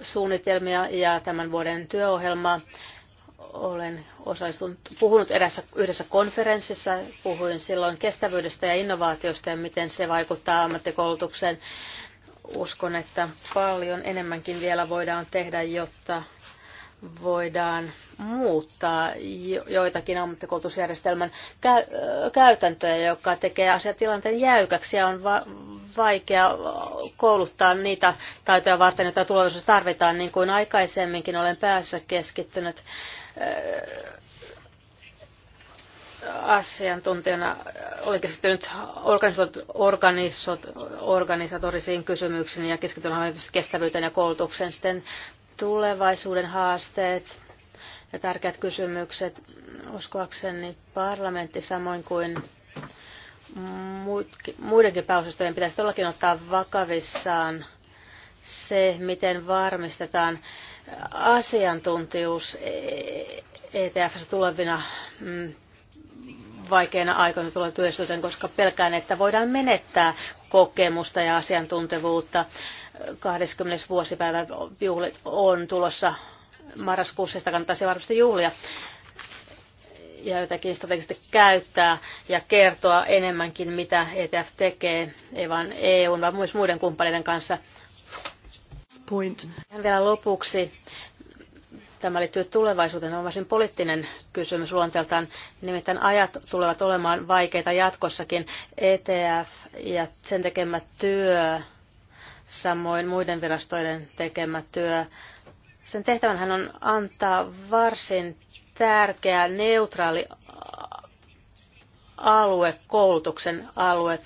suunnitelmia ja tämän vuoden työohjelmaa olen osallistunut, puhunut erässä, yhdessä konferenssissa, puhuin silloin kestävyydestä ja innovaatiosta ja miten se vaikuttaa ammattikoulutukseen. Uskon, että paljon enemmänkin vielä voidaan tehdä, jotta voidaan muuttaa joitakin ammattikoulutusjärjestelmän käytäntöjä, jotka tekee asiatilanteen jäykäksi ja on va- vaikea kouluttaa niitä taitoja varten, joita tulevaisuudessa tarvitaan, niin kuin aikaisemminkin olen päässä keskittynyt asiantuntijana olen keskittynyt organisatorisiin kysymyksiin ja keskittynyt kestävyyteen ja koulutukseen. Sitten tulevaisuuden haasteet ja tärkeät kysymykset, uskoakseni parlamentti samoin kuin muidenkin pääosastojen pitäisi todellakin ottaa vakavissaan se, miten varmistetaan asiantuntijuus ETFssä e tulevina mm, vaikeina aikoina tulee työllisyyteen, koska pelkään, että voidaan menettää kokemusta ja asiantuntevuutta. 20. vuosipäivä juhlit on tulossa marraskuussa, sitä kannattaisi varmasti juhlia ja jotakin strategisesti käyttää ja kertoa enemmänkin, mitä ETF tekee, ei vain EUn, vaan myös muiden kumppaneiden kanssa – point. Ja vielä lopuksi. Tämä liittyy tulevaisuuteen, on varsin poliittinen kysymys luonteeltaan. Nimittäin ajat tulevat olemaan vaikeita jatkossakin. ETF ja sen tekemä työ, samoin muiden virastojen tekemä työ, sen tehtävänhän on antaa varsin tärkeä neutraali alue, koulutuksen alue,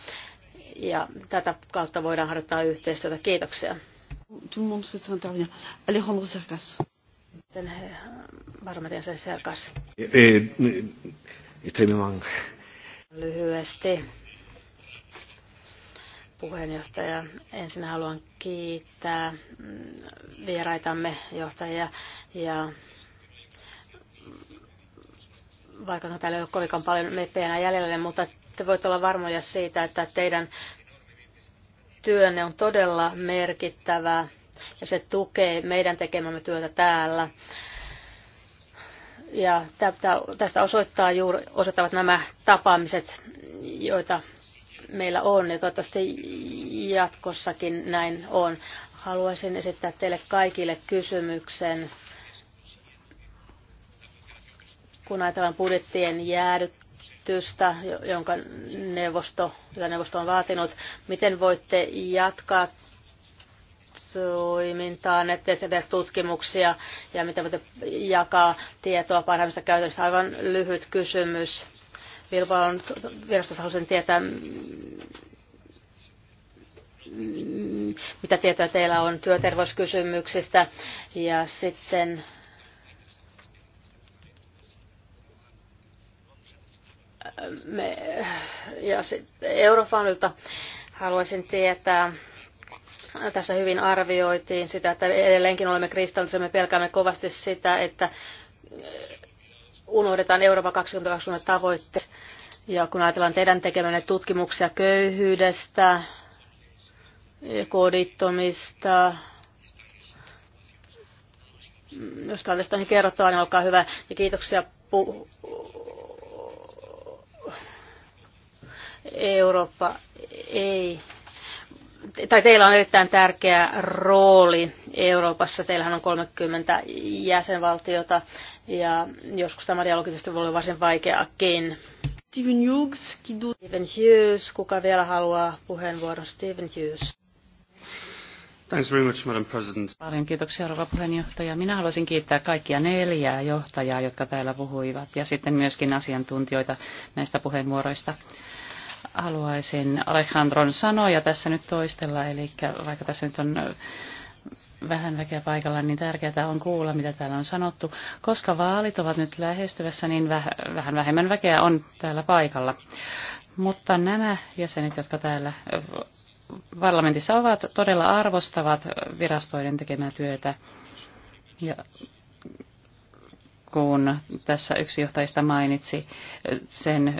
ja tätä kautta voidaan harjoittaa yhteistyötä. Kiitoksia. Tout le monde souhaite intervenir. Alejandro Serkas. Sitten sen eh, Serkas. Eh, eh, Lyhyesti puheenjohtaja. Ensin haluan kiittää mm, vieraitamme johtajia ja vaikka täällä ei ole kovinkaan paljon meppejänä jäljellä, mutta te voitte olla varmoja siitä, että teidän työnne on todella merkittävää ja se tukee meidän tekemämme työtä täällä. Ja tästä osoittaa juuri, osoittavat nämä tapaamiset, joita meillä on ja toivottavasti jatkossakin näin on. Haluaisin esittää teille kaikille kysymyksen, kun ajatellaan budjettien jäädyttämistä kehitystä, jonka neuvosto, jota neuvosto on vaatinut. Miten voitte jatkaa toimintaa, netteistä tehdä tutkimuksia ja miten voitte jakaa tietoa parhaimmista käytännöistä? Aivan lyhyt kysymys. Vilpailun virastossa haluaisin tietää, mitä tietoa teillä on työterveyskysymyksistä ja sitten ja Eurofanilta haluaisin tietää, tässä hyvin arvioitiin sitä, että edelleenkin olemme kristallisia, me pelkäämme kovasti sitä, että eh, unohdetaan Euroopan 2020 tavoitteet. Ja kun ajatellaan teidän tekemänne tutkimuksia köyhyydestä, kodittomista, jos tällaista niin kerrotaan, niin olkaa hyvä. Ja kiitoksia pu- Eurooppa ei tai teillä on erittäin tärkeä rooli Euroopassa. Teillähän on 30 jäsenvaltiota ja joskus tämä dialogi tietysti voi olla varsin vaikeakin. Steven Hughes, kidu. Hughes, kuka vielä haluaa puheenvuoron? Steven Hughes. Thanks very much, Madam President. Paljon kiitoksia, rouva puheenjohtaja. Minä haluaisin kiittää kaikkia neljää johtajaa, jotka täällä puhuivat, ja sitten myöskin asiantuntijoita näistä puheenvuoroista haluaisin Alejandron sanoja tässä nyt toistella, eli vaikka tässä nyt on vähän väkeä paikalla, niin tärkeää on kuulla, mitä täällä on sanottu. Koska vaalit ovat nyt lähestyvässä, niin väh- vähän vähemmän väkeä on täällä paikalla. Mutta nämä jäsenet, jotka täällä parlamentissa ovat, todella arvostavat virastoiden tekemää työtä ja kun tässä yksi johtajista mainitsi sen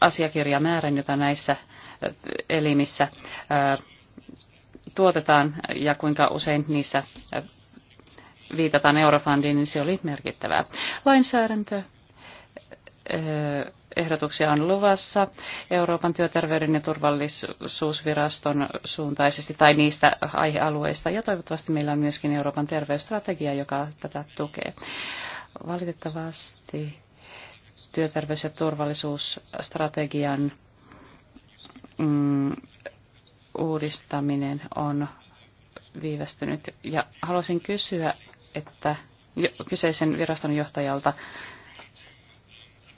asiakirjamäärän, jota näissä elimissä tuotetaan ja kuinka usein niissä viitataan Eurofundiin, niin se oli merkittävää. Lainsäädäntö ehdotuksia on luvassa Euroopan työterveyden ja turvallisuusviraston suuntaisesti tai niistä aihealueista. Ja toivottavasti meillä on myöskin Euroopan terveysstrategia, joka tätä tukee. Valitettavasti työterveys- ja turvallisuusstrategian mm, uudistaminen on viivästynyt. Ja haluaisin kysyä, että kyseisen viraston johtajalta,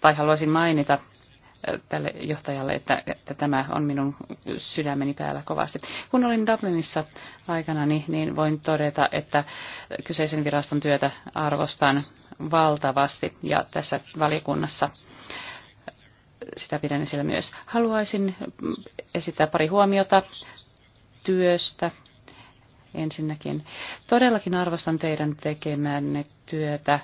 tai haluaisin mainita tälle johtajalle, että, että tämä on minun sydämeni päällä kovasti. Kun olin Dublinissa aikana, niin, niin voin todeta, että kyseisen viraston työtä arvostan valtavasti ja tässä valiokunnassa sitä pidän esillä myös. Haluaisin esittää pari huomiota työstä ensinnäkin. Todellakin arvostan teidän tekemänne työtä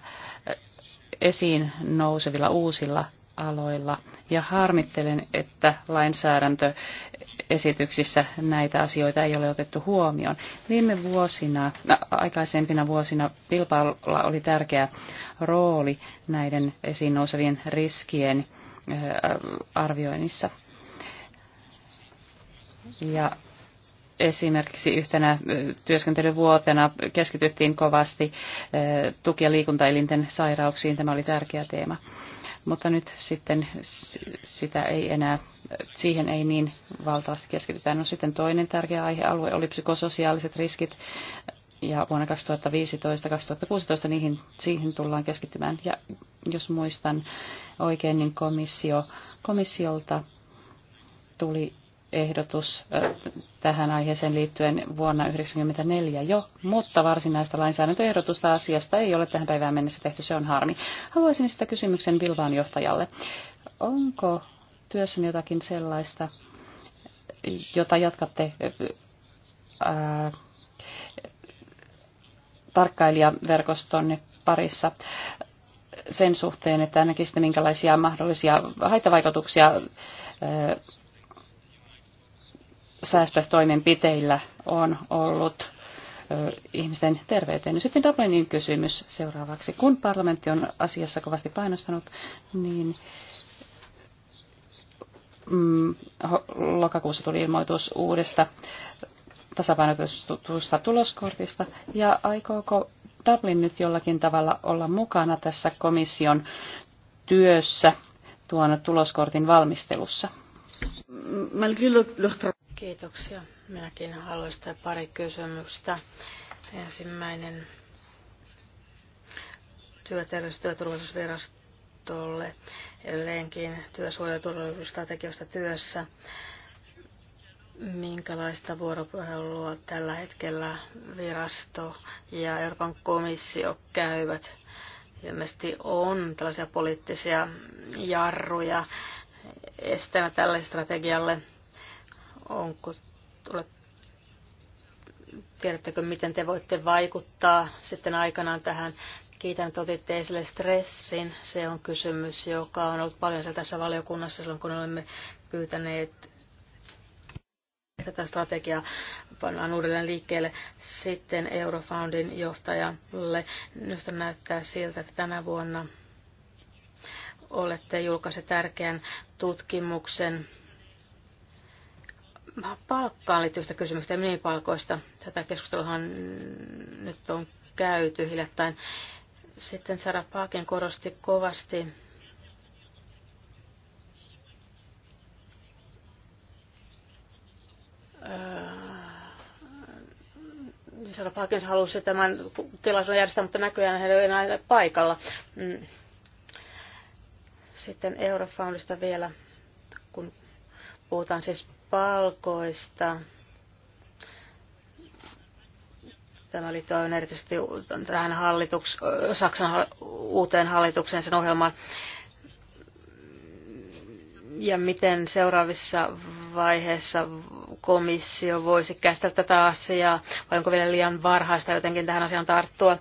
esiin nousevilla uusilla aloilla. Ja harmittelen, että lainsäädäntöesityksissä näitä asioita ei ole otettu huomioon. Viime vuosina, no, aikaisempina vuosina Pilpalla oli tärkeä rooli näiden esiin nousevien riskien äh, arvioinnissa. Ja esimerkiksi yhtenä äh, työskentelyvuotena keskityttiin kovasti äh, tuki- ja liikuntaelinten sairauksiin. Tämä oli tärkeä teema mutta nyt sitten sitä ei enää, siihen ei niin valtavasti keskitytä. No sitten toinen tärkeä aihealue oli psykososiaaliset riskit ja vuonna 2015-2016 niihin, siihen tullaan keskittymään. Ja jos muistan oikein, niin komissio, komissiolta tuli ehdotus tähän aiheeseen liittyen vuonna 1994 jo, mutta varsinaista lainsäädäntöehdotusta asiasta ei ole tähän päivään mennessä tehty, se on harmi. Haluaisin sitä kysymyksen Bilbaan johtajalle. Onko työssäni jotakin sellaista, jota jatkatte ää, tarkkailijaverkoston parissa sen suhteen, että näkisitte minkälaisia mahdollisia haittavaikutuksia ää, säästötoimenpiteillä on ollut ihmisten terveyteen. No sitten Dublinin kysymys seuraavaksi. Kun parlamentti on asiassa kovasti painostanut, niin mm, lokakuussa tuli ilmoitus uudesta tasapainotetusta tuloskortista. Ja aikooko Dublin nyt jollakin tavalla olla mukana tässä komission työssä tuon tuloskortin valmistelussa? Kiitoksia. Minäkin haluaisin tehdä pari kysymystä. Ensimmäinen työterveys- ja työturvallisuusvirastolle edelleenkin työsuoja- työssä. Minkälaista vuoropuhelua tällä hetkellä virasto ja Euroopan komissio käyvät? Ilmeisesti on tällaisia poliittisia jarruja esteenä tälle strategialle Onko, olet, tiedättekö, miten te voitte vaikuttaa sitten aikanaan tähän Kiitän, että otitte esille stressin. Se on kysymys, joka on ollut paljon siellä tässä valiokunnassa silloin, kun olemme pyytäneet tätä strategiaa pannaan uudelleen liikkeelle. Sitten Eurofoundin johtajalle. Nyt näyttää siltä, että tänä vuonna olette julkaisseet tärkeän tutkimuksen palkkaan liittyvistä kysymyksistä ja minimipalkoista. Tätä keskusteluhan nyt on käyty hiljattain. Sitten Sara Paaken korosti kovasti niin äh, Sara Pakens halusi tämän tilaisuuden järjestää, mutta näköjään hän ei enää paikalla. Mm. Sitten Eurofoundista vielä, kun puhutaan siis palkoista. Tämä liittyy erityisesti tähän hallituks, Saksan uuteen hallitukseen sen ohjelmaan. Ja miten seuraavissa vaiheissa komissio voisi käsitellä tätä asiaa, vai onko vielä liian varhaista jotenkin tähän asiaan tarttua?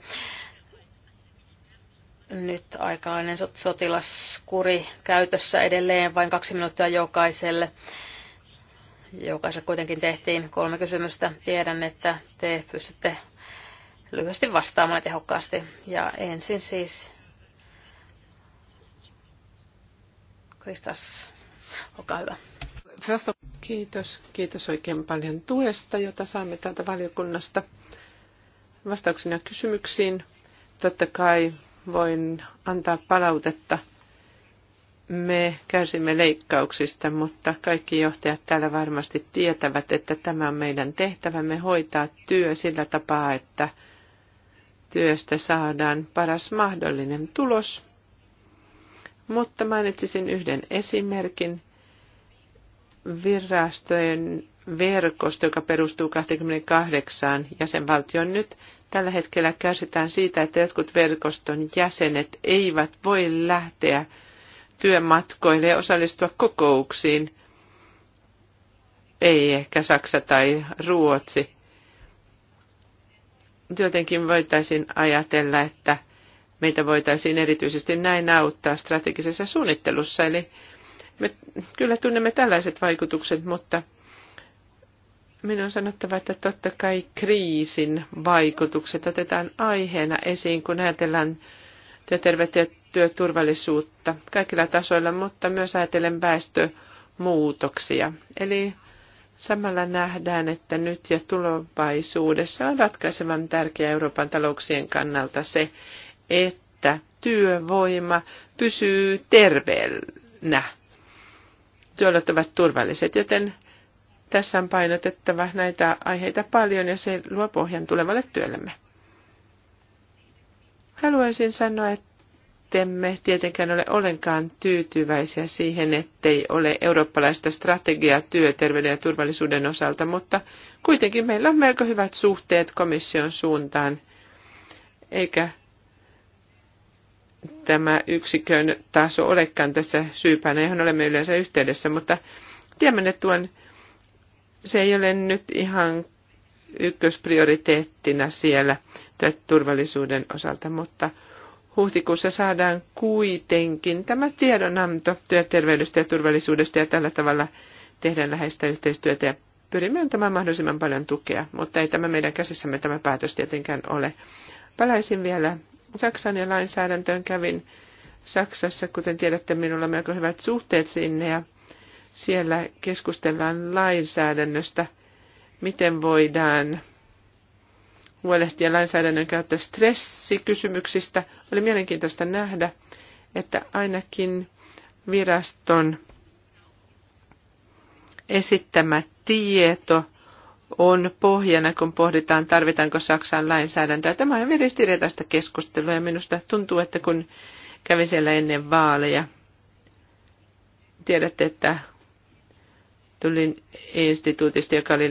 nyt aikalainen sotilaskuri käytössä edelleen vain kaksi minuuttia jokaiselle jokaisessa kuitenkin tehtiin kolme kysymystä. Tiedän, että te pystytte lyhyesti vastaamaan tehokkaasti. Ja ensin siis Kristas, olkaa hyvä. Kiitos. Kiitos oikein paljon tuesta, jota saamme täältä valiokunnasta. Vastauksena kysymyksiin totta kai voin antaa palautetta – me kärsimme leikkauksista, mutta kaikki johtajat täällä varmasti tietävät, että tämä on meidän tehtävämme hoitaa työ sillä tapaa, että työstä saadaan paras mahdollinen tulos. Mutta mainitsisin yhden esimerkin. Virastojen verkosto, joka perustuu 28 jäsenvaltioon nyt, tällä hetkellä kärsitään siitä, että jotkut verkoston jäsenet eivät voi lähteä – työmatkoille ja osallistua kokouksiin. Ei ehkä Saksa tai Ruotsi. Jotenkin voitaisiin ajatella, että meitä voitaisiin erityisesti näin auttaa strategisessa suunnittelussa. Eli me kyllä tunnemme tällaiset vaikutukset, mutta minun on sanottava, että totta kai kriisin vaikutukset otetaan aiheena esiin, kun ajatellaan työterveyttä ja työturvallisuutta kaikilla tasoilla, mutta myös ajatellen väestömuutoksia. Eli samalla nähdään, että nyt ja tulevaisuudessa on ratkaisevan tärkeä Euroopan talouksien kannalta se, että työvoima pysyy terveellä, Työolot ovat turvalliset, joten tässä on painotettava näitä aiheita paljon ja se luo pohjan tulevalle työllemme. Haluaisin sanoa, että ettemme tietenkään ole ollenkaan tyytyväisiä siihen, ettei ole eurooppalaista strategiaa työterveyden ja turvallisuuden osalta, mutta kuitenkin meillä on melko hyvät suhteet komission suuntaan, eikä tämä yksikön taso olekaan tässä syypänä, johon olemme yleensä yhteydessä, mutta tiedämme, että tuon, se ei ole nyt ihan ykkösprioriteettina siellä turvallisuuden osalta, mutta – huhtikuussa saadaan kuitenkin tämä tiedonanto työterveydestä ja turvallisuudesta ja tällä tavalla tehdään läheistä yhteistyötä ja pyrimme antamaan mahdollisimman paljon tukea, mutta ei tämä meidän käsissämme tämä päätös tietenkään ole. Palaisin vielä Saksan ja lainsäädäntöön kävin Saksassa, kuten tiedätte, minulla on melko hyvät suhteet sinne ja siellä keskustellaan lainsäädännöstä, miten voidaan huolehtia lainsäädännön käyttö stressikysymyksistä. Oli mielenkiintoista nähdä, että ainakin viraston esittämä tieto on pohjana, kun pohditaan, tarvitaanko Saksan lainsäädäntöä. Tämä on hyvin ristiriitaista keskustelua ja minusta tuntuu, että kun kävin siellä ennen vaaleja, tiedätte, että tulin instituutista, joka oli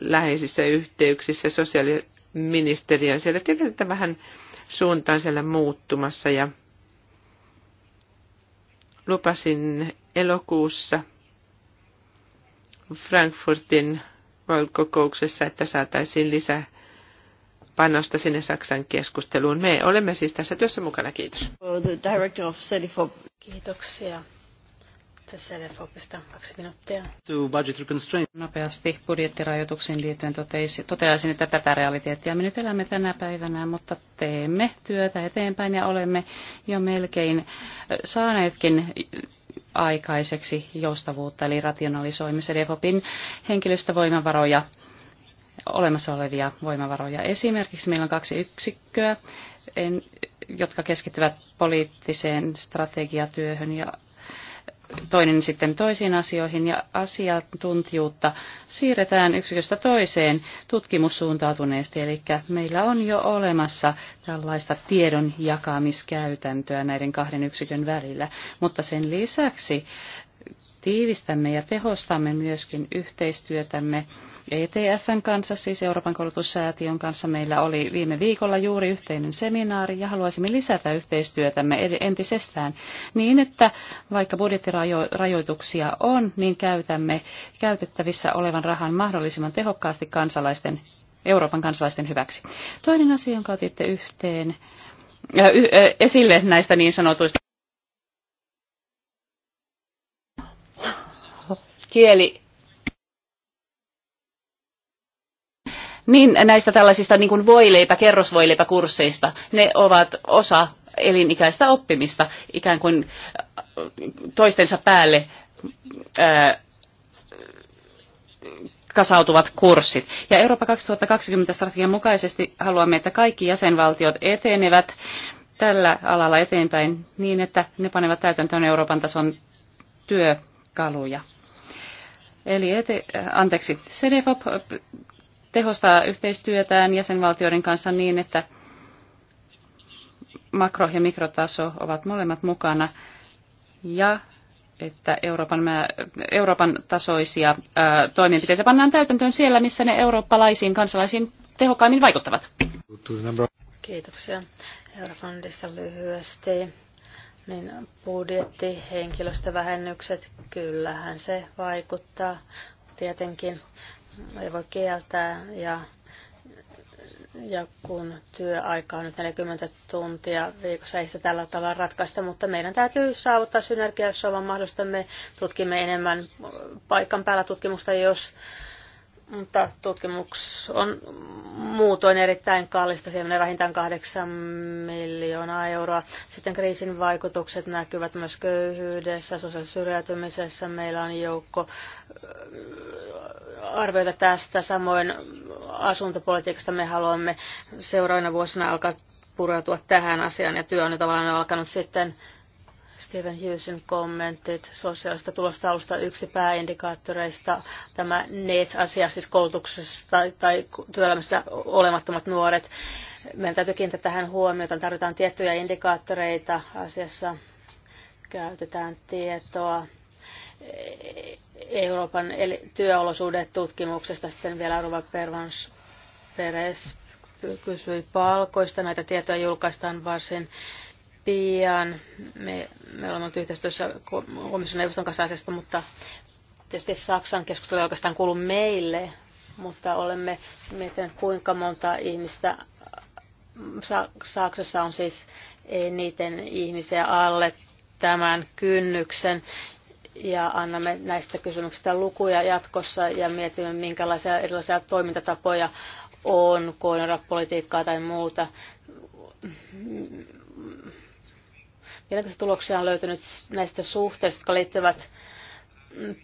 läheisissä yhteyksissä sosiaali- ministeriä, Siellä tiedetään, että vähän suunta on siellä muuttumassa ja lupasin elokuussa Frankfurtin world että saataisiin lisää panosta sinne Saksan keskusteluun. Me olemme siis tässä työssä mukana. Kiitos. Kiitoksia CDFOPista kaksi minuuttia. Nopeasti budjettirajoituksiin liittyen toteisi, toteaisin, että tätä realiteettia me nyt elämme tänä päivänä, mutta teemme työtä eteenpäin ja olemme jo melkein saaneetkin aikaiseksi joustavuutta, eli rationalisoimisen DevOpin henkilöstövoimavaroja, olemassa olevia voimavaroja. Esimerkiksi meillä on kaksi yksikköä, en, jotka keskittyvät poliittiseen strategiatyöhön ja toinen sitten toisiin asioihin ja asiantuntijuutta siirretään yksiköstä toiseen tutkimussuuntautuneesti. Eli meillä on jo olemassa tällaista tiedon jakamiskäytäntöä näiden kahden yksikön välillä, mutta sen lisäksi tiivistämme ja tehostamme myöskin yhteistyötämme ETFn kanssa, siis Euroopan koulutussäätiön kanssa. Meillä oli viime viikolla juuri yhteinen seminaari ja haluaisimme lisätä yhteistyötämme entisestään niin, että vaikka budjettirajoituksia on, niin käytämme käytettävissä olevan rahan mahdollisimman tehokkaasti kansalaisten, Euroopan kansalaisten hyväksi. Toinen asia, jonka otitte yhteen, äh, esille näistä niin sanotuista kieli niin näistä tällaisista niin kuin voileipä, kerrosvoileipäkursseista, ne ovat osa elinikäistä oppimista ikään kuin äh, toistensa päälle ää, äh, kasautuvat kurssit. Ja Eurooppa 2020 strategian mukaisesti haluamme, että kaikki jäsenvaltiot etenevät tällä alalla eteenpäin niin, että ne panevat täytäntöön Euroopan tason työkaluja Eli ete, anteeksi, CDFOP tehostaa yhteistyötään jäsenvaltioiden kanssa niin, että makro- ja mikrotaso ovat molemmat mukana ja että Euroopan, Euroopan tasoisia ää, toimenpiteitä pannaan täytäntöön siellä, missä ne eurooppalaisiin kansalaisiin tehokkaimmin vaikuttavat. Kiitoksia. Eurofondista lyhyesti niin budjetti, henkilöstövähennykset, kyllähän se vaikuttaa. Tietenkin ei voi kieltää ja, ja kun työaika on nyt 40 tuntia viikossa, ei sitä tällä tavalla ratkaista, mutta meidän täytyy saavuttaa synergia, jos on mahdollista. Me tutkimme enemmän paikan päällä tutkimusta, jos mutta tutkimus on muutoin erittäin kallista, siellä menee vähintään 8 miljoonaa euroa. Sitten kriisin vaikutukset näkyvät myös köyhyydessä, sosiaalisessa syrjäytymisessä. Meillä on joukko äh, arvioita tästä, samoin asuntopolitiikasta me haluamme seuraavina vuosina alkaa pureutua tähän asiaan ja työ on nyt tavallaan alkanut sitten Steven Hughesin kommentit sosiaalista tulostausta yksi pääindikaattoreista, tämä NEET-asia, siis koulutuksessa tai, tai työelämässä olemattomat nuoret. Meidän täytyy kiinnittää tähän huomiota, tarvitaan tiettyjä indikaattoreita asiassa, käytetään tietoa. Euroopan eli työolosuudet tutkimuksesta sitten vielä Ruva Pervans Peres kysyi palkoista. Näitä tietoja julkaistaan varsin pian. Me, me olemme yhteistyössä komission neuvoston kanssa asiasta, mutta tietysti Saksan keskustelu ei oikeastaan kuulu meille, mutta olemme miettineet, kuinka monta ihmistä Saksassa on siis eniten ihmisiä alle tämän kynnyksen ja annamme näistä kysymyksistä lukuja jatkossa ja mietimme, minkälaisia erilaisia toimintatapoja on koordinoida politiikkaa tai muuta. Mielenkiintoisia tuloksia on löytynyt näistä suhteista, jotka liittyvät mm,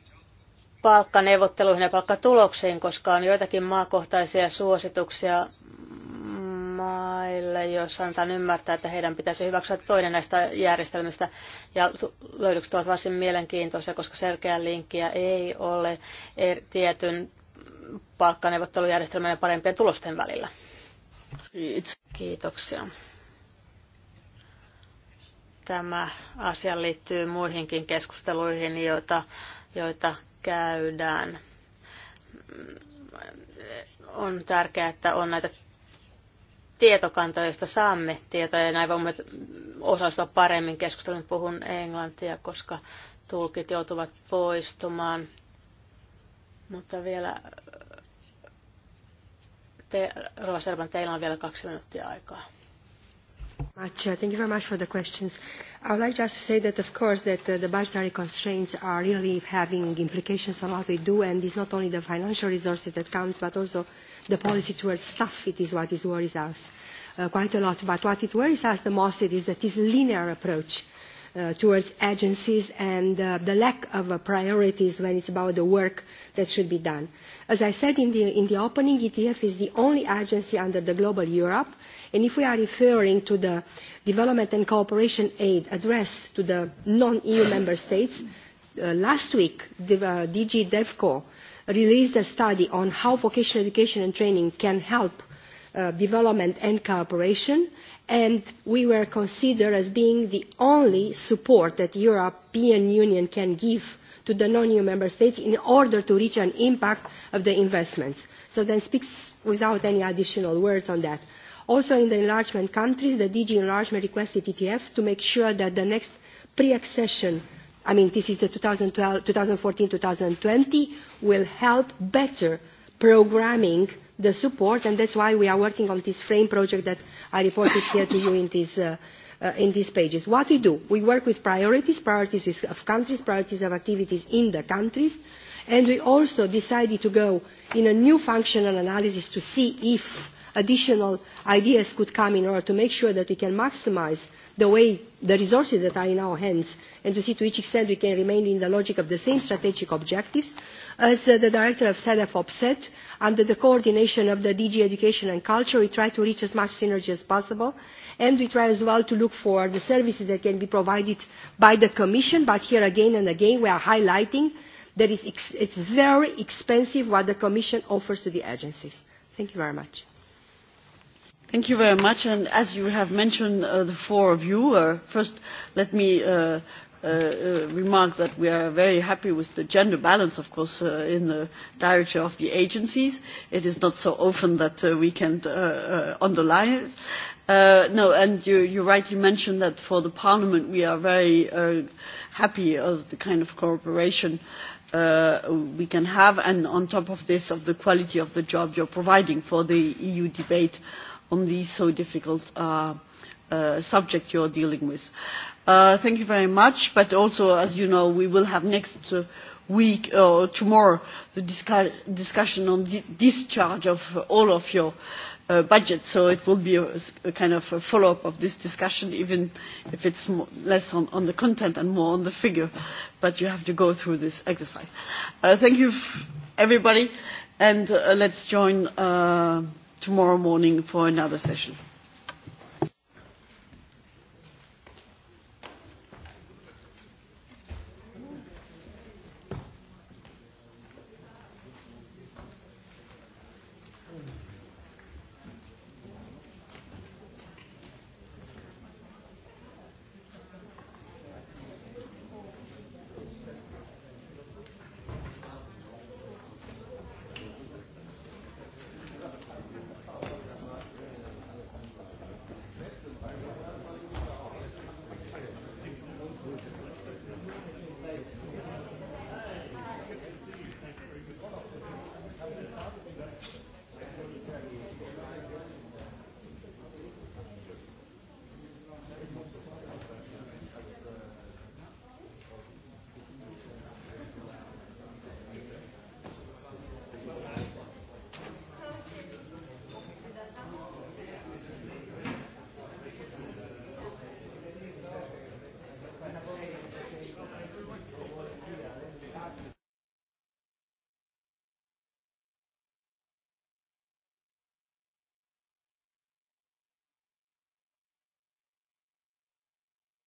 palkkaneuvotteluihin ja palkkatuloksiin, koska on joitakin maakohtaisia suosituksia maille, joissa antaa ymmärtää, että heidän pitäisi hyväksyä toinen näistä järjestelmistä. Ja löydökset ovat varsin mielenkiintoisia, koska selkeää linkkiä ei ole er- tietyn palkkaneuvottelujärjestelmän ja parempien tulosten välillä. Kiitoksia. Tämä asia liittyy muihinkin keskusteluihin, joita, joita käydään. On tärkeää, että on näitä tietokantoja, joista saamme tietoja, ja näin voimme osallistua paremmin keskustelun Puhun englantia, koska tulkit joutuvat poistumaan. Mutta vielä, te, Rova Serban, teillä on vielä kaksi minuuttia aikaa. Much. Uh, thank you very much for the questions. I would like just to say that, of course, that uh, the budgetary constraints are really having implications on what we do, and it's not only the financial resources that counts, but also the policy towards staff. It is what is worries us uh, quite a lot. But what it worries us the most it is that this linear approach Uh, towards agencies and uh, the lack of uh, priorities when it's about the work that should be done. As I said in the, in the opening, ETF is the only agency under the Global Europe And if we are referring to the development and cooperation aid addressed to the non-EU member states, uh, last week the, uh, DG DevCo released a study on how vocational education and training can help uh, development and cooperation and we were considered as being the only support that European Union can give to the non-EU member states in order to reach an impact of the investments. So then speaks without any additional words on that. Also in the enlargement countries, the DG enlargement requested ETF to make sure that the next pre-accession, I mean this is the 2014-2020, will help better programming the support and that's why we are working on this frame project that I reported here to you in this uh, Uh, in these pages. What we do, we work with priorities, priorities of countries, priorities of activities in the countries, and we also decided to go in a new functional analysis to see if additional ideas could come in order to make sure that we can maximise the way the resources that are in our hands and to see to which extent we can remain in the logic of the same strategic objectives as uh, the director of cedefop said under the coordination of the dg education and culture we try to reach as much synergy as possible and we try as well to look for the services that can be provided by the commission but here again and again we are highlighting that it it's very expensive what the commission offers to the agencies. thank you very much. Thank you very much. And as you have mentioned, uh, the four of you, uh, first let me uh, uh, uh, remark that we are very happy with the gender balance, of course, uh, in the director of the agencies. It is not so often that uh, we can uh, uh, underline it. Uh, no, and you, you rightly mentioned that for the Parliament we are very uh, happy of the kind of cooperation uh, we can have, and on top of this, of the quality of the job you're providing for the EU debate on these so difficult uh, uh, subject you're dealing with. Uh, thank you very much. But also, as you know, we will have next uh, week or uh, tomorrow the discu- discussion on di discharge of uh, all of your uh, budget. So it will be a, a kind of a follow-up of this discussion, even if it's more, less on, on the content and more on the figure. But you have to go through this exercise. Uh, thank you, everybody. And uh, let's join... Uh, tomorrow morning for another session.